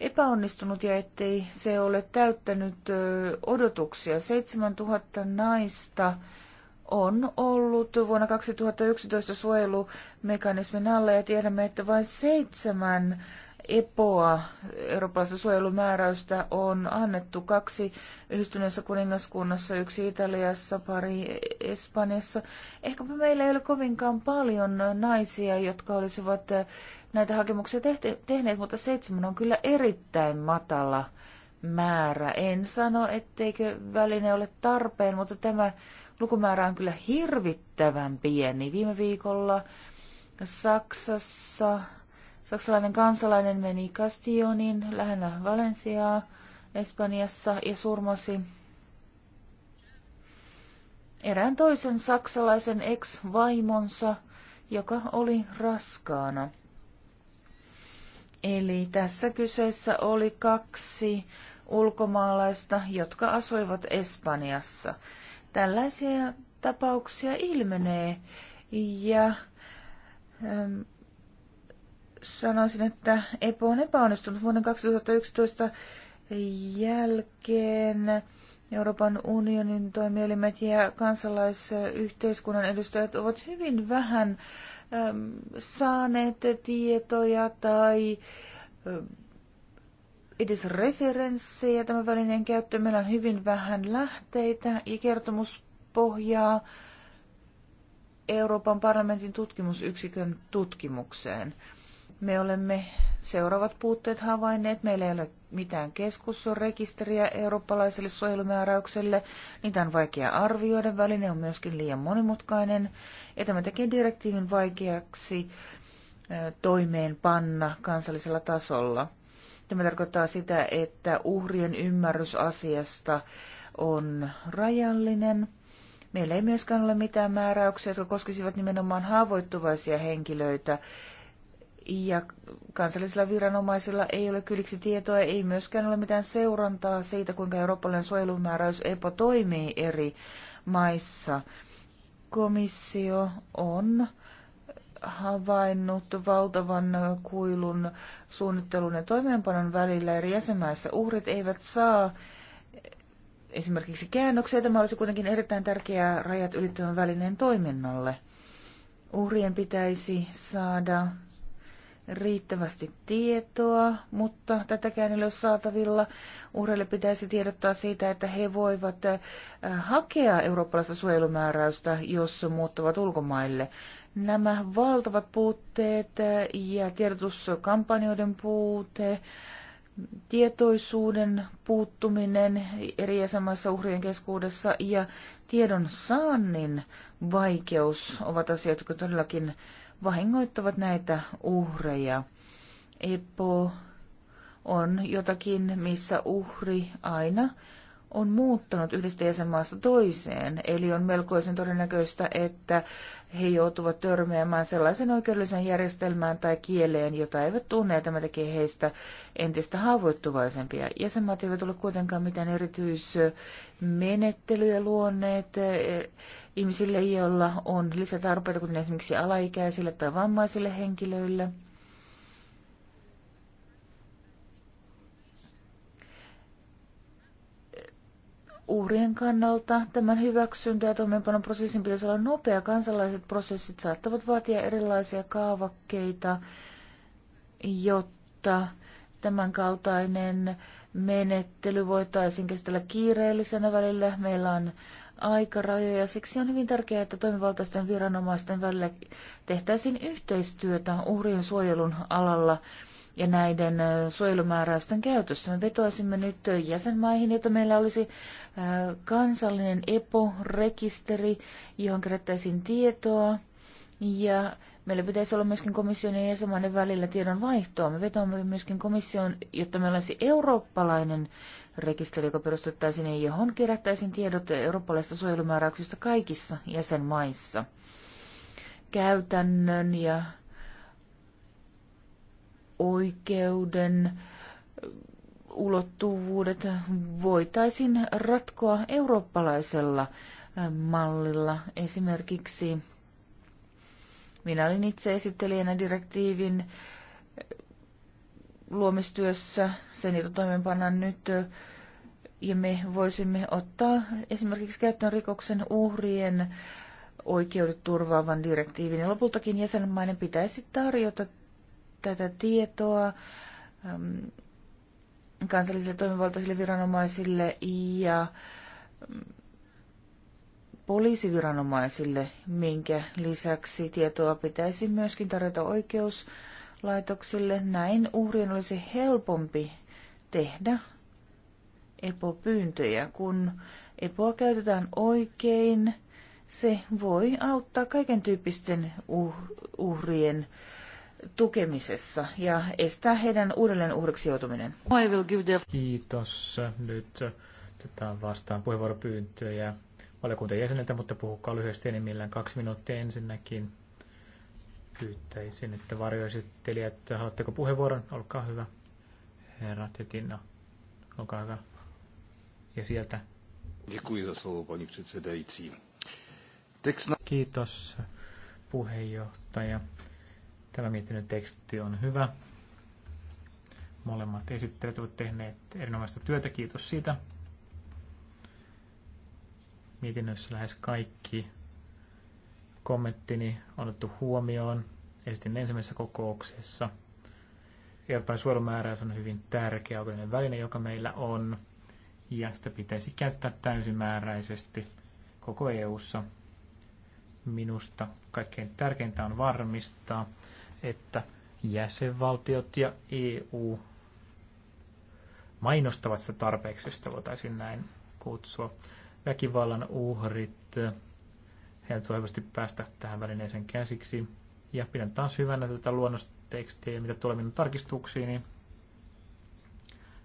epäonnistunut ja ettei se ole täyttänyt odotuksia. 7000 naista on ollut vuonna 2011 suojelumekanismin alla ja tiedämme, että vain seitsemän EPOa, eurooppalaista suojelumääräystä, on annettu kaksi yhdistyneessä kuningaskunnassa, yksi Italiassa, pari Espanjassa. Ehkäpä meillä ei ole kovinkaan paljon naisia, jotka olisivat näitä hakemuksia tehti, tehneet, mutta seitsemän on kyllä erittäin matala määrä. En sano, etteikö väline ole tarpeen, mutta tämä lukumäärä on kyllä hirvittävän pieni. Viime viikolla Saksassa saksalainen kansalainen meni Castionin lähellä Valenciaa Espanjassa ja surmasi erään toisen saksalaisen ex-vaimonsa, joka oli raskaana. Eli tässä kyseessä oli kaksi ulkomaalaista, jotka asuivat Espanjassa. Tällaisia tapauksia ilmenee ja ähm, sanoisin, että EPO on epäonnistunut vuoden 2011 jälkeen. Euroopan unionin toimielimet ja kansalaisyhteiskunnan edustajat ovat hyvin vähän ähm, saaneet tietoja tai ähm, edes referenssejä tämän välineen käyttöön. Meillä on hyvin vähän lähteitä ja kertomuspohjaa Euroopan parlamentin tutkimusyksikön tutkimukseen. Me olemme seuraavat puutteet havainneet. Meillä ei ole mitään keskussorekisteriä eurooppalaiselle suojelumääräykselle. Niitä on vaikea arvioida. Väline on myöskin liian monimutkainen. Ja tämä tekee direktiivin vaikeaksi toimeenpanna kansallisella tasolla. Tämä tarkoittaa sitä, että uhrien ymmärrys asiasta on rajallinen. Meillä ei myöskään ole mitään määräyksiä, jotka koskisivat nimenomaan haavoittuvaisia henkilöitä ja kansallisilla viranomaisilla ei ole kylliksi tietoa, ei myöskään ole mitään seurantaa siitä, kuinka eurooppalainen suojelumääräys EPO toimii eri maissa. Komissio on havainnut valtavan kuilun suunnittelun ja toimeenpanon välillä eri jäsenmaissa. Uhrit eivät saa esimerkiksi käännöksiä. Tämä olisi kuitenkin erittäin tärkeää rajat ylittävän välineen toiminnalle. Uhrien pitäisi saada riittävästi tietoa, mutta tätäkään ei ole saatavilla. Uhreille pitäisi tiedottaa siitä, että he voivat eh, hakea eurooppalaista suojelumääräystä, jos muuttavat ulkomaille. Nämä valtavat puutteet eh, ja tiedotuskampanjoiden puute, tietoisuuden puuttuminen eri jäsenmaissa uhrien keskuudessa ja tiedon saannin vaikeus ovat asioita, jotka todellakin vahingoittavat näitä uhreja. EPO on jotakin, missä uhri aina on muuttanut yhdestä jäsenmaasta toiseen, eli on melkoisen todennäköistä, että he joutuvat törmäämään sellaisen oikeudellisen järjestelmään tai kieleen, jota eivät tunne, ja tämä tekee heistä entistä haavoittuvaisempia. Jäsenmaat eivät ole kuitenkaan mitään erityismenettelyjä luonneet e, ihmisille, joilla on lisätarpeita, kuten esimerkiksi alaikäisille tai vammaisille henkilöille – uhrien kannalta tämän hyväksyntä ja toimeenpanon prosessin pitäisi olla nopea. Kansalaiset prosessit saattavat vaatia erilaisia kaavakkeita, jotta tämänkaltainen menettely voitaisiin kestellä kiireellisenä välillä. Meillä on aikarajoja. Siksi on hyvin tärkeää, että toimivaltaisten viranomaisten välillä tehtäisiin yhteistyötä uhrien suojelun alalla ja näiden suojelumääräysten käytössä. Me vetoisimme nyt jäsenmaihin, jotta meillä olisi kansallinen EPO-rekisteri, johon kerättäisiin tietoa ja Meillä pitäisi olla myöskin komission ja jäsenmaiden välillä tiedon vaihtoa. Me vetoamme myöskin komission, jotta meillä olisi eurooppalainen rekisteri, joka perustettaisiin ja johon kerättäisiin tiedot eurooppalaisista suojelumääräyksistä kaikissa jäsenmaissa. Käytännön ja oikeuden ulottuvuudet voitaisiin ratkoa eurooppalaisella mallilla. Esimerkiksi minä olin itse esittelijänä direktiivin luomistyössä, sen jota toimeenpannaan nyt, ja me voisimme ottaa esimerkiksi käyttöön rikoksen uhrien oikeudet turvaavan direktiivin. Ja lopultakin jäsenmainen pitäisi tarjota tätä tietoa ähm, kansallisille toimivaltaisille viranomaisille ja ähm, poliisiviranomaisille, minkä lisäksi tietoa pitäisi myöskin tarjota oikeuslaitoksille. Näin uhrien olisi helpompi tehdä epopyyntöjä. Kun epoa käytetään oikein, se voi auttaa kaiken tyyppisten uh-, uhrien tukemisessa ja estää heidän uudelleen uhriksi joutuminen. Kiitos. Nyt otetaan vastaan puheenvuoropyyntöjä valiokunnan jäseniltä, mutta puhukaa lyhyesti enimmillään kaksi minuuttia ensinnäkin. Pyytäisin, että varjoesittelijät, haluatteko puheenvuoron? Olkaa hyvä. Herra Tetina, olkaa hyvä. Ja sieltä. Kiitos, puheenjohtaja Tämä mietinnön teksti on hyvä. Molemmat esittelijät ovat tehneet erinomaista työtä, kiitos siitä. Mietinnössä lähes kaikki kommenttini on otettu huomioon. Esitin ensimmäisessä kokouksessa. Euroopan suojelumääräys on hyvin tärkeä oikeudellinen väline, joka meillä on, ja sitä pitäisi käyttää täysimääräisesti koko EU-ssa. Minusta kaikkein tärkeintä on varmistaa, että jäsenvaltiot ja EU mainostavat sitä tarpeeksi, jos sitä voitaisiin näin kutsua. Väkivallan uhrit, heidän toivottavasti päästä tähän välineeseen käsiksi. Ja pidän taas hyvänä tätä luonnostekstiä, mitä tulee minun tarkistuksiin, niin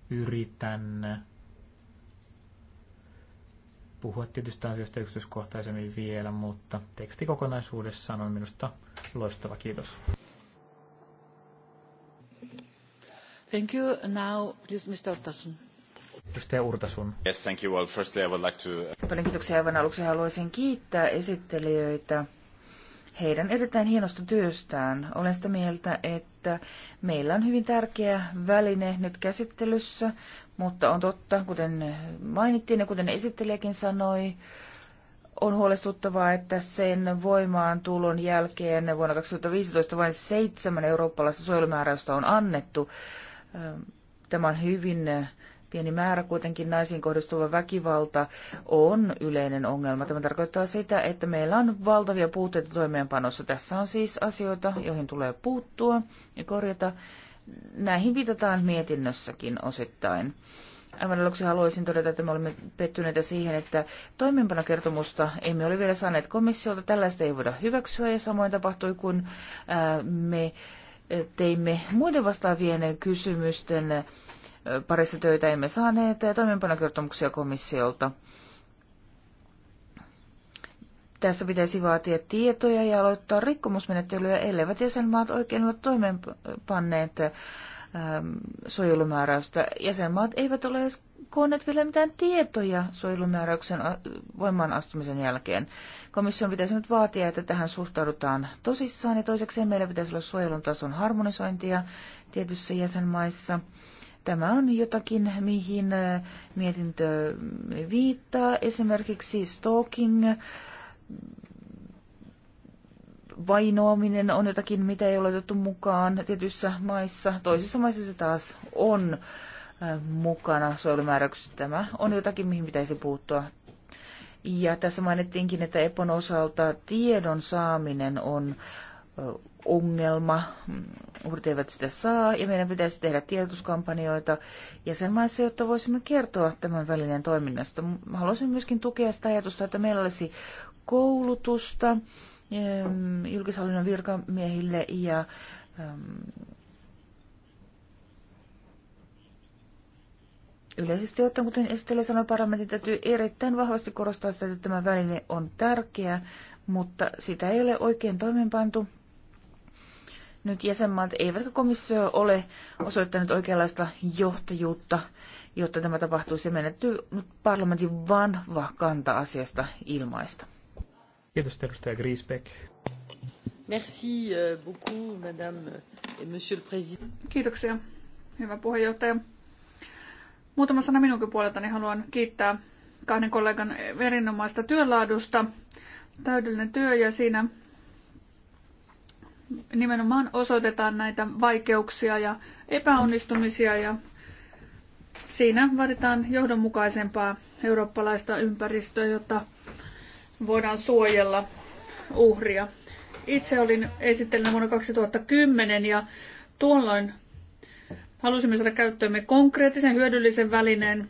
yritän puhua tietystä asioista yksityiskohtaisemmin vielä, mutta teksti kokonaisuudessaan on minusta loistava. Kiitos. Thank you. Now, please, Mr. Urtasun. Edustaja Urtasun. Yes, thank you. Well, firstly, I would like to... Paljon kiitoksia. Aivan aluksi haluaisin kiittää esittelijöitä heidän erittäin hienosta työstään. Olen sitä mieltä, että meillä on hyvin tärkeä väline nyt käsittelyssä, mutta on totta, kuten mainittiin ja kuten esittelijäkin sanoi, on huolestuttavaa, että sen voimaan tulon jälkeen vuonna 2015 vain seitsemän eurooppalaista suojelumääräystä on annettu. Ähm, tämä on hyvin äh, pieni määrä kuitenkin naisiin kohdistuva väkivalta on yleinen ongelma. Tämä tarkoittaa sitä, että meillä on valtavia puutteita toimeenpanossa. Tässä on siis asioita, joihin tulee puuttua ja korjata. Näihin viitataan mietinnössäkin osittain. Aivan aluksi haluaisin todeta, että me olemme pettyneitä siihen, että toimeenpanokertomusta emme ole vielä saaneet komissiolta. Tällaista ei voida hyväksyä ja samoin tapahtui, kun me teimme muiden vastaavien kysymysten parissa töitä emme saaneet toimeenpanokertomuksia komissiolta. Tässä pitäisi vaatia tietoja ja aloittaa rikkomusmenettelyä, elleivät jäsenmaat oikein ole toimeenpanneet ähm, suojelumääräystä. Jäsenmaat eivät ole edes koonneet vielä mitään tietoja suojelumääräyksen äh, voimaan astumisen jälkeen. Komission pitäisi nyt vaatia, että tähän suhtaudutaan tosissaan ja toiseksi meillä pitäisi olla suojelun tason harmonisointia tietyissä jäsenmaissa. Tämä on jotakin, mihin äh, mietintö viittaa. Esimerkiksi stalking, äh, vainoaminen on jotakin, mitä ei ole otettu mukaan tietyissä maissa. Toisissa maissa se taas on. Äh, mukana suojelumääräyksessä. Tämä on jotakin, mihin pitäisi puuttua. Ja tässä mainittiinkin, että EPON osalta tiedon saaminen on ongelma. Uhrit eivät sitä saa ja meidän pitäisi tehdä tiedotuskampanjoita jäsenmaissa, jotta voisimme kertoa tämän välineen toiminnasta. Haluaisin myöskin tukea sitä ajatusta, että meillä olisi koulutusta julkishallinnon virkamiehille ja Yleisesti ottaen, kuten Estelle sanoi, parlamentin täytyy erittäin vahvasti korostaa sitä, että tämä väline on tärkeä, mutta sitä ei ole oikein toimeenpantu. Nyt jäsenmaat eivätkä komissio ole osoittanut oikeanlaista johtajuutta, jotta tämä tapahtuisi Se nyt parlamentin vanva kanta asiasta ilmaista. Kiitos, edustaja Griesbeck. Merci euh, beaucoup, madame et monsieur le président. Kiitoksia, hyvä puheenjohtaja. Muutama sana minunkin puoleltani haluan kiittää kahden kollegan erinomaista työlaadusta. Täydellinen työ ja siinä nimenomaan osoitetaan näitä vaikeuksia ja epäonnistumisia ja siinä vaaditaan johdonmukaisempaa eurooppalaista ympäristöä, jotta voidaan suojella uhria. Itse olin esittelinä vuonna 2010 ja tuolloin Halusimme saada käyttöömme konkreettisen hyödyllisen välineen,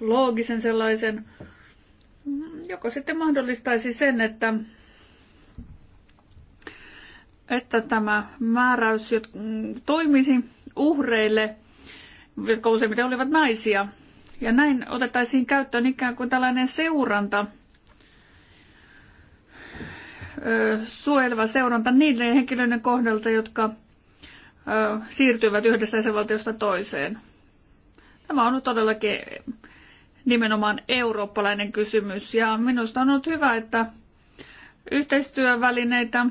loogisen sellaisen, joka sitten mahdollistaisi sen, että että tämä määräys toimisi uhreille, jotka useimmiten olivat naisia. Ja näin otettaisiin käyttöön ikään kuin tällainen seuranta, suojeleva seuranta niille henkilöiden kohdalta, jotka siirtyvät yhdestä jäsenvaltiosta toiseen. Tämä on todellakin nimenomaan eurooppalainen kysymys ja minusta on ollut hyvä, että yhteistyövälineitä,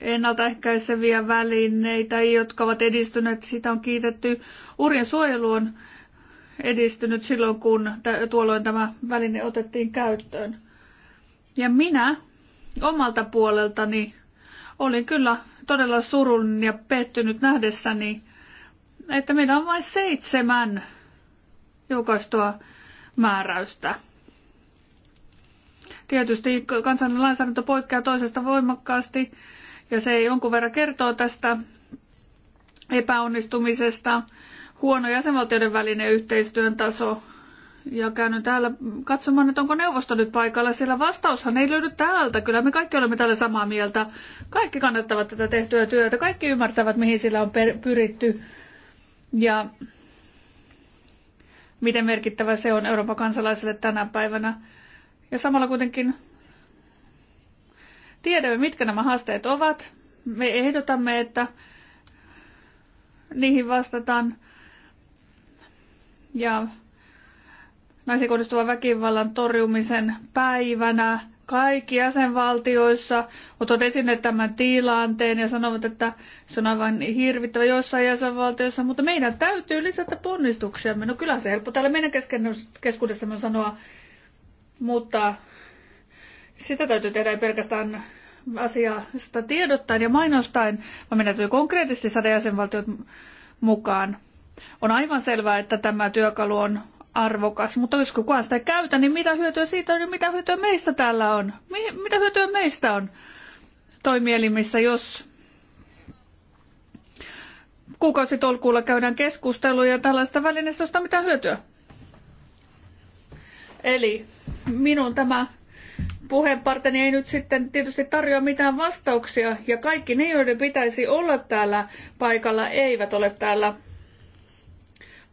ennaltaehkäiseviä välineitä, jotka ovat edistyneet, sitä on kiitetty. urien suojelu on edistynyt silloin, kun tuolloin tämä väline otettiin käyttöön. Ja minä omalta puoleltani Olin kyllä todella surullinen ja pettynyt nähdessäni, että meillä on vain seitsemän julkaistua määräystä. Tietysti kansallinen lainsäädäntö poikkeaa toisesta voimakkaasti ja se jonkun verran kertoo tästä epäonnistumisesta. Huono jäsenvaltioiden välinen yhteistyön taso ja käynyt täällä katsomaan, että onko neuvosto nyt paikalla, sillä vastaushan ei löydy täältä. Kyllä me kaikki olemme täällä samaa mieltä. Kaikki kannattavat tätä tehtyä työtä, kaikki ymmärtävät, mihin sillä on pyritty ja miten merkittävä se on Euroopan kansalaisille tänä päivänä. Ja samalla kuitenkin tiedämme, mitkä nämä haasteet ovat. Me ehdotamme, että niihin vastataan. Ja naisiin kohdistuvan väkivallan torjumisen päivänä kaikki jäsenvaltioissa otat esille tämän tilanteen ja sanovat, että se on aivan hirvittävä joissain jäsenvaltioissa, mutta meidän täytyy lisätä ponnistuksiamme. No kyllä se helppo täällä meidän keskuudessamme sanoa, mutta sitä täytyy tehdä ei pelkästään asiasta tiedottaen ja mainostaen, vaan meidän täytyy konkreettisesti saada jäsenvaltiot mukaan. On aivan selvää, että tämä työkalu on arvokas, mutta jos kukaan sitä ei käytä, niin mitä hyötyä siitä on ja mitä hyötyä meistä täällä on? Mitä hyötyä meistä on toimielimissä, jos kuukausitolkulla käydään keskusteluja tällaista välineistöstä, mitä hyötyä? Eli minun tämä puheenparteni ei nyt sitten tietysti tarjoa mitään vastauksia, ja kaikki ne, joiden pitäisi olla täällä paikalla, eivät ole täällä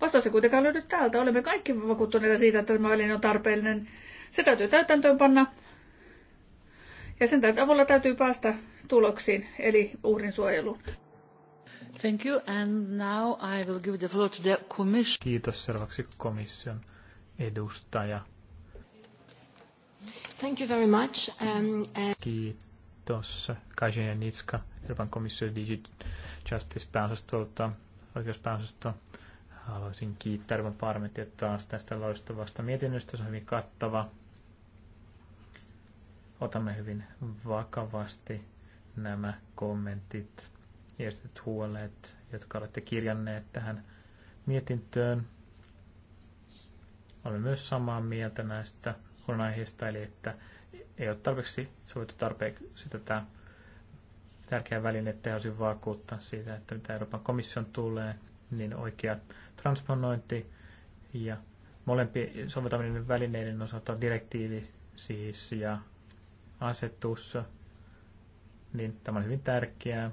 Vastaus ei kuitenkaan löydy täältä. Olemme kaikki vakuuttuneita siitä, että tämä väline on tarpeellinen. Se täytyy täytäntöön panna. Ja sen avulla täytyy päästä tuloksiin, eli uhrin suojeluun. Thank you, and now I will give the floor to the commission. Kiitos seuraavaksi komission edustaja. Thank you very much. Um, uh... Kiitos Kajin ja Nitska, Euroopan komission Digit Justice pääosastolta, oikeuspääosastolta. Haluaisin kiittää Arvon Parmetia taas tästä loistavasta mietinnöstä. Se on hyvin kattava. Otamme hyvin vakavasti nämä kommentit ja huolet, jotka olette kirjanneet tähän mietintöön. Olen myös samaa mieltä näistä huolenaiheista, eli että ei ole tarpeeksi suojattu tarpeeksi tätä tärkeää välinettä ja osin vakuuttaa siitä, että mitä Euroopan komission tulee, niin oikeat transponointi ja molempien soveltaminen välineiden osalta direktiivi siis ja asetus, niin tämä on hyvin tärkeää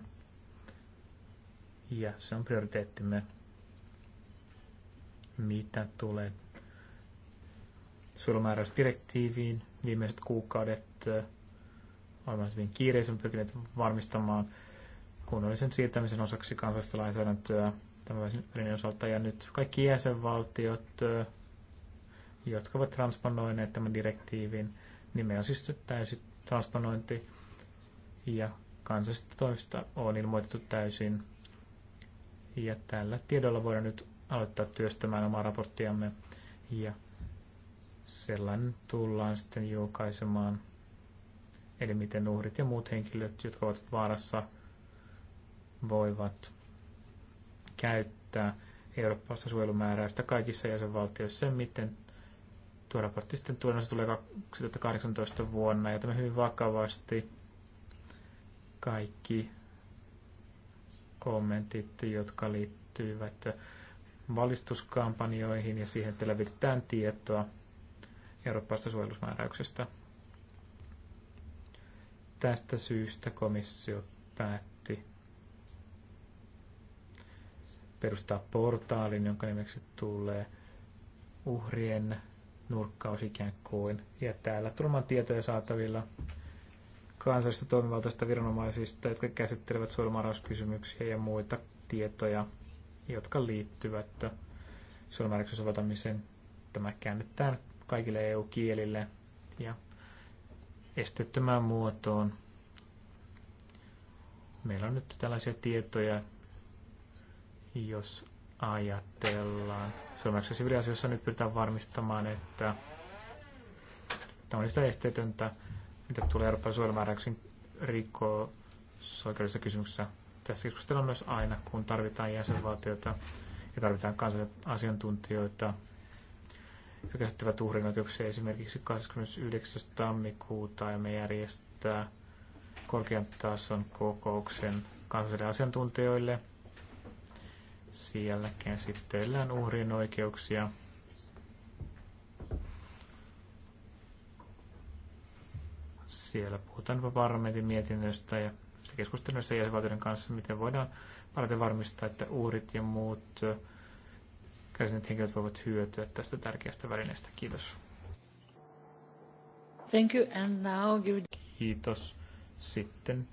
ja se on prioriteettimme, mitä tulee suojelumääräysdirektiiviin. Viimeiset kuukaudet olemme hyvin kiireisen pyrkineet varmistamaan kunnollisen siirtämisen osaksi kansallista lainsäädäntöä tämän välineen osalta. Ja nyt kaikki jäsenvaltiot, jotka ovat transponoineet tämän direktiivin, nimeä niin on siis täysi transponointi ja kansallisista toista on ilmoitettu täysin. Ja tällä tiedolla voidaan nyt aloittaa työstämään omaa raporttiamme ja sellainen tullaan sitten julkaisemaan. Eli miten uhrit ja muut henkilöt, jotka ovat vaarassa, voivat käyttää Euroopassa suojelumääräystä kaikissa jäsenvaltioissa sen, miten tuo raportti sitten tulee 2018 vuonna, ja tämä hyvin vakavasti kaikki kommentit, jotka liittyvät valistuskampanjoihin ja siihen, että levitetään tietoa Euroopassa suojelusmääräyksestä. Tästä syystä komissio päättää perustaa portaalin, jonka nimeksi tulee uhrien nurkkaus ikään kuin. Ja täällä turman tietoja saatavilla kansallisista toimivaltaista viranomaisista, jotka käsittelevät suojelumarauskysymyksiä ja muita tietoja, jotka liittyvät suojelumarauksen soveltamiseen. Tämä käännetään kaikille EU-kielille ja estettömään muotoon. Meillä on nyt tällaisia tietoja, jos ajatellaan suomeksi siviiliasioissa, nyt pyritään varmistamaan, että tämä on yhtä esteetöntä, mitä tulee Euroopan suojelumääräyksiin rikosoikeudellisissa kysymyksissä. Tässä keskustellaan myös aina, kun tarvitaan jäsenvaltioita ja tarvitaan asiantuntijoita, jotka käsittävät uhrin oikeuksia esimerkiksi 29. tammikuuta ja me järjestää korkean tason kokouksen kansallisille asiantuntijoille – sen jälkeen sitten uhrien oikeuksia. Siellä puhutaan parlamentin mietinnöstä ja keskustelussa jäsenvaltioiden kanssa, miten voidaan parhaiten varmistaa, että uhrit ja muut kärsineet henkilöt voivat hyötyä tästä tärkeästä välineestä. Kiitos. Thank you and now give... Kiitos. Sitten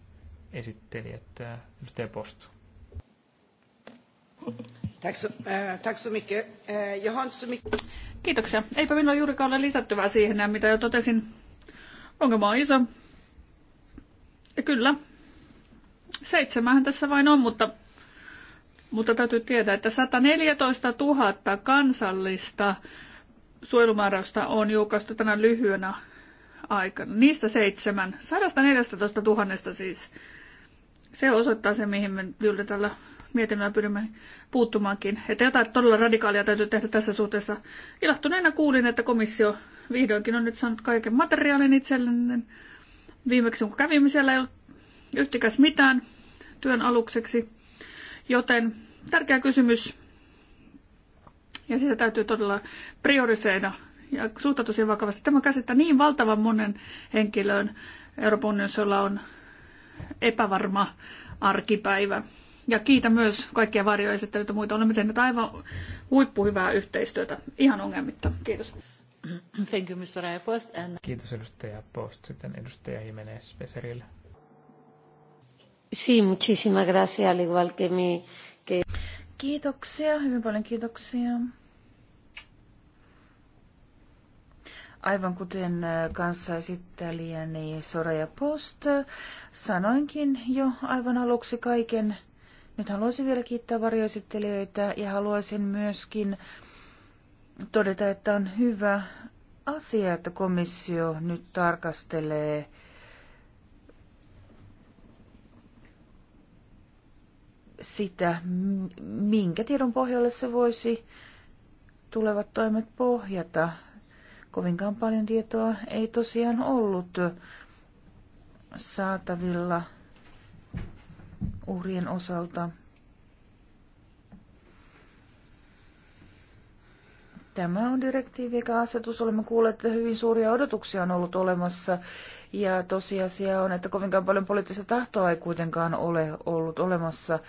esittelijät, edustaja Postu. Eh, eh, Kiitoksia. Eipä minulla juurikaan ole lisättyvää siihen, mitä jo totesin. Ongelma on iso. Ja kyllä, seitsemähän tässä vain on, mutta, mutta täytyy tietää, että 114 000 kansallista suojelumääräystä on julkaistu tänä lyhyenä aikana. Niistä seitsemän. 114 000 siis. Se osoittaa se, mihin me juuri tällä mietinnöllä pyrimme puuttumaankin. Että jotain todella radikaalia täytyy tehdä tässä suhteessa. Ilahtuneena kuulin, että komissio vihdoinkin on nyt saanut kaiken materiaalin itselleen. Viimeksi kun kävimme siellä ei ollut yhtikäs mitään työn alukseksi. Joten tärkeä kysymys. Ja sitä täytyy todella prioriseida ja suhtautua siihen vakavasti. Tämä käsittää niin valtavan monen henkilön Euroopan unionissa, on epävarma arkipäivä. Ja kiitä myös kaikkia varjoesittelyitä muita. Olemme tehneet aivan huippuhyvää yhteistyötä, ihan ongelmitta. Kiitos. Thank you, Mr. Post. And... Kiitos edustaja Post. Sitten edustaja Jimenez Peserille. Sí, muchísimas gracias, al igual que mi... Que... Kiitoksia, hyvin paljon kiitoksia. Aivan kuten äh, esittelijäni Soraya Post, äh, sanoinkin jo aivan aluksi kaiken nyt haluaisin vielä kiittää varjoesittelijöitä ja haluaisin myöskin todeta, että on hyvä asia, että komissio nyt tarkastelee sitä, minkä tiedon pohjalle se voisi tulevat toimet pohjata. Kovinkaan paljon tietoa ei tosiaan ollut saatavilla – uhrien osalta. Tämä on direktiivi eikä asetus. Olemme kuulleet, että hyvin suuria odotuksia on ollut olemassa. Ja tosiasia on, että kovinkaan paljon poliittista tahtoa ei kuitenkaan ole ollut olemassa.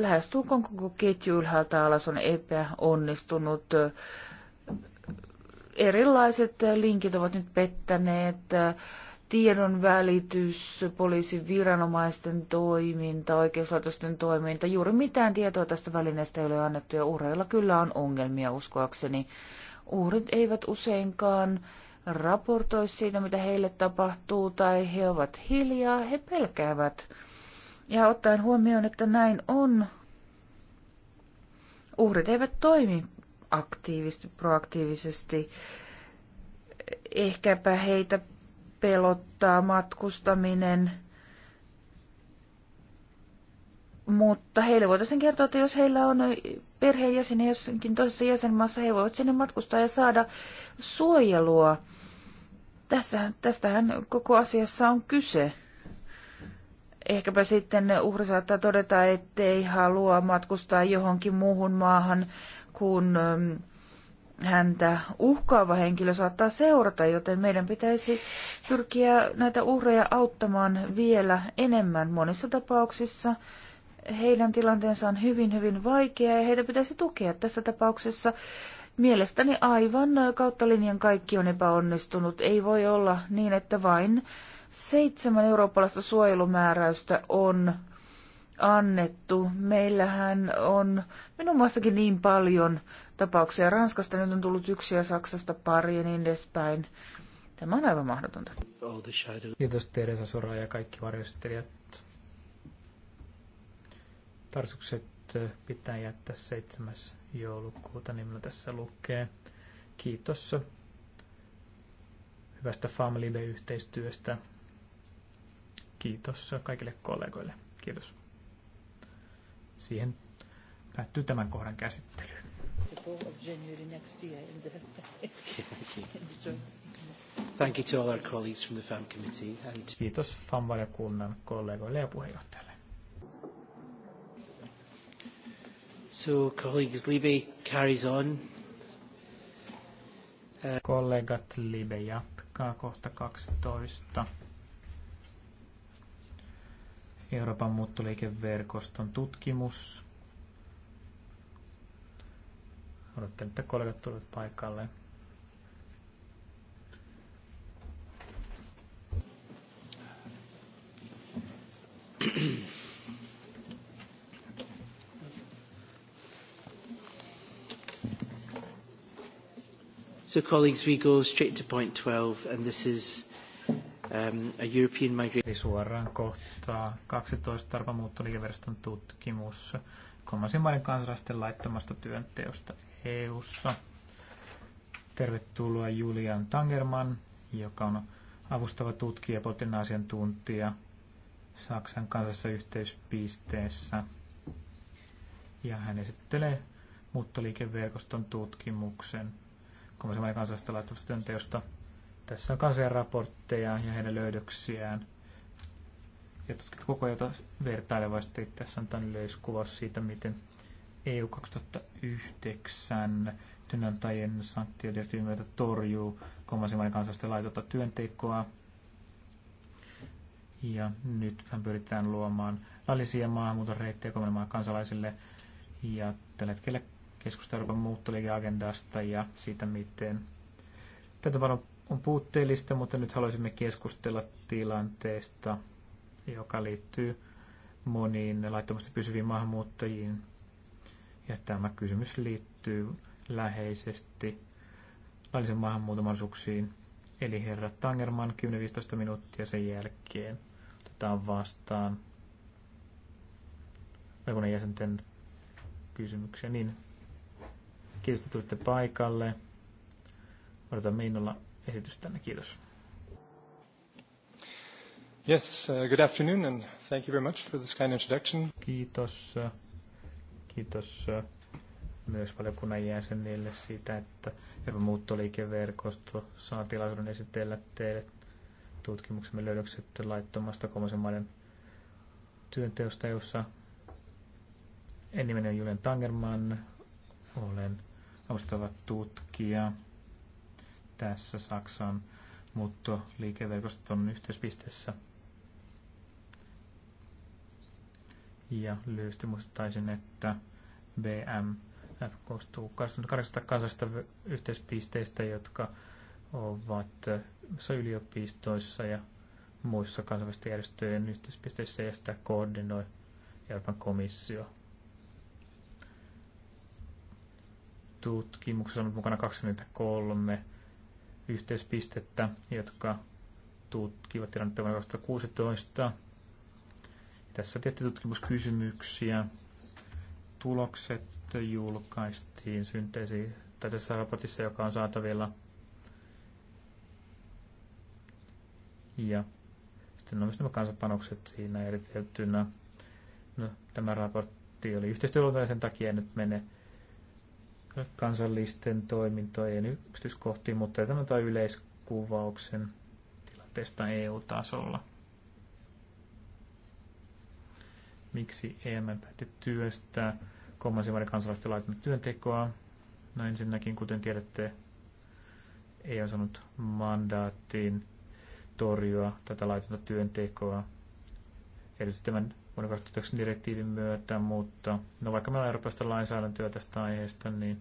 Lähestulkoon koko ketju ylhäältä alas on epäonnistunut. Erilaiset linkit ovat nyt pettäneet tiedon välitys, poliisin viranomaisten toiminta, oikeuslaitosten toiminta. Juuri mitään tietoa tästä välineestä ei ole annettu ja uhreilla kyllä on ongelmia uskoakseni. Uhrit eivät useinkaan raportoi siitä, mitä heille tapahtuu tai he ovat hiljaa, he pelkäävät. Ja ottaen huomioon, että näin on, uhrit eivät toimi aktiivisesti, proaktiivisesti. Ehkäpä heitä pelottaa matkustaminen. Mutta heille voitaisiin kertoa, että jos heillä on perheenjäseniä jossakin toisessa jäsenmaassa, he voivat sinne matkustaa ja saada suojelua. Tässä, tästähän koko asiassa on kyse. Ehkäpä sitten uhri saattaa todeta, ettei halua matkustaa johonkin muuhun maahan kuin mm, häntä uhkaava henkilö saattaa seurata, joten meidän pitäisi pyrkiä näitä uhreja auttamaan vielä enemmän. Monissa tapauksissa heidän tilanteensa on hyvin, hyvin vaikea ja heitä pitäisi tukea. Tässä tapauksessa mielestäni aivan kautta linjan kaikki on epäonnistunut. Ei voi olla niin, että vain seitsemän eurooppalaista suojelumääräystä on annettu. Meillähän on minun muassakin niin paljon tapauksia Ranskasta, nyt on tullut yksi ja Saksasta pari ja niin edespäin. Tämä on aivan mahdotonta. Kiitos Teresa Sora ja kaikki varjostelijat. Tarsukset eh, pitää jättää 7. joulukuuta, nimellä niin tässä lukee. Kiitos eh, hyvästä Family yhteistyöstä Kiitos eh, kaikille kollegoille. Kiitos. Siihen päättyy tämän kohdan käsittely. Thank you to all our colleagues from the FAM committee. And... Kiitos FAM-valiokunnan kollegoille ja puheenjohtajalle. So colleagues, Libby carries on. Uh... Kollegat, Libe jatkaa kohta 12. Euroopan muuttoliikeverkoston tutkimus. Odottelen, että kollegat tulevat paikalle. So colleagues, we go straight to point 12, and this is um, a European migration... Suoraan kohta 12 tarpamuuttoliikeveraston tutkimus kolmansien maiden kansalaisten laittomasta työnteosta E-H E-H EU:ssa. Tervetuloa Julian Tangerman, joka on avustava tutkija, poliittinen asiantuntija Saksan kansassa yhteyspisteessä. Ja hän esittelee muuttoliikeverkoston tutkimuksen Komissaaminen kansallista laittavasta työnteosta. Tässä on kansan raportteja ja heidän löydöksiään. Ja tutkittu koko ajan vertailevasti. Tässä on tämän löyskuvaus siitä, miten EU 2009 työnantajien sanktiodirektiivin myötä torjuu kolmansien maiden kansalaisten laitonta työntekoa. Ja nyt pyritään luomaan laillisia maahanmuuton reittejä kolmannen kansalaisille. Ja tällä hetkellä keskustellaan Euroopan muuttoliikeagendasta ja siitä, miten tätä on puutteellista, mutta nyt haluaisimme keskustella tilanteesta, joka liittyy moniin laittomasti pysyviin maahanmuuttajiin ja tämä kysymys liittyy läheisesti laillisen maahanmuuton mahdollisuuksiin. Eli herra Tangerman 10-15 minuuttia sen jälkeen otetaan vastaan valiokunnan jäsenten kysymyksiä. Niin, kiitos, että tulitte paikalle. minulla esitys tänne. Kiitos. Yes, uh, good afternoon and thank you very much for this kind introduction. Kiitos Kiitos myös valiokunnan jäsenille siitä, että Euroopan muuttoliikeverkosto saa tilaisuuden esitellä teille tutkimuksemme löydökset laittomasta kolmasen maiden työnteosta, jossa en nimeni on Julian Tangerman, olen avustava tutkija tässä Saksan muuttoliikeverkoston yhteispisteessä. Ja lyhyesti muistaisin, että BM, koostuu 28 kasasta yhteispisteistä, jotka ovat yliopistoissa ja muissa kansainvälisten järjestöjen yhteispisteissä ja sitä koordinoi Euroopan komissio. Tutkimuksessa on mukana 23 yhteispistettä, jotka tutkivat tilannetta vuonna 2016. Tässä on tietty tutkimuskysymyksiä, tulokset julkaistiin synteesi tai tässä raportissa, joka on saatavilla. Ja sitten on myös nämä kansanpanokset siinä eriteltynä. No, tämä raportti oli yhteistyöluontaisen takia, en nyt mene kansallisten toimintojen yksityiskohtiin, mutta tämä tai yleiskuvauksen tilanteesta EU-tasolla. miksi EMM päätti työstää kolmansien maiden kansalaisten laitonta työntekoa. No ensinnäkin, kuten tiedätte, ei on saanut mandaattiin torjua tätä laitonta työntekoa. Eli tämän vuoden 2009 direktiivin myötä, mutta no vaikka meillä on eurooppalaista lainsäädäntöä tästä aiheesta, niin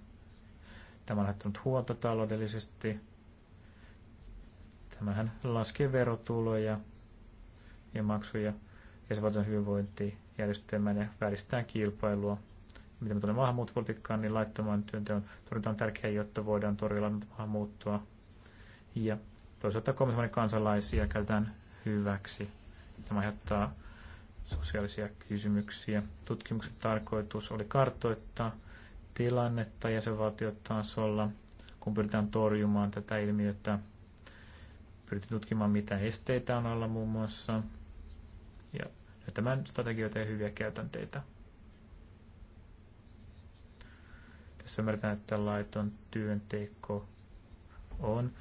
tämä on lähettänyt huolta taloudellisesti. Tämähän laskee verotuloja ja maksuja ja se hyvinvointia järjestelmään ja vääristetään kilpailua. Mitä me tulee maahanmuuttopolitiikkaan, niin laittoman työnteon torjunta on tärkeää, jotta voidaan torjua maahanmuuttoa. Ja toisaalta kolmansien kansalaisia käytetään hyväksi. Tämä aiheuttaa sosiaalisia kysymyksiä. Tutkimuksen tarkoitus oli kartoittaa tilannetta jäsenvaltiotasolla, kun pyritään torjumaan tätä ilmiötä. Pyritään tutkimaan, mitä esteitä on alla muun muassa, ja ja tämän strategioita ja hyviä käytänteitä. Tässä ymmärretään, että laiton työnteko on.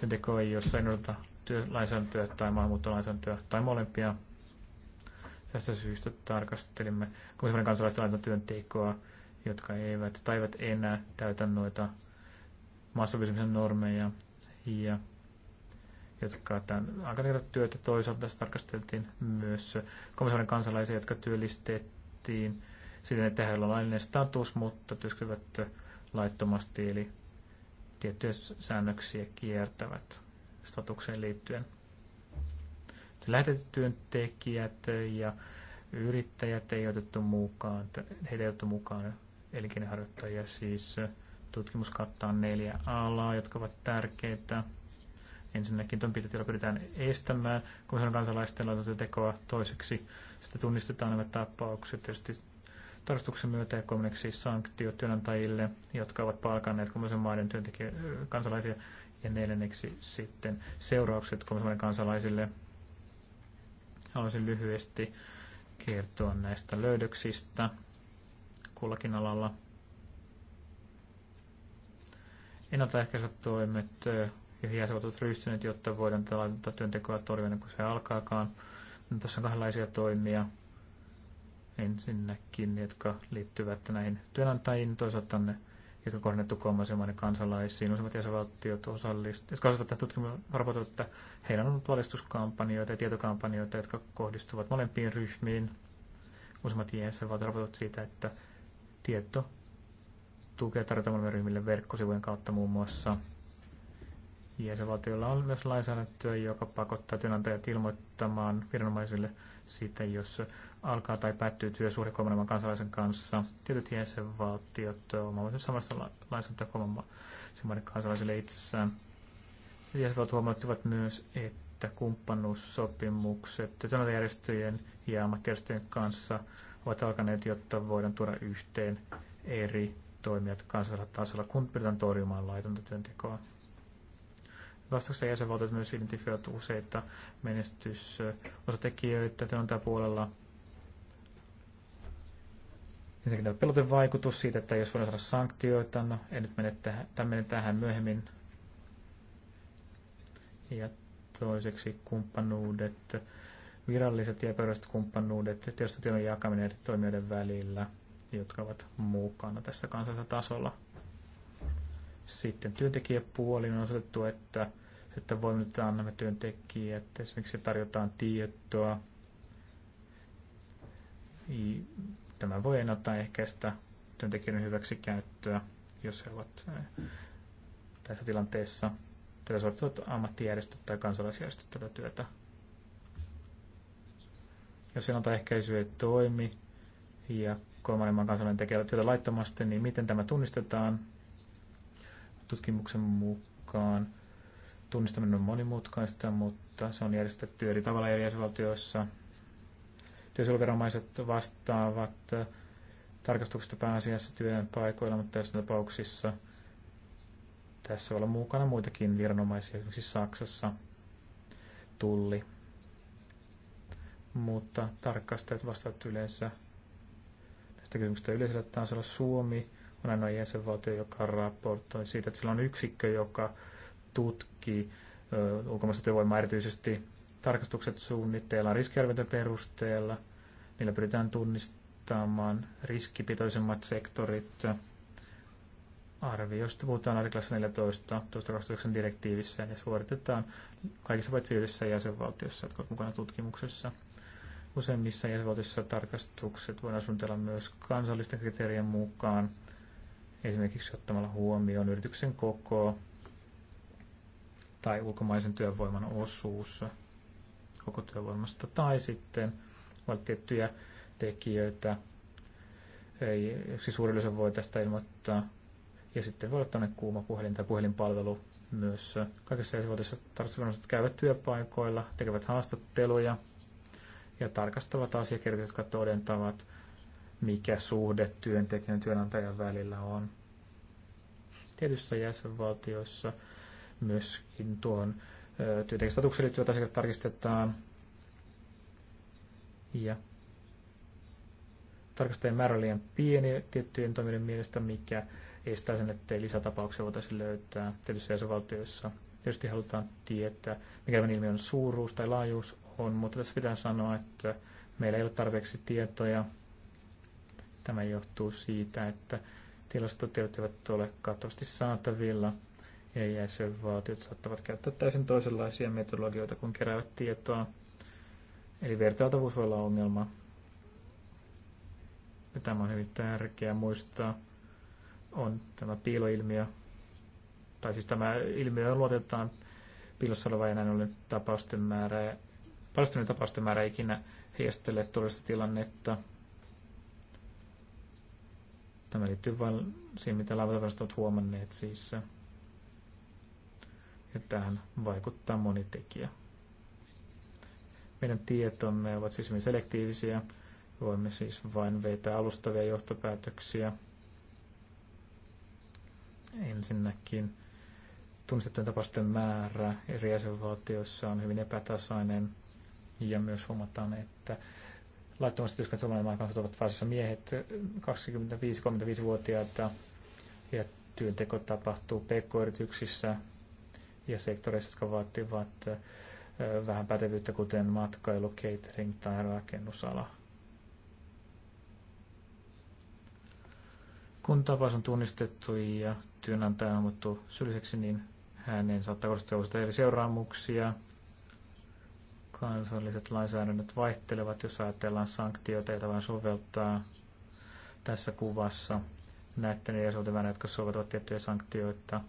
Työnteko ei jossa ei noudata työlainsäädäntöä tai maahanmuuttolainsäädäntöä tai molempia. Tästä syystä tarkastelimme komission kansalaisten laiton työntekoa, jotka eivät tai eivät enää täytä noita maassa normeja ja jotka tämän aika työtä. Toisaalta tässä tarkasteltiin myös komissaarin kansalaisia, jotka työllistettiin siten, että heillä on laillinen status, mutta työskentelevät laittomasti, eli tiettyjä säännöksiä kiertävät statukseen liittyen. Lähetetyt ja yrittäjät ei otettu mukaan, heitä ei otettu mukaan elinkeinoharjoittajia, siis tutkimus kattaa neljä alaa, jotka ovat tärkeitä. Ensinnäkin toimenpiteitä, pyritään estämään komission kansalaisten laitonta tekoa. Toiseksi sitten tunnistetaan nämä tapaukset tietysti tarkastuksen myötä ja kolmanneksi sanktiot työnantajille, jotka ovat palkanneet komission maiden työntekijä, kansalaisia. Ja neljänneksi sitten seuraukset komission kansalaisille. Haluaisin lyhyesti kertoa näistä löydöksistä kullakin alalla ennaltaehkäisevät toimet ja hiasotut ryhtyneet, jotta voidaan tätä työntekoa torjua, kun se alkaakaan. No, tässä on kahdenlaisia toimia. Ensinnäkin, jotka liittyvät näihin työnantajiin, toisaalta ne, jotka kohdennettu kolmasemainen kansalaisiin. Useimmat jäsenvaltiot osallistuvat, jotka osallistuvat tutkimukseen, että heillä on ollut valistuskampanjoita ja tietokampanjoita, jotka kohdistuvat molempiin ryhmiin. Useimmat jäsenvaltiot raportoivat siitä, että tieto tukea tarjotaan ryhmille verkkosivujen kautta muun muassa. Jäsenvaltioilla on myös lainsäädäntöä, joka pakottaa työnantajat ilmoittamaan viranomaisille siitä, jos alkaa tai päättyy työsuhde kolmannen kansalaisen kanssa. Tietyt jäsenvaltiot omaavat samasta lainsäädäntöä kolmannen kansalaisille itsessään. Jäsenvaltiot huomauttivat myös, että kumppanuussopimukset työnantajärjestöjen ja ammattijärjestöjen kanssa ovat alkaneet, jotta voidaan tuoda yhteen eri toimijat kansallisella tasolla, kun pyritään torjumaan laitonta työntekoa vastauksen jäsenvaltiot myös identifioivat useita menestysosatekijöitä puolella. Ensinnäkin tämä vaikutus siitä, että jos voidaan saada sanktioita, no en nyt mene tähän, mene tähän myöhemmin. Ja toiseksi kumppanuudet, viralliset ja epäviralliset kumppanuudet, tietysti jakaminen eri toimijoiden välillä, jotka ovat mukana tässä kansallisella tasolla. Sitten työntekijäpuoli on osoitettu, että että voimitetaan nämä annamme työntekijät, esimerkiksi tarjotaan tietoa. Tämä voi ennaltaehkäistä työntekijöiden hyväksikäyttöä, jos he ovat eh, tässä tilanteessa. Tätä suorittavat ammattijärjestöt tai kansalaisjärjestöt tätä työtä. Jos ennaltaehkäisy ei toimi ja kolmannen maan kansalainen tekee työtä laittomasti, niin miten tämä tunnistetaan? Tutkimuksen mukaan tunnistaminen on monimutkaista, mutta se on järjestetty eri tavalla eri jäsenvaltioissa. Työsuojeluviranomaiset vastaavat äh, tarkastuksesta pääasiassa työpaikoilla, mutta tässä tapauksissa tässä voi olla mukana muitakin viranomaisia, esimerkiksi Saksassa tulli. Mutta tarkastajat vastaavat yleensä näistä kysymyksistä yleisellä tasolla. Suomi on ainoa jäsenvaltio, joka raportoi siitä, että sillä on yksikkö, joka tutkii ulkomaista työvoimaa erityisesti tarkastukset suunnitteilla riskiarvioiden perusteella. Niillä pyritään tunnistamaan riskipitoisemmat sektorit. Arvioista puhutaan artiklassa 14 2009 direktiivissä ja suoritetaan kaikissa paitsi yhdessä jäsenvaltiossa, jotka ovat mukana tutkimuksessa. Useimmissa jäsenvaltioissa tarkastukset voidaan suunnitella myös kansallisten kriteerien mukaan, esimerkiksi ottamalla huomioon yrityksen koko, tai ulkomaisen työvoiman osuus koko työvoimasta, tai sitten voi tiettyjä tekijöitä, ei, siis suurin osa voi tästä ilmoittaa, ja sitten voi olla tuonne kuuma puhelin tai puhelinpalvelu myös. Kaikissa jäsenvaltioissa tarkastusviranomaiset käyvät työpaikoilla, tekevät haastatteluja ja tarkastavat asiakirjat, jotka todentavat, mikä suhde työntekijän ja työnantajan välillä on. Tietyissä jäsenvaltioissa myöskin tuon työntekijästatukseen liittyvät asiat tarkistetaan. Ja tarkastajien määrä on liian pieni tiettyjen toimijoiden mielestä, mikä estää sen, ettei lisätapauksia voitaisiin löytää tietyissä jäsenvaltioissa. Tietysti halutaan tietää, mikä tämän ilmiön suuruus tai laajuus on, mutta tässä pitää sanoa, että meillä ei ole tarpeeksi tietoja. Tämä johtuu siitä, että tilastotiedot eivät ole kattavasti saatavilla ja jäsenvaltiot saattavat käyttää täysin toisenlaisia metodologioita, kun keräävät tietoa. Eli vertailtavuus voi olla ongelma. Ja tämä on hyvin tärkeää muistaa. On tämä piiloilmiö, tai siis tämä ilmiö luotetaan piilossa oleva ja näin ollen tapausten määrä, paljastuneiden tapausten määrä ikinä heijastelee todellista tilannetta. Tämä liittyy vain siihen, mitä laivatavarastot ovat huomanneet siis ja tähän vaikuttaa moni tekijä. Meidän tietomme ovat siis hyvin selektiivisiä. Voimme siis vain vetää alustavia johtopäätöksiä. Ensinnäkin tunnistettujen tapausten määrä eri jäsenvaltioissa on hyvin epätasainen ja myös huomataan, että laittomasti työskentelyn kanssa ovat pääasiassa miehet 25-35-vuotiaita ja työnteko tapahtuu pk-yrityksissä ja sektoreissa, jotka vaativat vähän pätevyyttä, kuten matkailu, catering tai rakennusala. Kun tapaus on tunnistettu ja työnantaja on ammuttu syylliseksi, niin hänen saattaa korostaa useita eri seuraamuksia. Kansalliset lainsäädännöt vaihtelevat, jos ajatellaan sanktioita, joita vain soveltaa tässä kuvassa. Näette niiden soveltavana, jotka soveltavat tiettyjä sanktioita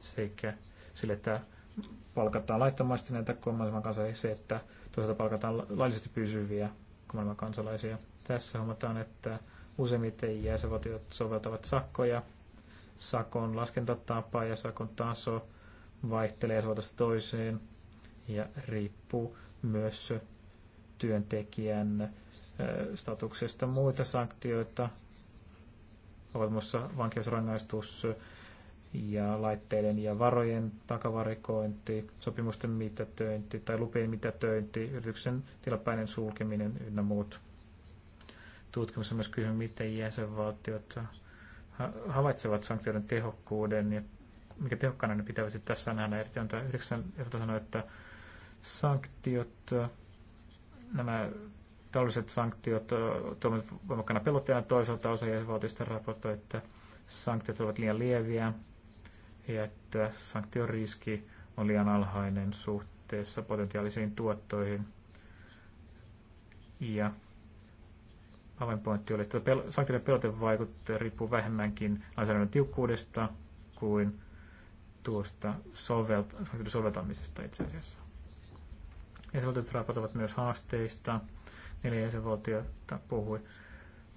sekä sille, että palkataan laittomasti näitä kolmannen kansalaisia, se, että toisaalta palkataan laillisesti pysyviä kolmannen kansalaisia. Tässä huomataan, että useimmiten jäsenvaltiot soveltavat sakkoja, sakon laskentatapa ja sakon taso vaihtelee jäsenvaltiosta toiseen ja riippuu myös työntekijän statuksesta muita sanktioita ovat muassa vankeusrangaistus, ja laitteiden ja varojen takavarikointi, sopimusten mitätöinti tai lupien mitätöinti, yrityksen tilapäinen sulkeminen ynnä muut. Tutkimus on myös kysymys, miten jäsenvaltiot havaitsevat sanktioiden tehokkuuden ja mikä tehokkaana ne pitäisi tässä nähdä. Erittäin tämä yhdeksän ehdotus sanoi, että sanktiot, nämä taloudelliset sanktiot toimivat voimakkaana pelotteena toisaalta osa jäsenvaltioista raportoi, että sanktiot ovat liian lieviä ja että riski on liian alhainen suhteessa potentiaalisiin tuottoihin. Ja avainpointti oli, että sanktioiden pelotevaikutte riippuu vähemmänkin lainsäädännön tiukkuudesta kuin tuosta sovelt- soveltamisesta itse asiassa. Jäsenvaltiot raportoivat myös haasteista. Neljä jäsenvaltiota puhui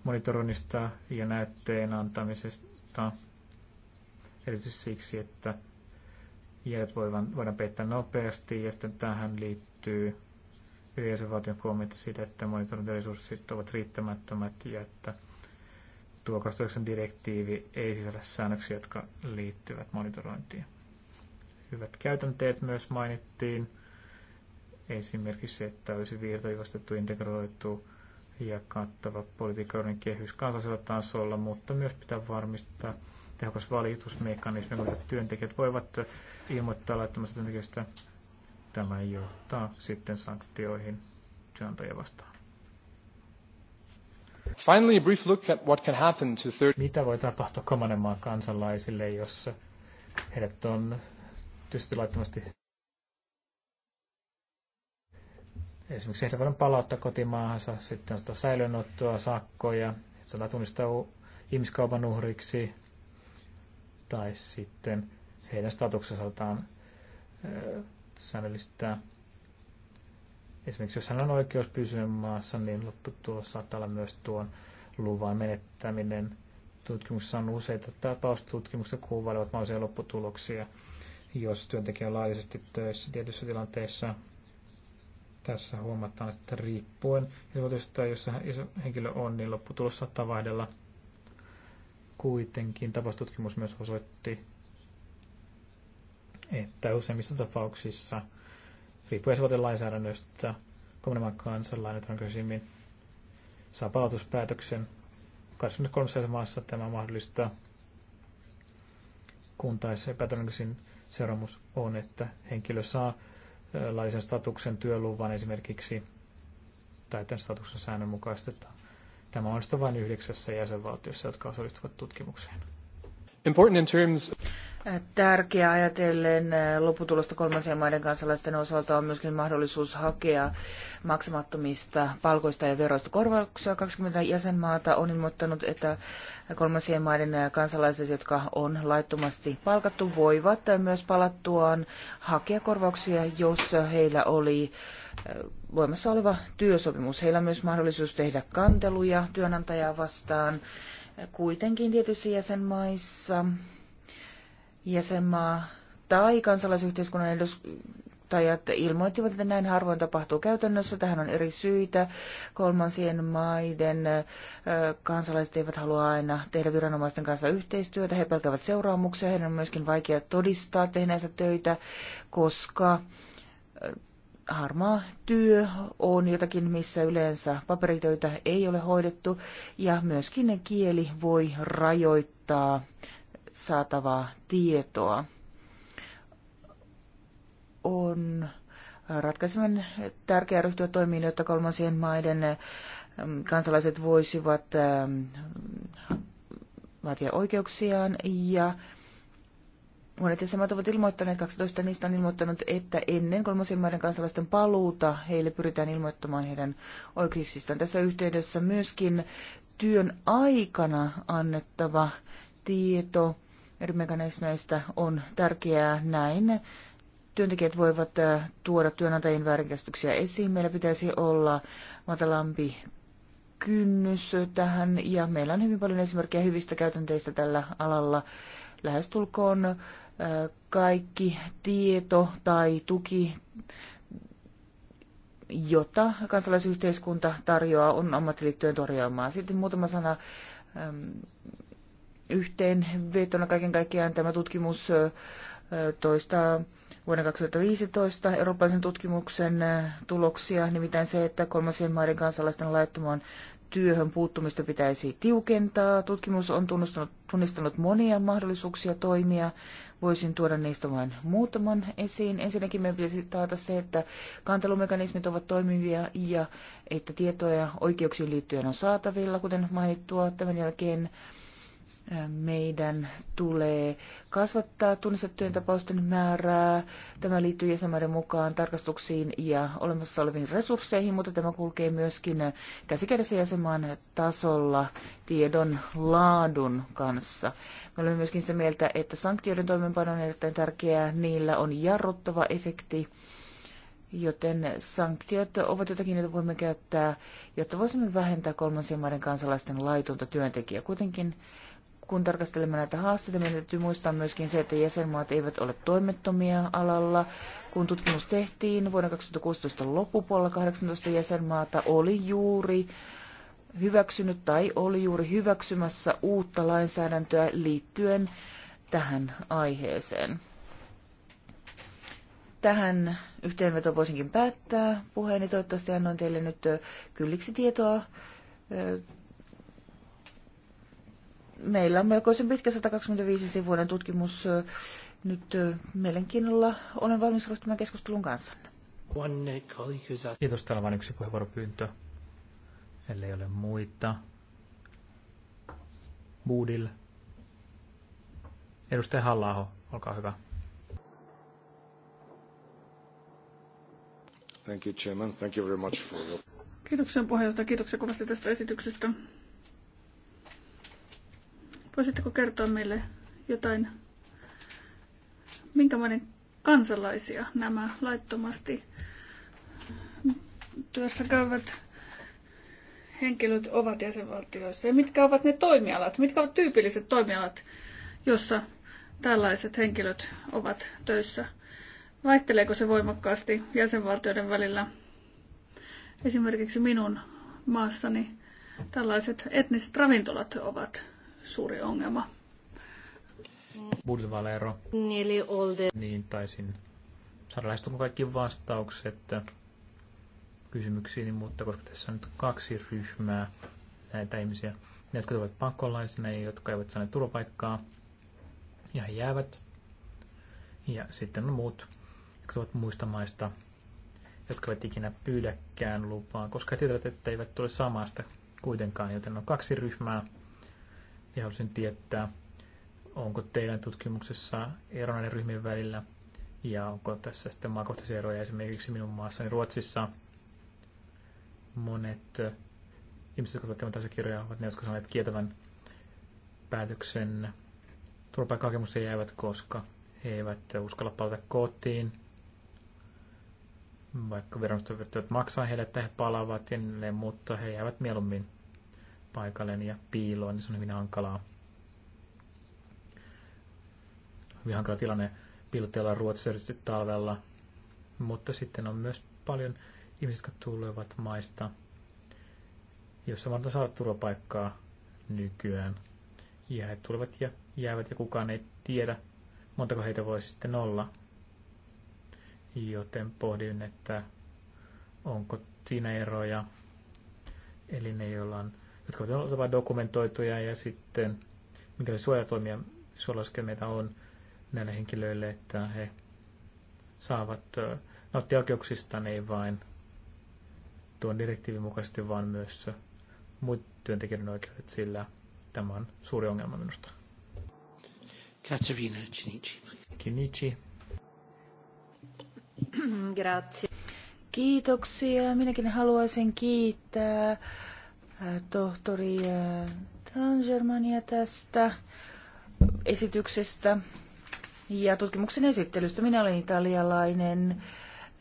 monitoroinnista ja näytteen antamisesta erityisesti siksi, että jäljet voidaan, voidaan peittää nopeasti, ja sitten tähän liittyy jäsenvaltion kommentti siitä, että monitorointiresurssit ovat riittämättömät ja että tuo 29 direktiivi ei sisällä säännöksiä, jotka liittyvät monitorointiin. Hyvät käytänteet myös mainittiin. Esimerkiksi se, että olisi virtajuostettu integroitu ja kattava politiikkauden kehys kansallisella tasolla, mutta myös pitää varmistaa, tehokas valitusmekanismi, kun työntekijät voivat ilmoittaa laittomasta työntekijöistä. Tämä johtaa sitten sanktioihin työnantajia vastaan. Finally, a brief look at what can happen to third... Mitä voi tapahtua kolmannen maan kansalaisille, jos heidät on tietysti laittomasti esimerkiksi heidän voidaan palauttaa kotimaahansa, sitten ottaa säilönottoa, sakkoja, saadaan tunnistaa ihmiskaupan uhriksi, tai sitten heidän statuksensa äh, säännöllistää. Esimerkiksi jos hän on oikeus pysyä maassa, niin lopputulos saattaa olla myös tuon luvan menettäminen. Tutkimuksessa on useita tapaustutkimuksia kuvailevat mahdollisia lopputuloksia, jos työntekijä on laillisesti töissä tietyissä tilanteissa. Tässä huomataan, että riippuen jos henkilö on, niin lopputulos saattaa vaihdella – Kuitenkin tapaustutkimus myös osoitti, että useimmissa tapauksissa, riippuen lainsäädännöstä, kommunemaan kansalainen todennäköisimmin saa palautuspäätöksen 23 maassa tämä mahdollista, kun taas epätodennäköisin seuraamus on, että henkilö saa laillisen statuksen työluvan esimerkiksi tai tämän statuksen mukaistetaan. Tämä on sitä vain yhdeksässä jäsenvaltiossa, jotka osallistuvat tutkimukseen. Important in terms... Tärkeää ajatellen äh, lopputulosta kolmansien maiden kansalaisten osalta on myöskin mahdollisuus hakea maksamattomista palkoista ja veroista korvauksia. 20 jäsenmaata on ilmoittanut, että kolmansien maiden äh, kansalaiset, jotka on laittomasti palkattu, voivat äh, myös palattuaan hakea korvauksia, jos heillä oli voimassa oleva työsopimus. Heillä on myös mahdollisuus tehdä kanteluja työnantajaa vastaan. Kuitenkin tietyissä jäsenmaissa jäsenmaa tai kansalaisyhteiskunnan edustajat ilmoittivat, että näin harvoin tapahtuu käytännössä. Tähän on eri syitä. Kolmansien maiden kansalaiset eivät halua aina tehdä viranomaisten kanssa yhteistyötä. He pelkäävät seuraamuksia. Heidän on myöskin vaikea todistaa tehneensä töitä, koska harmaa työ on jotakin, missä yleensä paperitöitä ei ole hoidettu ja myöskin kieli voi rajoittaa saatavaa tietoa. On ratkaisevan tärkeää ryhtyä toimiin, jotta kolmansien maiden ähm, kansalaiset voisivat ähm, vaatia oikeuksiaan ja Monet jäsenmaat ovat ilmoittaneet, 12 niistä on ilmoittanut, että ennen kolmansien maiden kansalaisten paluuta heille pyritään ilmoittamaan heidän oikeuksistaan. Tässä yhteydessä myöskin työn aikana annettava tieto eri mekanismeista on tärkeää näin. Työntekijät voivat tuoda työnantajien väärinkäsityksiä esiin. Meillä pitäisi olla matalampi kynnys tähän ja meillä on hyvin paljon esimerkkejä hyvistä käytänteistä tällä alalla. Lähestulkoon kaikki tieto tai tuki, jota kansalaisyhteiskunta tarjoaa, on ammattiliittojen tarjoamaa. Sitten muutama sana yhteenvetona kaiken kaikkiaan tämä tutkimus toista vuonna 2015 eurooppalaisen tutkimuksen tuloksia, nimittäin se, että kolmansien maiden kansalaisten laittomaan työhön puuttumista pitäisi tiukentaa. Tutkimus on tunnistanut, tunnistanut monia mahdollisuuksia toimia. Voisin tuoda niistä vain muutaman esiin. Ensinnäkin me pitäisi taata se, että kantelumekanismit ovat toimivia ja että tietoja oikeuksiin liittyen on saatavilla, kuten mainittua. Tämän jälkeen meidän tulee kasvattaa tunnistettujen tapausten määrää. Tämä liittyy jäsenmaiden mukaan tarkastuksiin ja olemassa oleviin resursseihin, mutta tämä kulkee myöskin käsikädessä jäsenmaan tasolla tiedon laadun kanssa. Me olemme myöskin sitä mieltä, että sanktioiden toimeenpano on erittäin tärkeää. Niillä on jarruttava efekti, joten sanktiot ovat jotakin, joita voimme käyttää, jotta voisimme vähentää kolmansien maiden kansalaisten laitonta työntekijää. Kuitenkin kun tarkastelemme näitä haasteita, meidän täytyy muistaa myöskin se, että jäsenmaat eivät ole toimettomia alalla. Kun tutkimus tehtiin vuonna 2016 loppupuolella 18 jäsenmaata oli juuri hyväksynyt tai oli juuri hyväksymässä uutta lainsäädäntöä liittyen tähän aiheeseen. Tähän yhteenveto voisinkin päättää puheeni. Toivottavasti annoin teille nyt kylliksi tietoa meillä on melkoisen pitkä 125-sivuinen tutkimus. Nyt mielenkiinnolla olen valmis ryhtymään keskustelun kanssa. Uh, Kiitos, täällä on vain yksi puheenvuoropyyntö, ellei ole muita. Boodil. Edustaja halla olkaa hyvä. Thank you, Chairman. Thank you very much for... Kiitoksia puheenjohtaja. Kiitoksia kovasti tästä esityksestä. Voisitteko kertoa meille jotain, minkälainen kansalaisia nämä laittomasti työssä käyvät henkilöt ovat jäsenvaltioissa ja mitkä ovat ne toimialat, mitkä ovat tyypilliset toimialat, jossa tällaiset henkilöt ovat töissä. Vaihteleeko se voimakkaasti jäsenvaltioiden välillä? Esimerkiksi minun maassani tällaiset etniset ravintolat ovat suuri ongelma. Budvalero. Neli all Niin, taisin saada lähestulkoon kaikki vastaukset kysymyksiin, mutta koska tässä on nyt kaksi ryhmää näitä ihmisiä, ne, jotka tulevat pakolaisina ja jotka eivät saaneet turvapaikkaa, ja he jäävät. Ja sitten on muut, jotka ovat muista maista, jotka eivät ikinä pyydäkään lupaa, koska he tietävät, että eivät tule samasta kuitenkaan, joten on kaksi ryhmää, ja haluaisin tietää, onko teidän tutkimuksessa ero näiden ryhmien välillä ja onko tässä sitten maakohtaisia eroja esimerkiksi minun maassani Ruotsissa. Monet ihmiset, jotka ovat tässä kirjoja, ovat ne, jotka saaneet kieltävän päätöksen turvapaikkahakemuksia jäävät, koska he eivät uskalla palata kotiin, vaikka viranomaiset maksaa heille, että he palaavat, niin mutta he jäävät mieluummin paikalleen ja piiloon, niin se on hyvin hankalaa. Hyvin hankala tilanne piilottajalla Ruotsissa talvella, mutta sitten on myös paljon ihmisiä, jotka tulevat maista, jossa voidaan saada turvapaikkaa nykyään. Ja he tulevat ja jäävät ja kukaan ei tiedä, montako heitä voi sitten olla. Joten pohdin, että onko siinä eroja. Eli ne, joilla on jotka on oltava dokumentoituja ja sitten minkälaisia suojatoimia suolaskelmeita on näille henkilöille, että he saavat nauttia oikeuksista, ei vain tuon direktiivin mukaisesti, vaan myös muut työntekijöiden oikeudet, sillä tämä on suuri ongelma minusta. Katerina Kinichi. Kinichi. Grazie. Kiitoksia. Minäkin haluaisin kiittää tohtori äh, Tangermania tästä esityksestä ja tutkimuksen esittelystä. Minä olen italialainen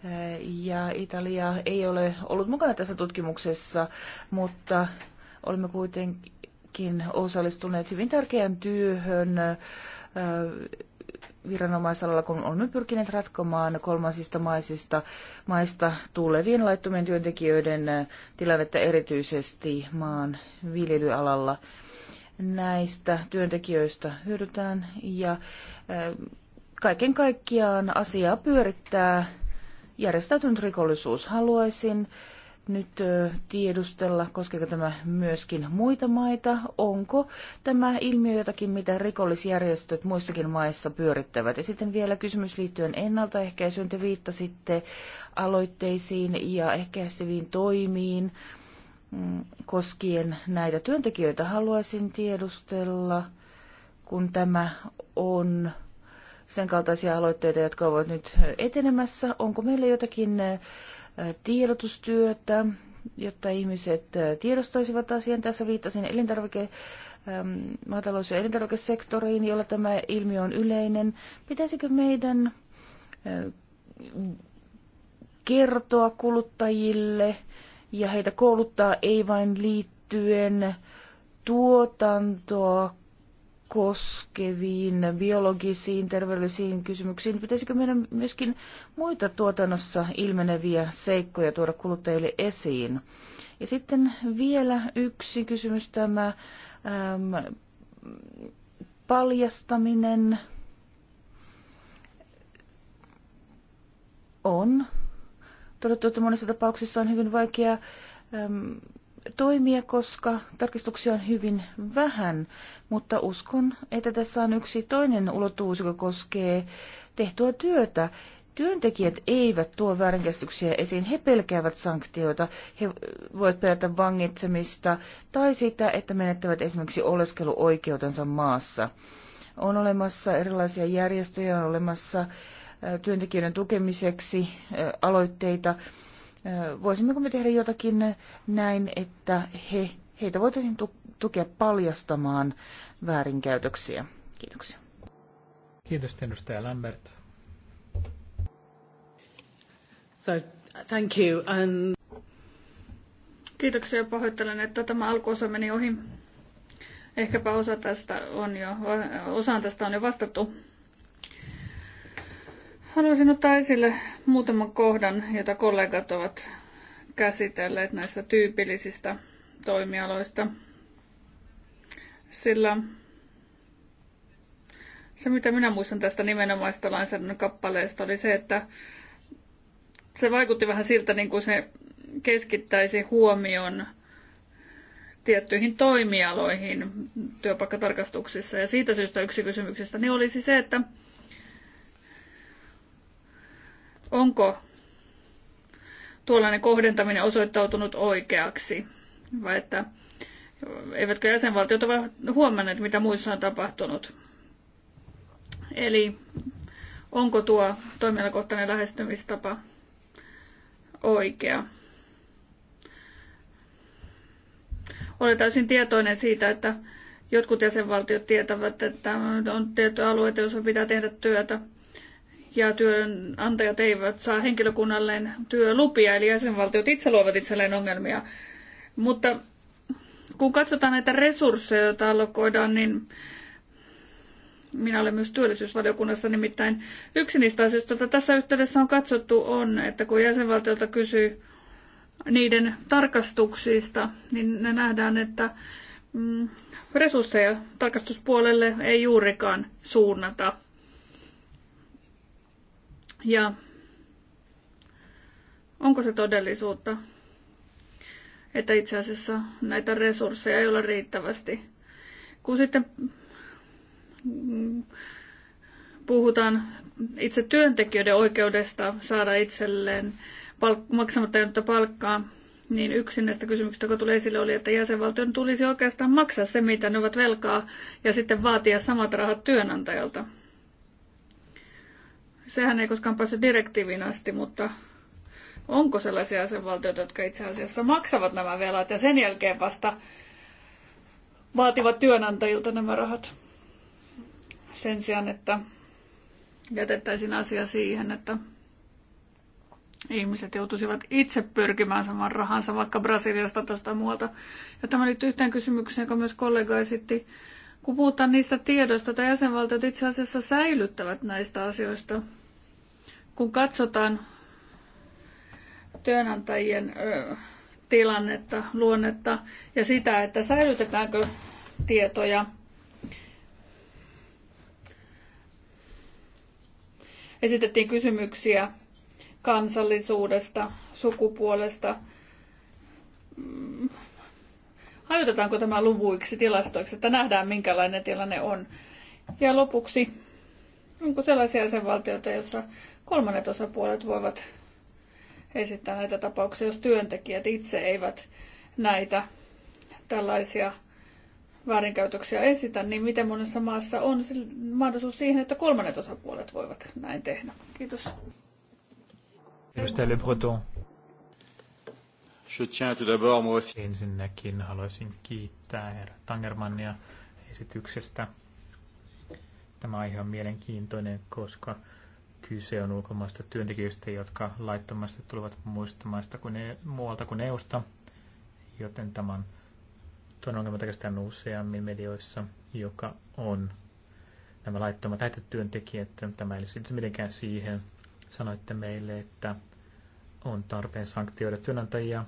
äh, ja Italia ei ole ollut mukana tässä tutkimuksessa, mutta olemme kuitenkin osallistuneet hyvin tärkeään työhön äh, viranomaisalalla, kun olemme pyrkineet ratkomaan kolmansista maisista, maista tulevien laittomien työntekijöiden tilannetta erityisesti maan viljelyalalla. Näistä työntekijöistä hyödytään ja kaiken kaikkiaan asiaa pyörittää järjestäytynyt rikollisuus. Haluaisin äh, nyt tiedustella, koskeeko tämä myöskin muita maita. Onko tämä ilmiö jotakin, mitä rikollisjärjestöt muissakin maissa pyörittävät? Ja sitten vielä kysymys liittyen ennaltaehkäisyyn. Te viittasitte aloitteisiin ja ehkäiseviin toimiin mm, koskien näitä työntekijöitä. Haluaisin tiedustella, kun tämä on sen kaltaisia aloitteita, jotka ovat nyt etenemässä. Onko meillä jotakin tiedotustyötä, jotta ihmiset tiedostaisivat asian. Tässä viittasin elintarvike, maatalous- ja elintarvikesektoriin, jolla tämä ilmiö on yleinen. Pitäisikö meidän kertoa kuluttajille ja heitä kouluttaa ei vain liittyen tuotantoa koskeviin biologisiin, terveellisiin kysymyksiin. Pitäisikö meidän myöskin muita tuotannossa ilmeneviä seikkoja tuoda kuluttajille esiin? Ja sitten vielä yksi kysymys, tämä ähm, paljastaminen on todettu, että monissa tapauksissa on hyvin vaikea ähm, toimia, koska tarkistuksia on hyvin vähän, mutta uskon, että tässä on yksi toinen ulottuvuus, joka koskee tehtyä työtä. Työntekijät eivät tuo väärinkäsityksiä esiin, he pelkäävät sanktioita, he voivat pelätä vangitsemista tai sitä, että menettävät esimerkiksi oleskeluoikeutensa maassa. On olemassa erilaisia järjestöjä, on olemassa työntekijöiden tukemiseksi aloitteita, Voisimmeko me tehdä jotakin näin, että he, heitä voitaisiin tukea paljastamaan väärinkäytöksiä? Kiitoksia. Kiitos, edustaja Lambert. So, thank you. And... Kiitoksia pahoittelen, että tämä alkuosa meni ohi. Ehkäpä osa tästä on jo, osaan tästä on jo vastattu. Haluaisin ottaa esille muutaman kohdan, jota kollegat ovat käsitelleet näistä tyypillisistä toimialoista. Sillä se, mitä minä muistan tästä nimenomaista lainsäädännön kappaleesta, oli se, että se vaikutti vähän siltä, niin kuin se keskittäisi huomion tiettyihin toimialoihin työpaikkatarkastuksissa. Ja siitä syystä yksi kysymyksestä niin olisi se, että onko tuollainen kohdentaminen osoittautunut oikeaksi vai että eivätkö jäsenvaltiot ole huomanneet, mitä muissa on tapahtunut. Eli onko tuo toimialakohtainen lähestymistapa oikea. Olen täysin tietoinen siitä, että jotkut jäsenvaltiot tietävät, että on tiettyjä alueita, joissa pitää tehdä työtä ja työnantajat eivät saa henkilökunnalleen työlupia, eli jäsenvaltiot itse luovat itselleen ongelmia. Mutta kun katsotaan näitä resursseja, joita allokoidaan, niin minä olen myös työllisyysvaliokunnassa, nimittäin yksi niistä asioista, joita tässä yhteydessä on katsottu, on, että kun jäsenvaltiolta kysyy niiden tarkastuksista, niin ne nähdään, että mm, resursseja tarkastuspuolelle ei juurikaan suunnata. Ja onko se todellisuutta, että itse asiassa näitä resursseja ei ole riittävästi. Kun sitten puhutaan itse työntekijöiden oikeudesta saada itselleen palk- maksamatta jäänyttä palkkaa, niin yksi näistä kysymyksistä, joka tuli esille, oli, että jäsenvaltion tulisi oikeastaan maksaa se, mitä ne ovat velkaa, ja sitten vaatia samat rahat työnantajalta. Sehän ei koskaan pääse direktiivin asti, mutta onko sellaisia jäsenvaltioita, jotka itse asiassa maksavat nämä velat ja sen jälkeen vasta vaativat työnantajilta nämä rahat? Sen sijaan, että jätettäisiin asia siihen, että ihmiset joutuisivat itse pyrkimään saman rahansa vaikka Brasiliasta tuosta muualta. Ja tämä liittyy yhteen kysymykseen, joka myös kollega esitti kun puhutaan niistä tiedoista, joita jäsenvaltiot itse asiassa säilyttävät näistä asioista, kun katsotaan työnantajien ö, tilannetta, luonnetta ja sitä, että säilytetäänkö tietoja. Esitettiin kysymyksiä kansallisuudesta, sukupuolesta, mm, hajotetaanko tämä luvuiksi tilastoiksi, että nähdään minkälainen tilanne on. Ja lopuksi, onko sellaisia jäsenvaltioita, joissa kolmannet osapuolet voivat esittää näitä tapauksia, jos työntekijät itse eivät näitä tällaisia väärinkäytöksiä esitä, niin miten monessa maassa on mahdollisuus siihen, että kolmannet osapuolet voivat näin tehdä? Kiitos. Edustaja Le Breton. Ensinnäkin haluaisin kiittää herra Tangermannia esityksestä. Tämä aihe on mielenkiintoinen, koska kyse on ulkomaista työntekijöistä, jotka laittomasti tulevat muista maista kuin e- muualta kuin EUsta, joten tämän tuon ongelma käsitellään useammin medioissa, joka on nämä laittomat lähetetyt työntekijät. Tämä ei liity mitenkään siihen. Sanoitte meille, että on tarpeen sanktioida työnantajia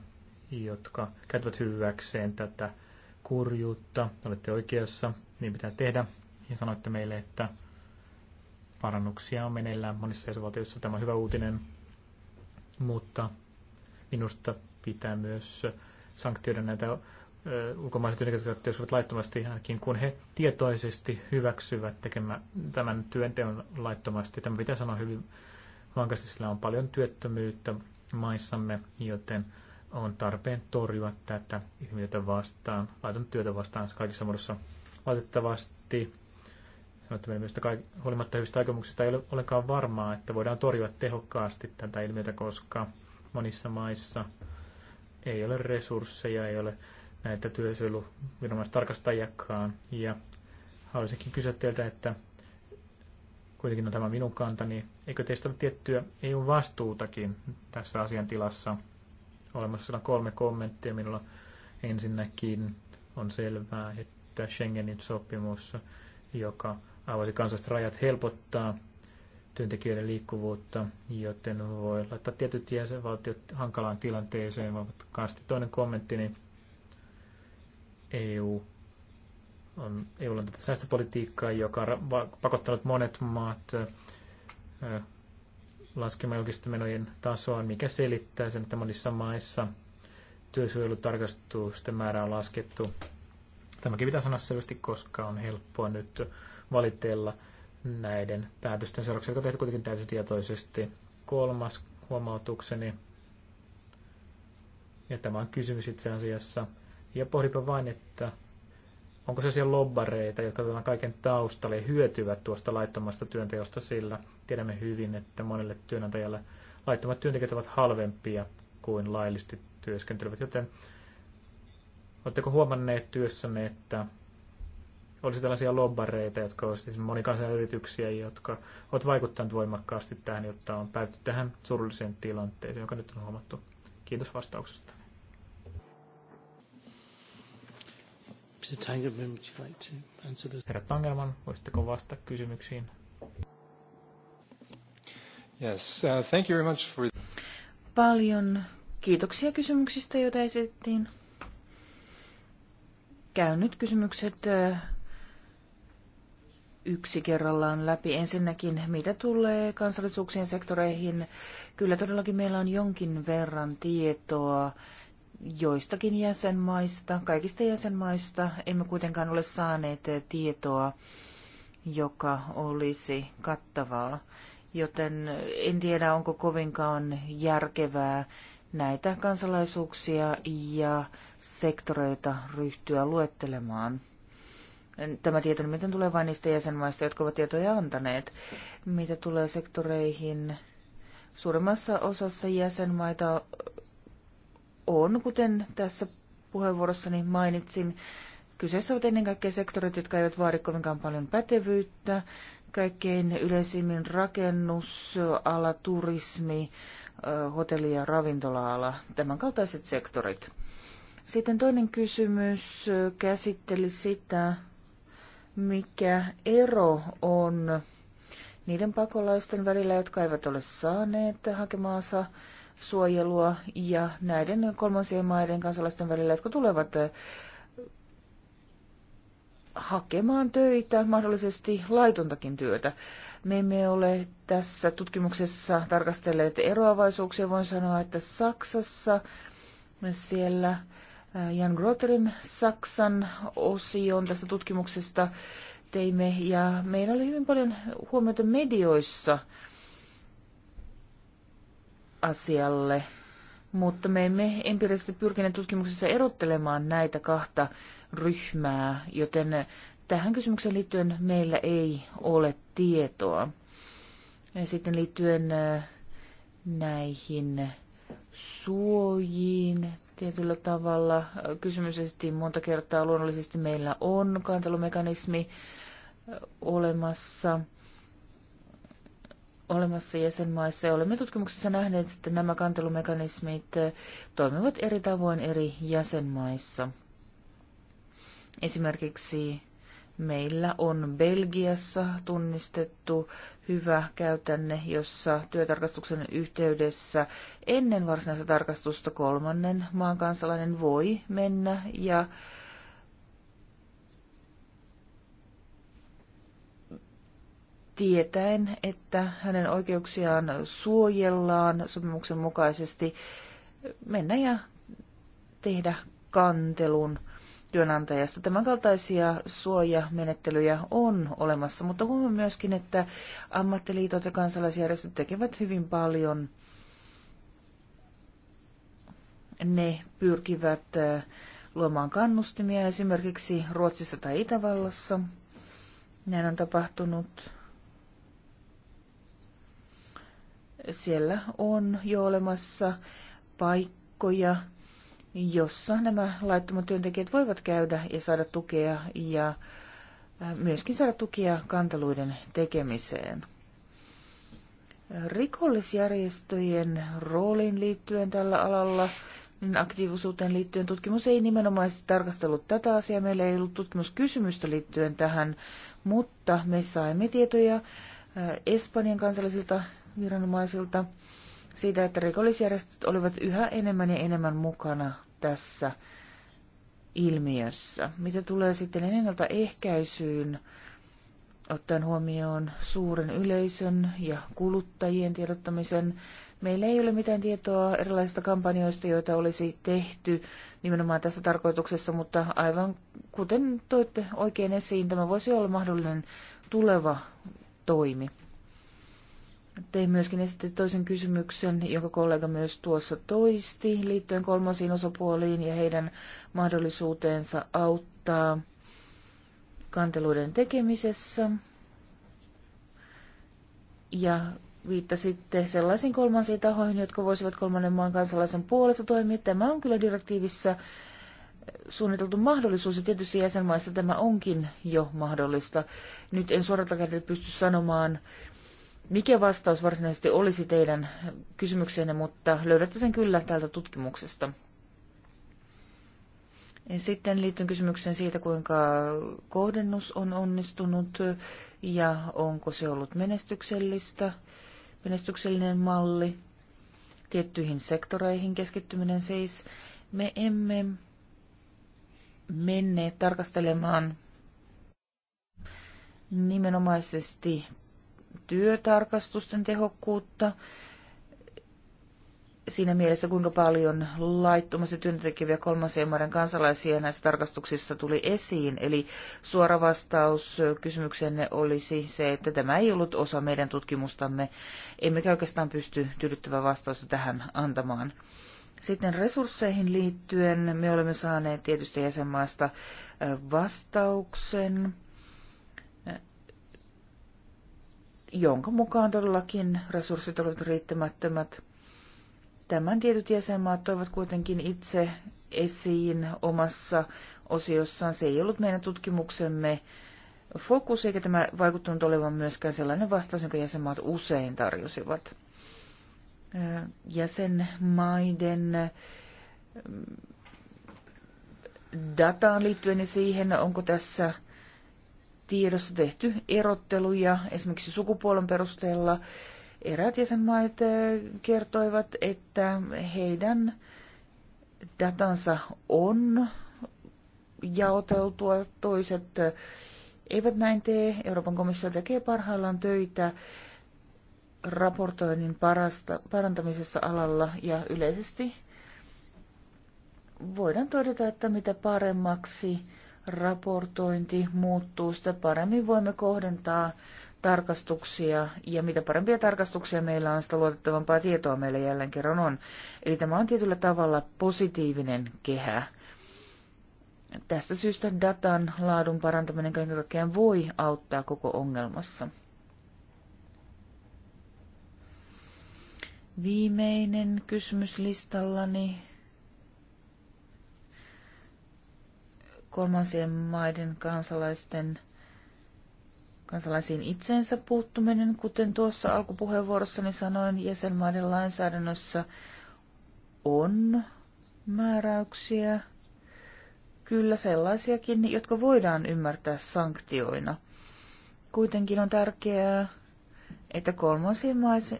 jotka käyttävät hyväkseen tätä kurjuutta. Olette oikeassa, niin pitää tehdä. Ja sanoitte meille, että parannuksia on meneillään monissa jäsenvaltioissa. Tämä on hyvä uutinen, mutta minusta pitää myös sanktioida näitä ulkomaiset työntekijät, jotka ovat laittomasti, ainakin kun he tietoisesti hyväksyvät tekemään tämän työnteon laittomasti. Tämä pitää sanoa hyvin vankasti, sillä on paljon työttömyyttä maissamme, joten on tarpeen torjua tätä ilmiötä vastaan, laiton työtä vastaan kaikissa muodossa. Valitettavasti sanottavien myös, kaik- huolimatta hyvistä aikomuksista ei ole olekaan varmaa, että voidaan torjua tehokkaasti tätä ilmiötä, koska monissa maissa ei ole resursseja, ei ole näitä työsuojeluviranomaistarkastajakaan. Ja haluaisinkin kysyä teiltä, että kuitenkin on tämä minun kantani, eikö teistä ole tiettyä EU-vastuutakin tässä asiantilassa? tilassa? olemassa kolme kommenttia minulla. Ensinnäkin on selvää, että Schengenin sopimus, joka avasi kansalliset rajat, helpottaa työntekijöiden liikkuvuutta, joten voi laittaa tietyt jäsenvaltiot hankalaan tilanteeseen voimakkaasti. Toinen kommentti, niin EU on, EU on tätä säästöpolitiikkaa, joka on pakottanut monet maat laskema julkisten menojen tasoa, mikä selittää sen, että monissa maissa työsuojelutarkastusten määrä on laskettu. Tämäkin pitää sanoa selvästi, koska on helppoa nyt valitella näiden päätösten seurauksia, jotka tehty kuitenkin täysin Kolmas huomautukseni, ja tämä on kysymys itse asiassa, ja pohdipa vain, että Onko se siellä lobbareita, jotka tämän kaiken taustalle hyötyvät tuosta laittomasta työnteosta, sillä tiedämme hyvin, että monelle työnantajalle laittomat työntekijät ovat halvempia kuin laillisesti työskentelevät, joten oletteko huomanneet työssänne, että olisi tällaisia lobbareita, jotka ovat siis monikansaisia yrityksiä, jotka ovat vaikuttaneet voimakkaasti tähän, jotta on päätty tähän surulliseen tilanteeseen, joka nyt on huomattu. Kiitos vastauksesta. Herra Tangerman, voisitteko vastata kysymyksiin? Yes, uh, thank you very much for... Paljon kiitoksia kysymyksistä, joita esitettiin. Käyn nyt kysymykset yksi kerrallaan läpi. Ensinnäkin, mitä tulee kansallisuuksien sektoreihin? Kyllä todellakin meillä on jonkin verran tietoa joistakin jäsenmaista, kaikista jäsenmaista emme kuitenkaan ole saaneet tietoa, joka olisi kattavaa. Joten en tiedä, onko kovinkaan järkevää näitä kansalaisuuksia ja sektoreita ryhtyä luettelemaan. Tämä tieto miten tulee vain niistä jäsenmaista, jotka ovat tietoja antaneet. Mitä tulee sektoreihin, suurimmassa osassa jäsenmaita on, kuten tässä puheenvuorossani mainitsin, kyseessä ovat ennen kaikkea sektorit, jotka eivät vaadi kovinkaan paljon pätevyyttä. Kaikkein yleisimmin rakennusala, turismi, hotelli- ja ravintola-ala, tämän kaltaiset sektorit. Sitten toinen kysymys käsitteli sitä, mikä ero on niiden pakolaisten välillä, jotka eivät ole saaneet hakemaansa suojelua ja näiden kolmansien maiden kansalaisten välillä, jotka tulevat eh, hakemaan töitä, mahdollisesti laitontakin työtä. Me emme ole tässä tutkimuksessa tarkastelleet eroavaisuuksia. Voin sanoa, että Saksassa siellä eh, Jan Groterin Saksan osion tästä tutkimuksesta teimme ja meillä oli hyvin paljon huomiota medioissa – asialle, mutta me emme empiirisesti pyrkineet tutkimuksessa erottelemaan näitä kahta ryhmää, joten tähän kysymykseen liittyen meillä ei ole tietoa. Ja sitten liittyen näihin suojiin tietyllä tavalla. Kysymys monta kertaa. Luonnollisesti meillä on kantelumekanismi olemassa olemassa jäsenmaissa. Olemme tutkimuksessa nähneet, että nämä kantelumekanismit toimivat eri tavoin eri jäsenmaissa. Esimerkiksi meillä on Belgiassa tunnistettu hyvä käytänne, jossa työtarkastuksen yhteydessä ennen varsinaista tarkastusta kolmannen maan kansalainen voi mennä ja tietäen, että hänen oikeuksiaan suojellaan sopimuksen mukaisesti mennä ja tehdä kantelun työnantajasta. Tämän kaltaisia suojamenettelyjä on olemassa, mutta huomioon myöskin, että ammattiliitot ja kansalaisjärjestöt tekevät hyvin paljon. Ne pyrkivät luomaan kannustimia esimerkiksi Ruotsissa tai Itävallassa. Näin on tapahtunut Siellä on jo olemassa paikkoja, jossa nämä laittomat työntekijät voivat käydä ja saada tukea ja myöskin saada tukea kanteluiden tekemiseen. Rikollisjärjestöjen rooliin liittyen tällä alalla, mm, aktiivisuuteen liittyen tutkimus ei nimenomaisesti tarkastellut tätä asiaa. Meillä ei ollut tutkimuskysymystä liittyen tähän, mutta me saimme tietoja Espanjan kansallisilta viranomaisilta siitä, että rikollisjärjestöt olivat yhä enemmän ja enemmän mukana tässä ilmiössä. Mitä tulee sitten ennaltaehkäisyyn, ottaen huomioon suuren yleisön ja kuluttajien tiedottamisen, meillä ei ole mitään tietoa erilaisista kampanjoista, joita olisi tehty nimenomaan tässä tarkoituksessa, mutta aivan kuten toitte oikein esiin, tämä voisi olla mahdollinen tuleva toimi. Tein myöskin esitti toisen kysymyksen, jonka kollega myös tuossa toisti, liittyen kolmansiin osapuoliin ja heidän mahdollisuuteensa auttaa kanteluiden tekemisessä. Ja viittasitte sellaisiin kolmansiin tahoihin, jotka voisivat kolmannen maan kansalaisen puolesta toimia. Tämä on kyllä direktiivissä suunniteltu mahdollisuus, ja tietysti jäsenmaissa tämä onkin jo mahdollista. Nyt en suoralta pysty sanomaan, mikä vastaus varsinaisesti olisi teidän kysymykseenne, mutta löydätte sen kyllä täältä tutkimuksesta. Sitten liittyen kysymykseen siitä, kuinka kohdennus on onnistunut ja onko se ollut menestyksellistä, menestyksellinen malli, tiettyihin sektoreihin keskittyminen siis. Me emme menneet tarkastelemaan nimenomaisesti työtarkastusten tehokkuutta siinä mielessä, kuinka paljon laittomasti työntekeviä kolmansien maiden kansalaisia näissä tarkastuksissa tuli esiin. Eli suora vastaus kysymyksenne olisi se, että tämä ei ollut osa meidän tutkimustamme. emme oikeastaan pysty tyydyttävää vastausta tähän antamaan. Sitten resursseihin liittyen me olemme saaneet tietystä jäsenmaasta vastauksen jonka mukaan todellakin resurssit olivat riittämättömät. Tämän tietyt jäsenmaat toivat kuitenkin itse esiin omassa osiossaan. Se ei ollut meidän tutkimuksemme fokus, eikä tämä vaikuttanut olevan myöskään sellainen vastaus, jonka jäsenmaat usein tarjosivat. Jäsenmaiden mm, dataan liittyen ja siihen, onko tässä tiedossa tehty erotteluja esimerkiksi sukupuolen perusteella. Eräät jäsenmaat eh, kertoivat, että heidän datansa on jaoteltua, toiset eh, eivät näin tee. Euroopan komissio tekee parhaillaan töitä raportoinnin parasta, parantamisessa alalla ja yleisesti voidaan todeta, että mitä paremmaksi raportointi muuttuu, sitä paremmin voimme kohdentaa tarkastuksia, ja mitä parempia tarkastuksia meillä on, sitä luotettavampaa tietoa meillä jälleen kerran on. Eli tämä on tietyllä tavalla positiivinen kehä. Tästä syystä datan laadun parantaminen kaiken kaikkiaan voi auttaa koko ongelmassa. Viimeinen kysymys listallani kolmansien maiden kansalaisten kansalaisiin itseensä puuttuminen, kuten tuossa alkupuheenvuorossani sanoin, jäsenmaiden lainsäädännössä on määräyksiä, kyllä sellaisiakin, jotka voidaan ymmärtää sanktioina. Kuitenkin on tärkeää että kolmansien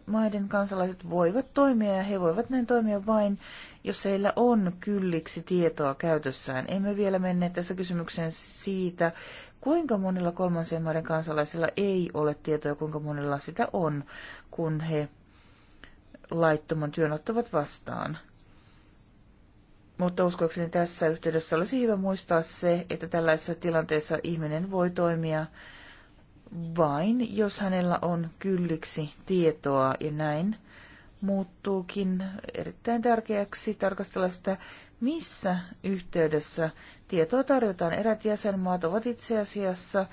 maiden kansalaiset voivat toimia ja he voivat näin toimia vain, jos heillä on kylliksi tietoa käytössään. Emme vielä menneet tässä kysymykseen siitä, kuinka monilla kolmansien maiden kansalaisilla ei ole tietoa ja kuinka monilla sitä on, kun he laittoman työn ottavat vastaan. Mutta uskoakseni tässä yhteydessä olisi hyvä muistaa se, että tällaisessa tilanteessa ihminen voi toimia vain, jos hänellä on kylliksi tietoa ja näin muuttuukin erittäin tärkeäksi tarkastella sitä, missä yhteydessä tietoa tarjotaan. Erät jäsenmaat ovat itse asiassa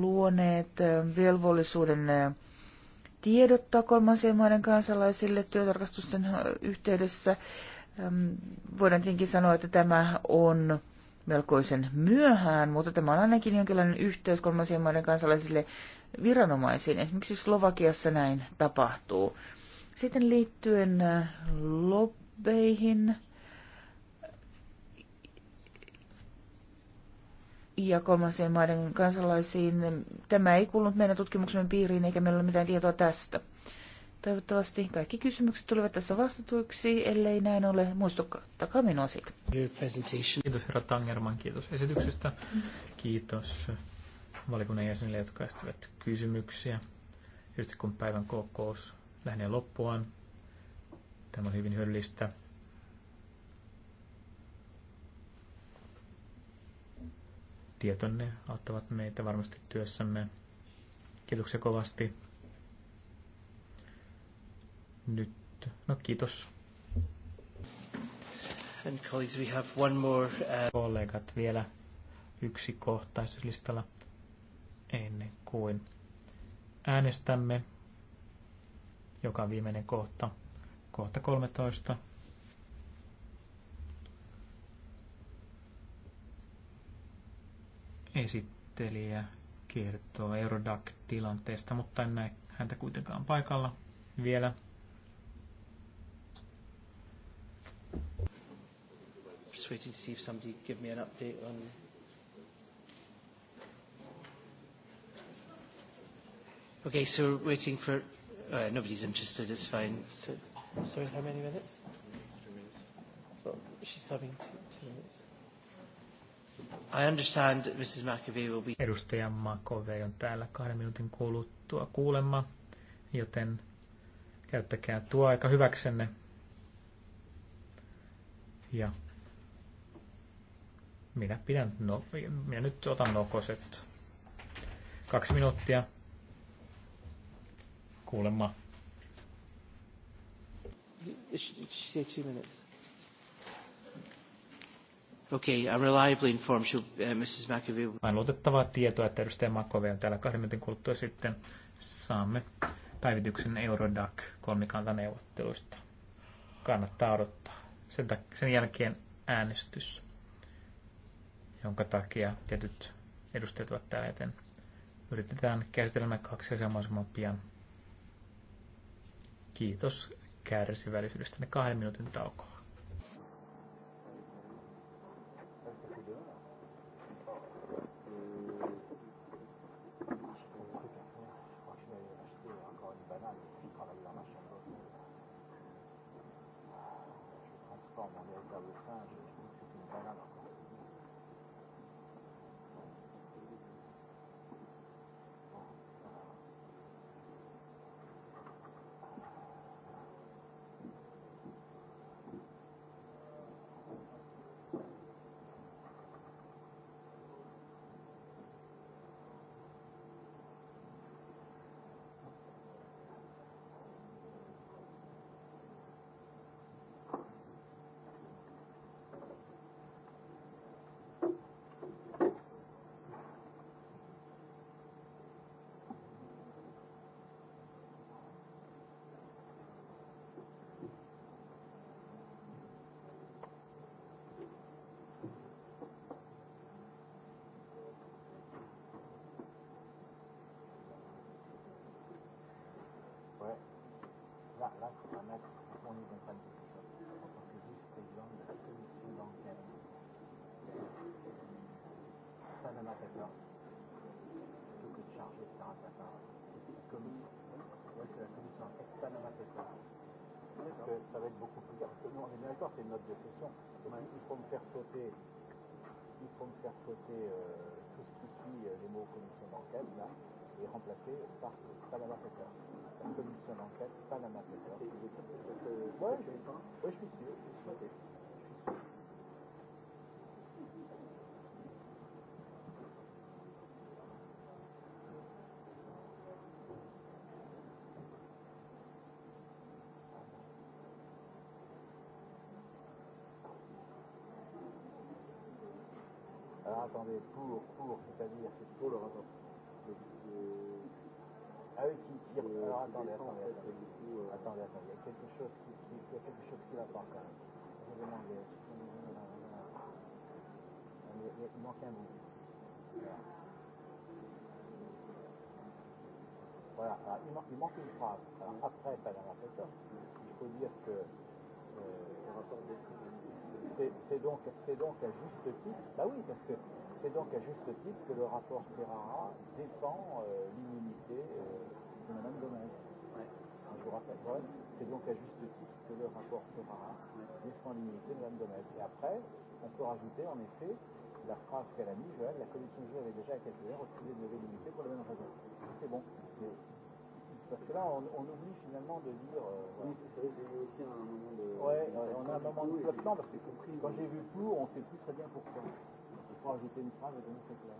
luoneet velvollisuuden tiedottaa kolmansien maiden kansalaisille työtarkastusten yhteydessä. Voidaan tietenkin sanoa, että tämä on melkoisen myöhään, mutta tämä on ainakin jonkinlainen yhteys kolmansien maiden kansalaisille viranomaisiin. Esimerkiksi Slovakiassa näin tapahtuu. Sitten liittyen äh, lobbeihin ja kolmansien maiden kansalaisiin, tämä ei kuulunut meidän tutkimuksemme piiriin eikä meillä ole mitään tietoa tästä. Toivottavasti kaikki kysymykset tulevat tässä vastatuiksi, ellei näin ole, muistuttakaa minua siitä. Kiitos herra Tangerman, kiitos esityksestä. Kiitos valikunnan jäsenille, jotka esittivät kysymyksiä. Just kun päivän kokous lähenee loppuaan, tämä on hyvin hyödyllistä. Tietonne auttavat meitä varmasti työssämme. Kiitoksia kovasti nyt. No kiitos. And colleagues, we have one more, uh... Kollegat vielä yksi kohtaisuuslistalla ennen kuin äänestämme, joka on viimeinen kohta, kohta 13. Esittelijä kertoo Eurodac-tilanteesta, mutta en näe häntä kuitenkaan paikalla vielä. Just waiting to see if somebody give me an update on Okay, so we're waiting for... Uh, nobody's interested, it's fine. So, sorry, how many minutes? minutes. Well, she's having two, two minutes. I understand that Mrs. McAvey will be... Edustaja McAvey on täällä kahden minuutin kuluttua kuulemma, joten käyttäkää tuo aika hyväksenne. Ja minä, pidän no, minä nyt otan nokoset. Kaksi minuuttia. Kuulemma. Okay, I'm reliably informed you, uh, Mrs. McAvey. Vain luotettavaa tietoa, että edustaja McAvey on täällä kahden minuutin kuluttua sitten. Saamme päivityksen Eurodac kolmikantaneuvotteluista. Kannattaa odottaa. Sen, tak- sen jälkeen äänestys jonka takia tietyt edustajat ovat täällä, joten yritetään käsitellä kaksi asiaa mahdollisimman pian. Kiitos kärsivällisyydestä. Ne kahden minuutin taukoa. that, that's what I meant. It's not even thank you for Because this is longer, it's too, too long term. Turn another glass. Tu peux charger ça, ça, ça. C'est comme, ouais, c'est la commission. Turn another glass. Parce que ça va être beaucoup plus grave. Parce que nous, on est bien d'accord, c'est une note de session. Donc, il faut me faire sauter, il faut me faire sauter euh, tout ce qui suit euh, les mots commission d'enquête, là, et remplacer par Panama Paper la commission d'enquête, pas la mafia. Ouais, je suis sûr, je suis sûr. Alors attendez, pour, pour, c'est-à-dire, c'est pour le rapport. Ah oui, qui tire. Euh, alors attendez, attendez, attendez. Euh, attendez, attendez. Il y a quelque chose qui, qui, il y a quelque chose qui va pas quand même. Je demande. Ah, il il manque un bout. Voilà, voilà. il, man, il manque une phrase. Alors après, pas dans la ça. Il faut dire que euh, c'est donc, donc à juste titre. Bah oui, parce que C'est donc à juste titre que le rapport Ferrara défend euh, l'immunité euh, de Mme Gomez. Ouais. Je vous rappelle, ouais, c'est donc à juste titre que le rapport Ferrara ouais. défend l'immunité de Mme Gomez. Et après, on peut rajouter en effet la phrase qu'elle a mise, Joël, la commission juive avait déjà à quelques heures refusé de lever l'immunité pour la même raison. C'est bon. Mais, parce que là, on, on oublie finalement de dire. Euh, oui, c'est vrai j'ai y aussi un moment de. Ouais, de, on a un moment de flottement parce que quand j'ai vu flou, on ne sait plus très bien pourquoi. Oh, j'étais une phrase, donc c'est clair.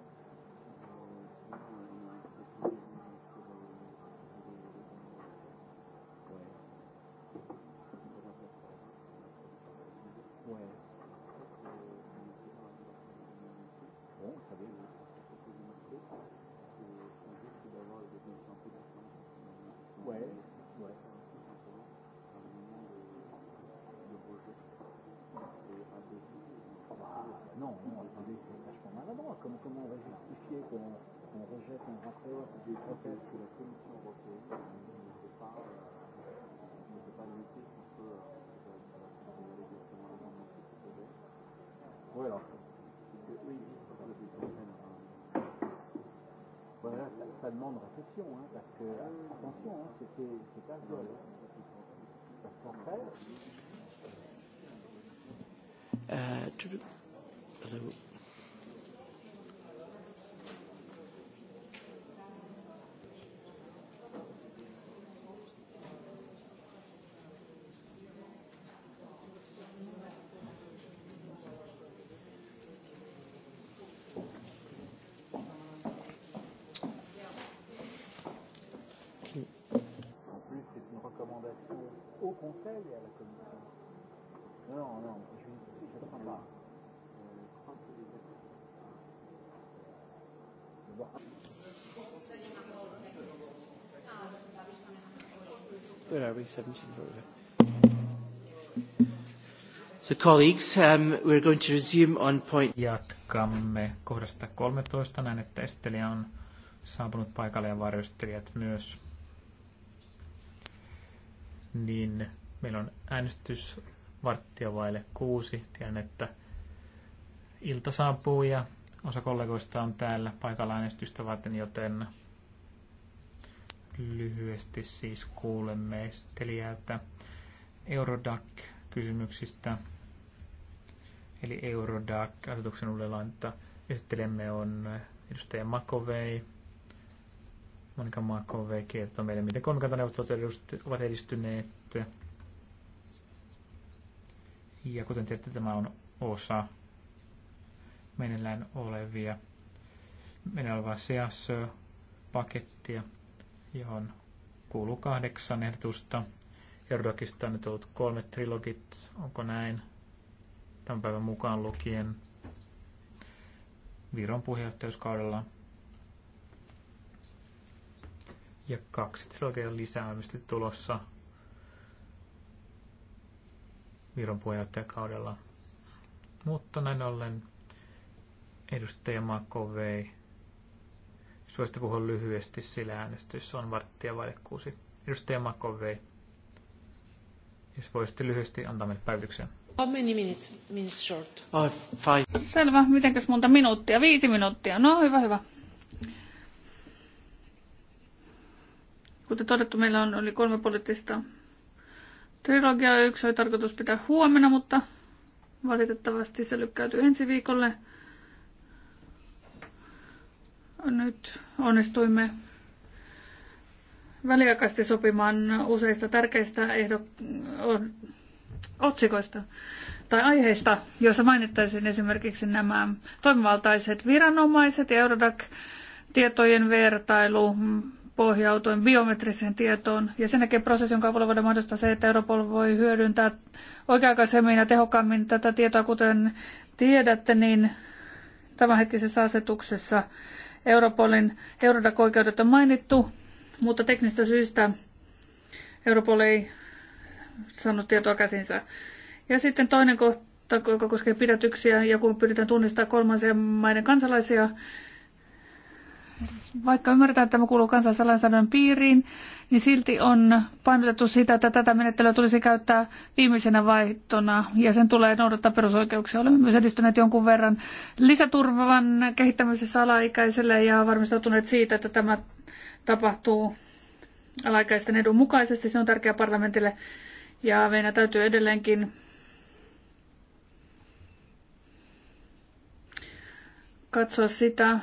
extrêmement de réflexion, hein, parce que, ah attention, hein, c'est pas viol. Parce qu'après. Euh, tu... Hello. lei è la commissione. No, no, je ne sais pas. Where are we? 17. So colleagues, um, we're going to resume on point... Jatkamme kohdasta 13. Näin, että esittelijä on saapunut paikalle ja varjostelijat myös. Niin Meillä on äänestys varttia vaille kuusi. Tiedän, että ilta saapuu ja osa kollegoista on täällä paikalla äänestystä varten, joten lyhyesti siis kuulemme esittelijältä Eurodac-kysymyksistä. Eli Eurodac-asetuksen uudelainta esittelemme on edustaja Makovei. Monika Makovei kertoo meille, miten kolmikantaneuvottelut ovat edistyneet ja kuten tiedätte, tämä on osa meneillään olevia, meneillään olevaa CSÖ-pakettia, johon kuuluu kahdeksan ehdotusta. Eurodokista on nyt ollut kolme trilogit, onko näin? Tämän päivän mukaan lukien Viron puheenjohtajuuskaudella. Ja kaksi trilogiaa lisää on tulossa Viron puheenjohtajakaudella. Mutta näin ollen edustaja Makovei, jos voisitte puhua lyhyesti, sillä äänestys on varttia vaille kuusi. Edustaja vei. jos voisitte lyhyesti antaa meille päivityksen. How many minutes, means short? Oh, five. Selvä. Mitenkäs monta minuuttia? Viisi minuuttia. No, hyvä, hyvä. Kuten todettu, meillä on yli kolme poliittista Trilogia 1 oli tarkoitus pitää huomenna, mutta valitettavasti se lykkäytyi ensi viikolle. Nyt onnistuimme väliaikaisesti sopimaan useista tärkeistä ehdok- otsikoista tai aiheista, joissa mainittaisin esimerkiksi nämä toimivaltaiset viranomaiset ja Eurodac-tietojen vertailu, pohjautuen biometriseen tietoon ja sen jälkeen prosessi, jonka avulla voidaan mahdollistaa se, että Europol voi hyödyntää oikea-aikaisemmin ja tehokkaammin tätä tietoa, kuten tiedätte, niin tämänhetkisessä asetuksessa Europolin Eurodac-oikeudet on mainittu, mutta teknistä syistä Europol ei saanut tietoa käsinsä. Ja sitten toinen kohta, joka koskee pidätyksiä ja kun pyritään tunnistamaan kolmansien maiden kansalaisia, vaikka ymmärretään, että tämä kuuluu kansalaislainsäädännön piiriin, niin silti on painotettu sitä, että tätä menettelyä tulisi käyttää viimeisenä vaihtona ja sen tulee noudattaa perusoikeuksia. Olemme myös edistyneet jonkun verran lisäturvan kehittämisessä alaikäiselle ja varmistautuneet siitä, että tämä tapahtuu alaikäisten edun mukaisesti. Se on tärkeää parlamentille ja meidän täytyy edelleenkin katsoa sitä,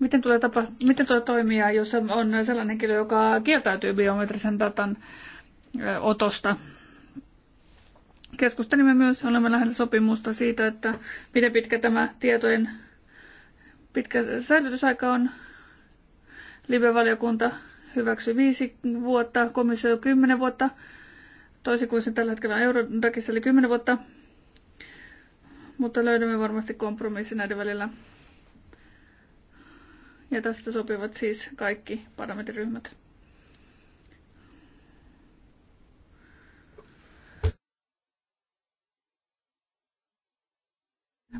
Miten tulee, tapa, miten tulee toimia, jos on sellainen henkilö, joka kieltäytyy biometrisen datan otosta? Keskustelimme myös, olemme lähellä sopimusta siitä, että miten pitkä tämä tietojen pitkä säilytysaika on. Live-valiokunta hyväksyi viisi vuotta, komissio kymmenen vuotta, toisin kuin se tällä hetkellä Eurodacissa eli kymmenen vuotta, mutta löydämme varmasti kompromissi näiden välillä. Ja tästä sopivat siis kaikki parametriryhmät.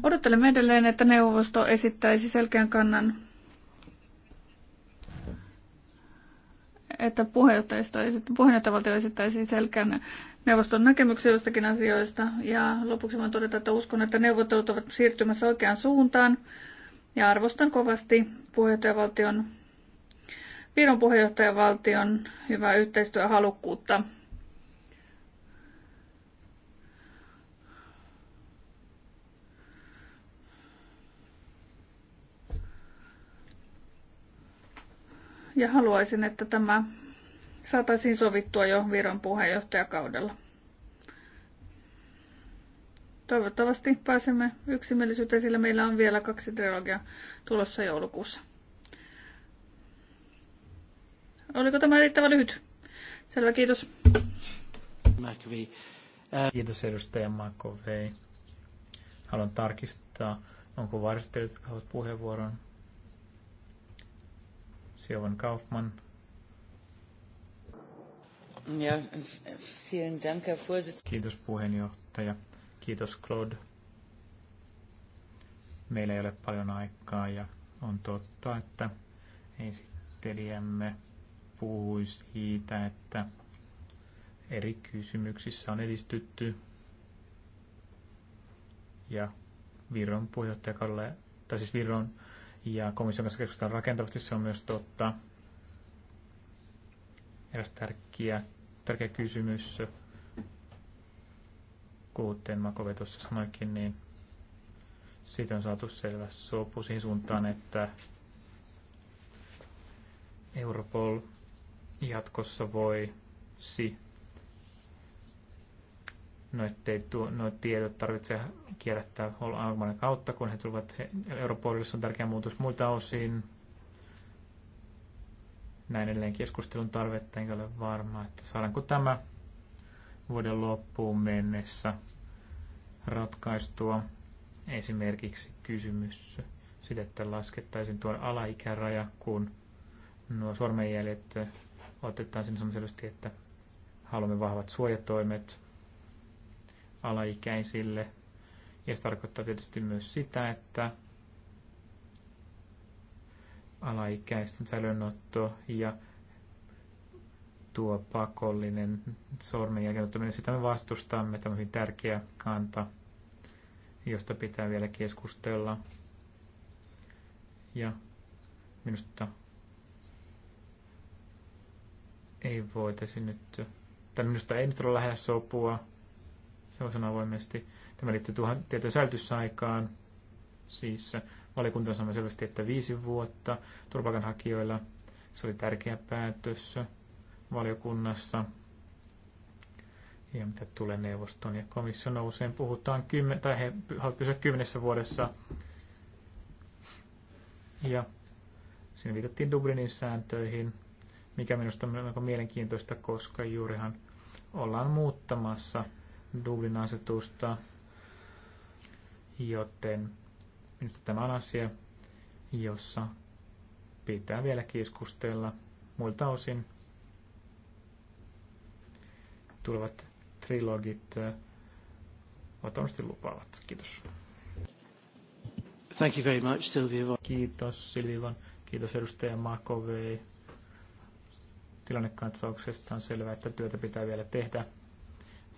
Odottelemme edelleen, että neuvosto esittäisi selkeän kannan, että puheenjohtajavaltio esittäisi selkeän neuvoston näkemyksen jostakin asioista. Ja lopuksi voin todeta, että uskon, että neuvottelut ovat siirtymässä oikeaan suuntaan. Ja arvostan kovasti puheenjohtajavaltion, Viron puheenjohtajavaltion hyvää yhteistyöhalukkuutta. Ja haluaisin, että tämä saataisiin sovittua jo Viron puheenjohtajakaudella. Toivottavasti pääsemme yksimielisyyteen, sillä meillä on vielä kaksi trilogiaa tulossa joulukuussa. Oliko tämä riittävän lyhyt? Selvä, kiitos. Kiitos edustaja McVie. Haluan tarkistaa, onko varsitellut jotka haluavat puheenvuoron. Siobhan Kaufmann. Ja, vielen Dank, Herr Kiitos puheenjohtaja. Kiitos Claude. Meillä ei ole paljon aikaa ja on totta, että esittelijämme puhui siitä, että eri kysymyksissä on edistytty ja Viron puheenjohtajakaudella, tai siis Viron ja komission kanssa keskustellaan rakentavasti, se on myös totta. Eräs tärkeä, tärkeä kysymys kuten Makove tuossa sanoikin, niin siitä on saatu selvä sopu siihen suuntaan, että Europol jatkossa voi si no, tuo, no tiedot tarvitse kierrättää Holmanin kautta, kun he tulevat Europolissa on tärkeä muutos muilta osin. Näin edelleen keskustelun tarvetta, enkä ole varma, että saadaanko tämä vuoden loppuun mennessä ratkaistua. Esimerkiksi kysymys sille, että laskettaisiin tuo alaikäraja, kun nuo sormenjäljet sinne sellaisesti, että haluamme vahvat suojatoimet alaikäisille. Ja se tarkoittaa tietysti myös sitä, että alaikäisten säilönotto ja tuo pakollinen sormenjälkien ottaminen, sitä me vastustamme. Tämä on hyvin tärkeä kanta, josta pitää vielä keskustella. Ja minusta ei voitaisi nyt, tai minusta ei nyt ole lähellä sopua, se on sanoa avoimesti. Tämä liittyy tuohon tietyn säilytysaikaan, siis valiokunta sanoi selvästi, että viisi vuotta turvapaikanhakijoilla se oli tärkeä päätös valiokunnassa. Ja mitä tulee neuvostoon ja komission no usein puhutaan, kymmen, tai he haluavat pysyä kymmenessä vuodessa. Ja siinä viitattiin Dublinin sääntöihin, mikä minusta on aika mielenkiintoista, koska juurihan ollaan muuttamassa Dublin asetusta, joten minusta tämä on asia, jossa pitää vielä keskustella muilta osin tulevat trilogit ovat varmasti lupaavat. Kiitos. Thank you very much, Silvia. Kiitos Silvan. Kiitos edustaja Makovei. Tilannekatsauksesta on selvää, että työtä pitää vielä tehdä.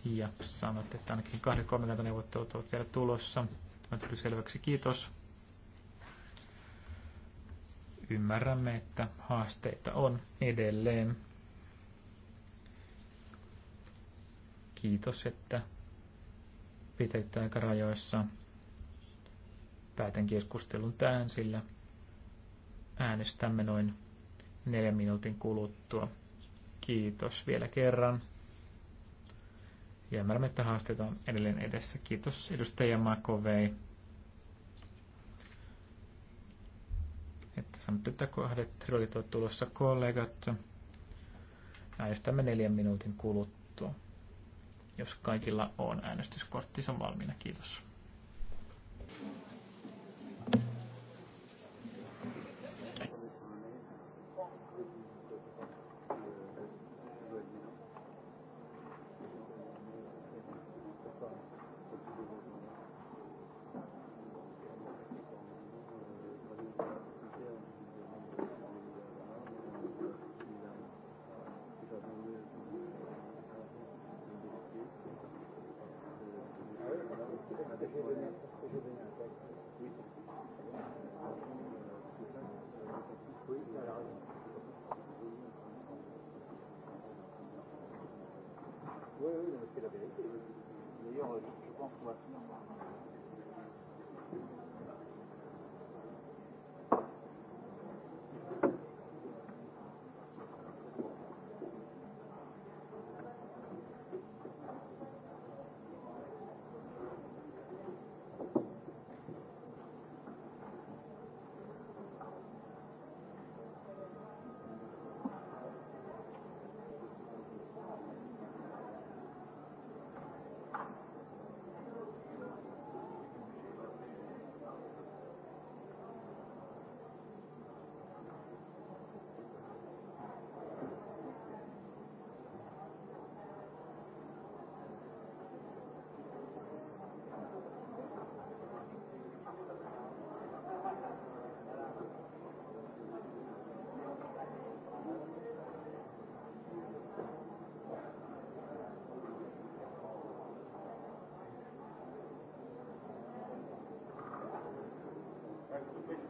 Ja sanot, että ainakin kahden neuvottelut ovat vielä tulossa. Tämä tuli selväksi. Kiitos. Ymmärrämme, että haasteita on edelleen. Kiitos, että aika rajoissa. Päätän keskustelun tähän, sillä äänestämme noin neljän minuutin kuluttua. Kiitos vielä kerran. Ja ymmärrämme, haasteita on edelleen edessä. Kiitos edustaja Makovei. Että sanotte, että kohdet trilogit ovat tulossa kollegat. Äänestämme neljän minuutin kuluttua jos kaikilla on äänestyskorttinsa valmiina. Kiitos.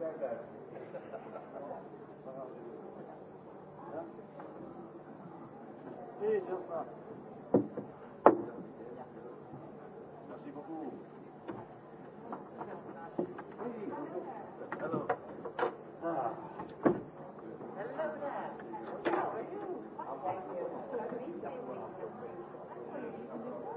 Merci beaucoup. Hello. Ah. Hello there. How are you? I'm fine. Nice to meet you.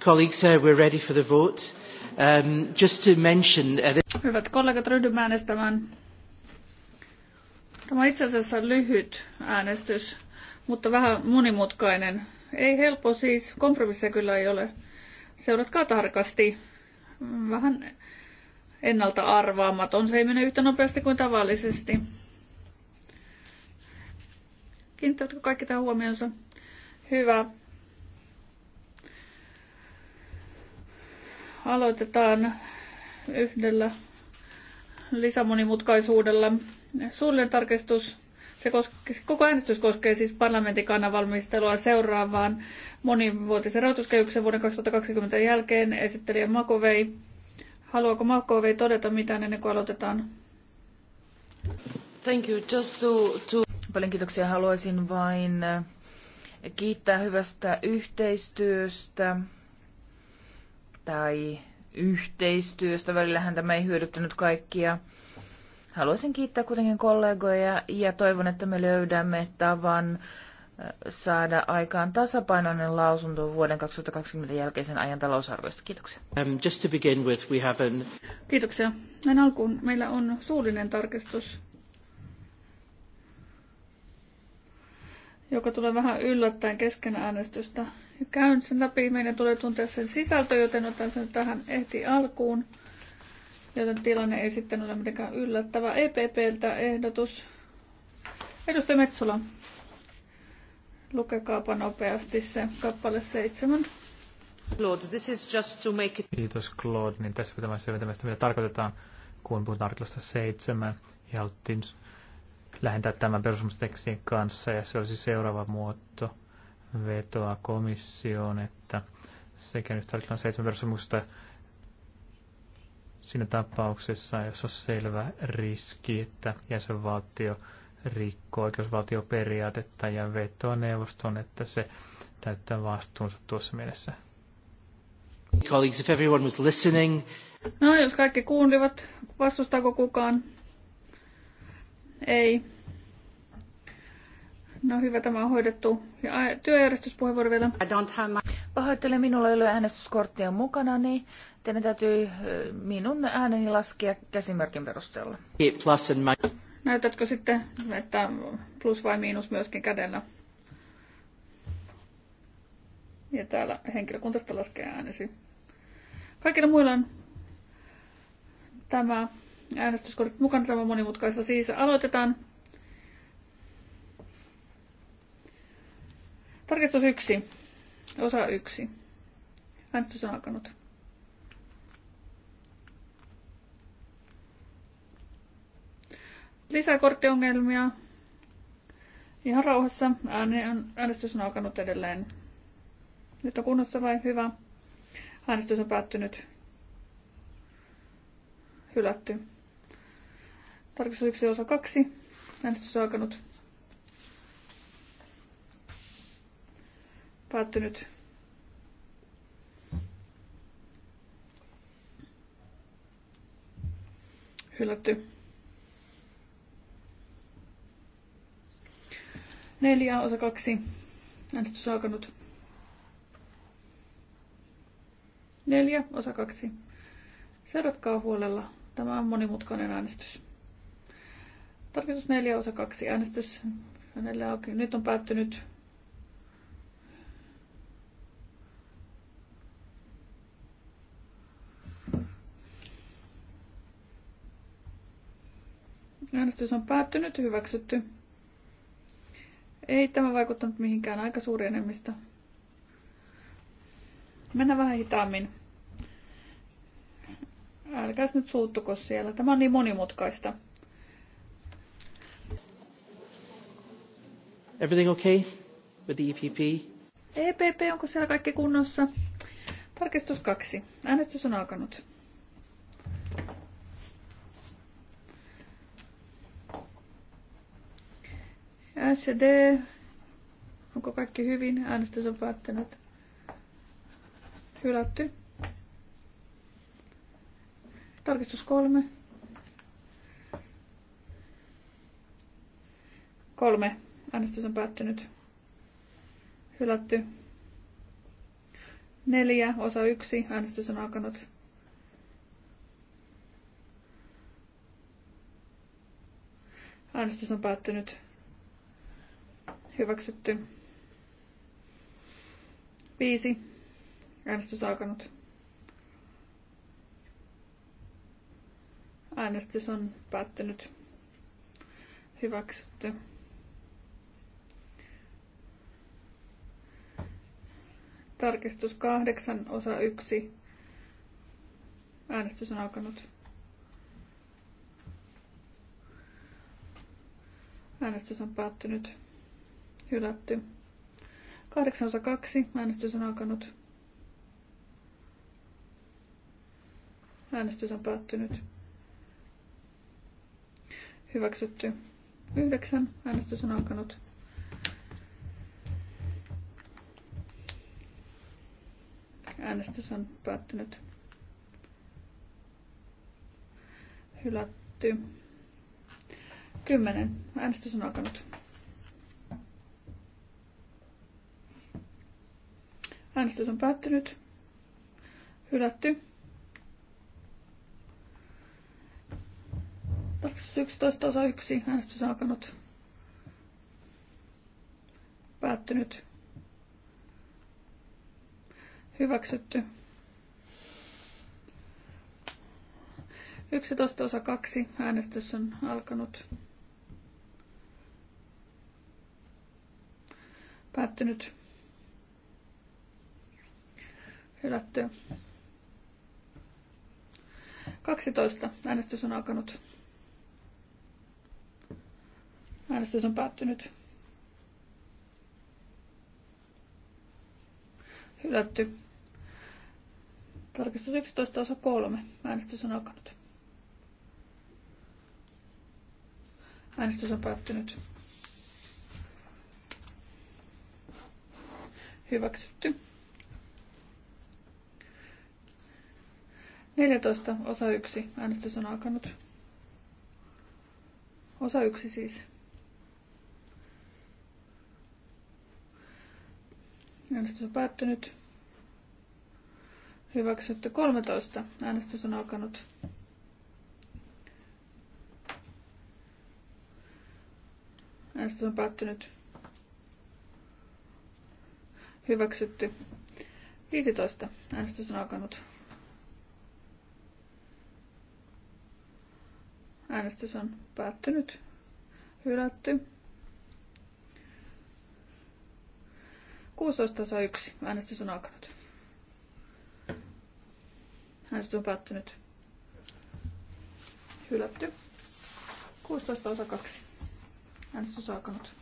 Colleagues, uh, we're ready for the vote. Um, just to mention... Uh, Hyvät kollegat, ryhdymme äänestämään. Tämä on itse asiassa lyhyt äänestys, mutta vähän monimutkainen. Ei helppo siis, kompromissia kyllä ei ole. Seuratkaa tarkasti. Vähän ennalta arvaamaton. Se ei mene yhtä nopeasti kuin tavallisesti. Kiinnittävätkö kaikki tähän huomionsa? Hyvä. Aloitetaan yhdellä lisämonimutkaisuudella. Suullinen tarkistus, se koske, koko äänestys koskee siis parlamentin kannanvalmistelua seuraavaan monivuotisen rahoituskehyksen vuoden 2020 jälkeen. Esittelijä Makovei. Haluaako Makovei todeta mitään ennen kuin aloitetaan? Thank you. Just to, to... Paljon kiitoksia. Haluaisin vain kiittää hyvästä yhteistyöstä tai yhteistyöstä. Välillähän tämä ei hyödyttänyt kaikkia. Haluaisin kiittää kuitenkin kollegoja ja toivon, että me löydämme tavan saada aikaan tasapainoinen lausunto vuoden 2020 jälkeisen ajan talousarviosta. Kiitoksia. Um, just to begin with, we have an... Kiitoksia. Näin alkuun meillä on suullinen tarkistus joka tulee vähän yllättäen kesken äänestystä. Käyn sen läpi, meidän tulee tuntea sen sisältö, joten otan sen tähän ehti alkuun. Joten tilanne ei sitten ole mitenkään yllättävä. EPPltä ehdotus. Edustaja Metsola, lukekaapa nopeasti se kappale seitsemän. Claude, this is just to make it... Kiitos Claude, niin tässä pitää selventämistä, mitä tarkoitetaan, kun puhutaan artiklasta seitsemän. Ja haluttiin lähentää tämän perusmustekstin kanssa, ja se olisi seuraava muoto vetoa komissioon, että sekä nyt artiklan 7 perusmusta siinä tapauksessa, jos on selvä riski, että jäsenvaltio rikkoo oikeusvaltioperiaatetta ja vetoa neuvoston, että se täyttää vastuunsa tuossa mielessä. Colleagues, if everyone was listening. No, jos kaikki kuulivat, vastustaako kukaan? Ei. No hyvä, tämä on hoidettu. Ja työjärjestyspuheenvuoro vielä. Pahoittelen, minulla ei ole äänestyskorttia mukana, niin teidän täytyy minun ääneni laskea käsimerkin perusteella. Näytätkö sitten, että plus vai miinus myöskin kädellä? Ja täällä henkilökuntaista laskee äänesi. Kaikilla muilla on tämä äänestyskortit mukana. Tämä on monimutkaista. Siis aloitetaan. Tarkistus 1. Osa 1. Äänestys on alkanut. Lisää korttiongelmia. Ihan rauhassa. Äänestys on alkanut edelleen. Nyt on kunnossa vai? Hyvä. Äänestys on päättynyt. Hylätty. Tarkistus 1 osa 2. Äänestys on alkanut. Päättynyt. Hylätty. Neljä osa kaksi. Äänestys on alkanut. Neljä osa kaksi. Seuratkaa huolella. Tämä on monimutkainen äänestys. Tarkistus 4 osa 2 äänestys hänellä auki. Nyt on päättynyt. Äänestys on päättynyt, hyväksytty. Ei tämä vaikuttanut mihinkään, aika suuri enemmistö. Mennään vähän hitaammin. Älkääs nyt suuttuko siellä, tämä on niin monimutkaista. Everything okay with the EPP? EPP, onko siellä kaikki kunnossa? Tarkistus kaksi. Äänestys on alkanut. SD. Onko kaikki hyvin? Äänestys on päättänyt. Hylätty. Tarkistus kolme. Kolme Äänestys on päättynyt. Hylätty. Neljä, osa yksi. Äänestys on alkanut. Äänestys on päättynyt. Hyväksytty. Viisi. Äänestys on alkanut. Äänestys on päättynyt. Hyväksytty. Tarkistus 8, osa 1. Äänestys on alkanut. Äänestys on päättynyt. Hylätty. 8 osa 2. Äänestys on alkanut. Äänestys on päättynyt. Hyväksytty. 9. Äänestys on alkanut. Äänestys on päättynyt. Hylätty. Kymmenen. Äänestys on alkanut. Äänestys on päättynyt. Hylätty. 11 osa 1. Äänestys on alkanut. Päättynyt. Hyväksytty. 11 osa 2. Äänestys on alkanut. Päättynyt. Hylätty. 12. Äänestys on alkanut. Äänestys on päättynyt. Hylätty. Tarkistus 11 osa 3. Äänestys on alkanut. Äänestys on päättynyt. Hyväksytty. 14 osa 1. Äänestys on alkanut. Osa 1 siis. Äänestys on päättynyt. Hyväksytty 13. Äänestys on alkanut. Äänestys on päättynyt. Hyväksytty 15. Äänestys on alkanut. Äänestys on päättynyt. Hylätty. 16 saa 1. Äänestys on alkanut. Äänestys on päättynyt. Hylätty. 16 osa 2. Äänestys on alkanut.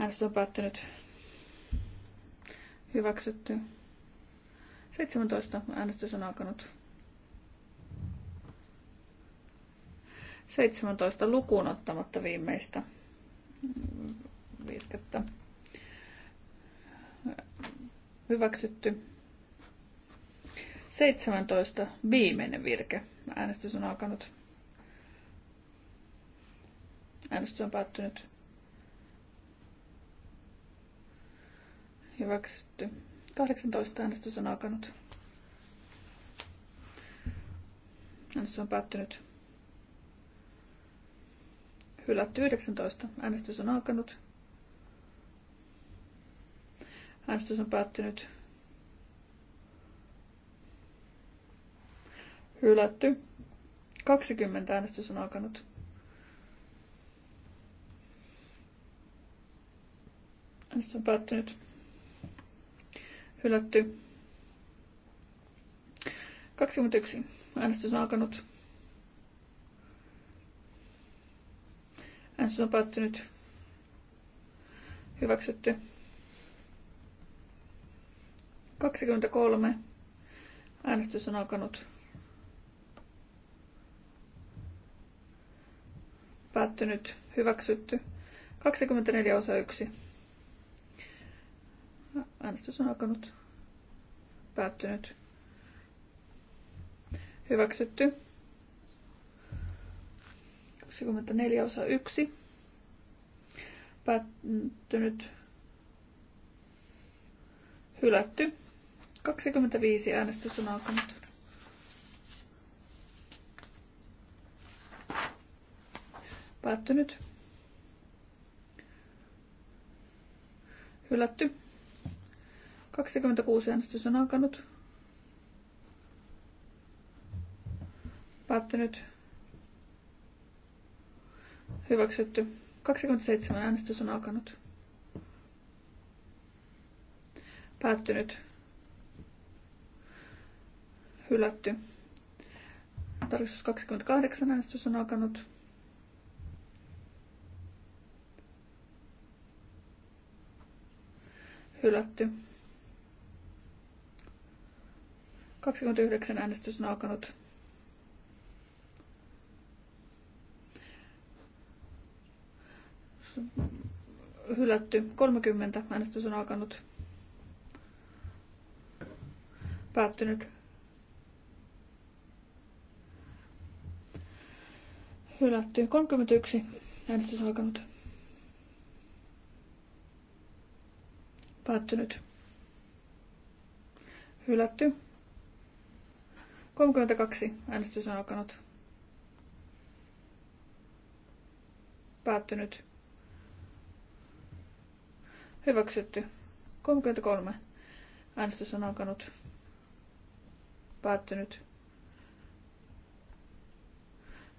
Äänestys on päättynyt. Hyväksytty. 17. Äänestys on alkanut. 17 lukuun ottamatta viimeistä virkettä. Hyväksytty. 17. Viimeinen virke. Äänestys on alkanut. Äänestys on päättynyt. Hyväksytty. 18. Äänestys on alkanut. Äänestys on päättynyt. Hylätty 19. Äänestys on alkanut. Äänestys on päättynyt. Hylätty. 20 äänestys on alkanut. Äänestys on päättynyt. Hylätty. 21. Äänestys on alkanut. Äänestys on päättynyt. Hyväksytty. 23. Äänestys on alkanut. Päättynyt. Hyväksytty. 24 osa 1. Äänestys on alkanut. Päättynyt. Hyväksytty. 24 osa 1. Päättynyt. Hylätty. 25 äänestys on alkanut. Päättynyt. Hylätty. 26 äänestys on alkanut. Päättynyt. Hyväksytty. 27 äänestys on alkanut. Päättynyt. Hylätty. Tarkistus 28. Äänestys on alkanut. Hylätty. 29 äänestys on alkanut. Hylätty. 30 äänestys on alkanut. Päättynyt. Hylätty. 31. Äänestys alkanut. Päättynyt. Hylätty. 32. Äänestys on alkanut. Päättynyt. Hyväksytty. 33. Äänestys on alkanut. Päättynyt.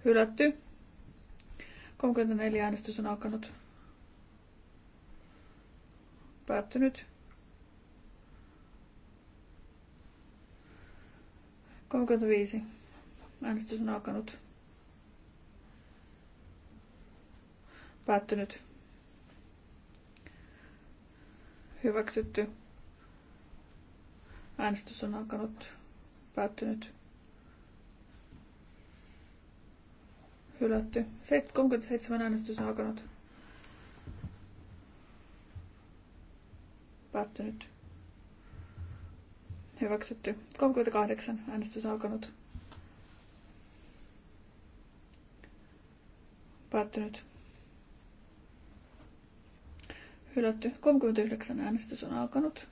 Hylätty. 34 äänestys on alkanut. Päättynyt. 35. Äänestys on alkanut. Päättynyt. Hyväksytty. Äänestys on alkanut. Päättynyt. Hylätty. 37 äänestys on alkanut. Päättynyt. Hyväksytty. 38 äänestys on alkanut. Päättynyt. Hylätty. 39 äänestys on alkanut.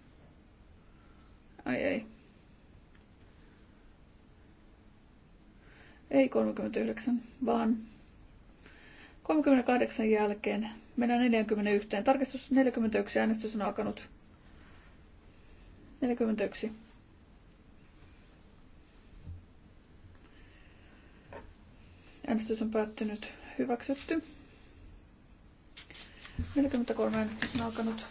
Ai ei. ei 39, vaan 38 jälkeen mennään 41. Tarkistus 41, äänestys on alkanut. 41. Äänestys on päättynyt. Hyväksytty. 43 äänestys on alkanut.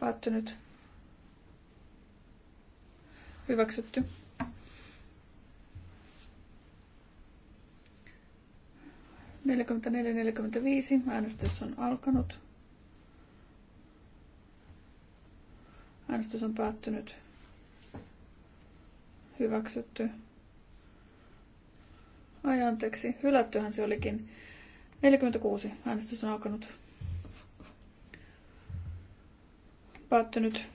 Päättynyt. Hyväksytty. Neljäkymmentä, Äänestys on alkanut. Äänestys on päättynyt. Hyväksytty. Ai anteeksi, hylättyhän se olikin. 46. Äänestys on alkanut. Päättynyt.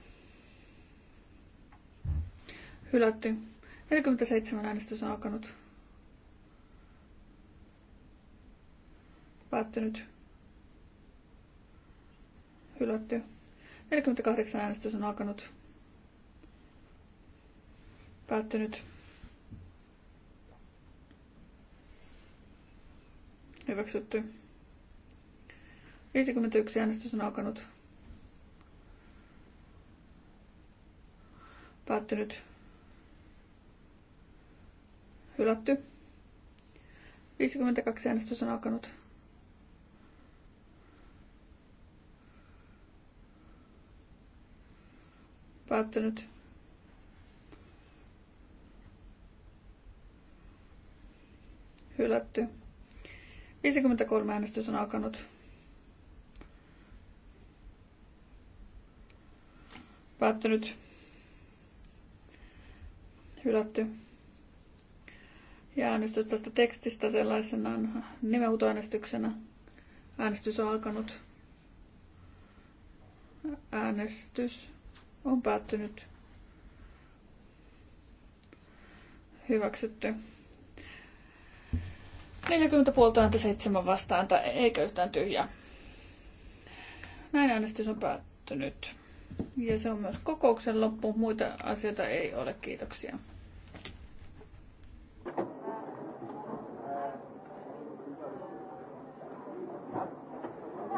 Hylätty. 47 äänestys on alkanut. Päättynyt. Hylätty. 48 äänestys on alkanut. Päättynyt. Hyväksytty. 51 äänestys on alkanut. Päättynyt. Hylätty. 52 äänestys on alkanut. Päättynyt. Hylätty. 53 äänestys on alkanut. Päättynyt. Hylätty. Ja äänestys tästä tekstistä sellaisenaan nimenhuutoäänestyksenä. Äänestys on alkanut. Äänestys on päättynyt. Hyväksytty. 40 puolta ääntä, 7 vastaanta, eikä yhtään tyhjää. Näin äänestys on päättynyt. Ja se on myös kokouksen loppu. Muita asioita ei ole. Kiitoksia.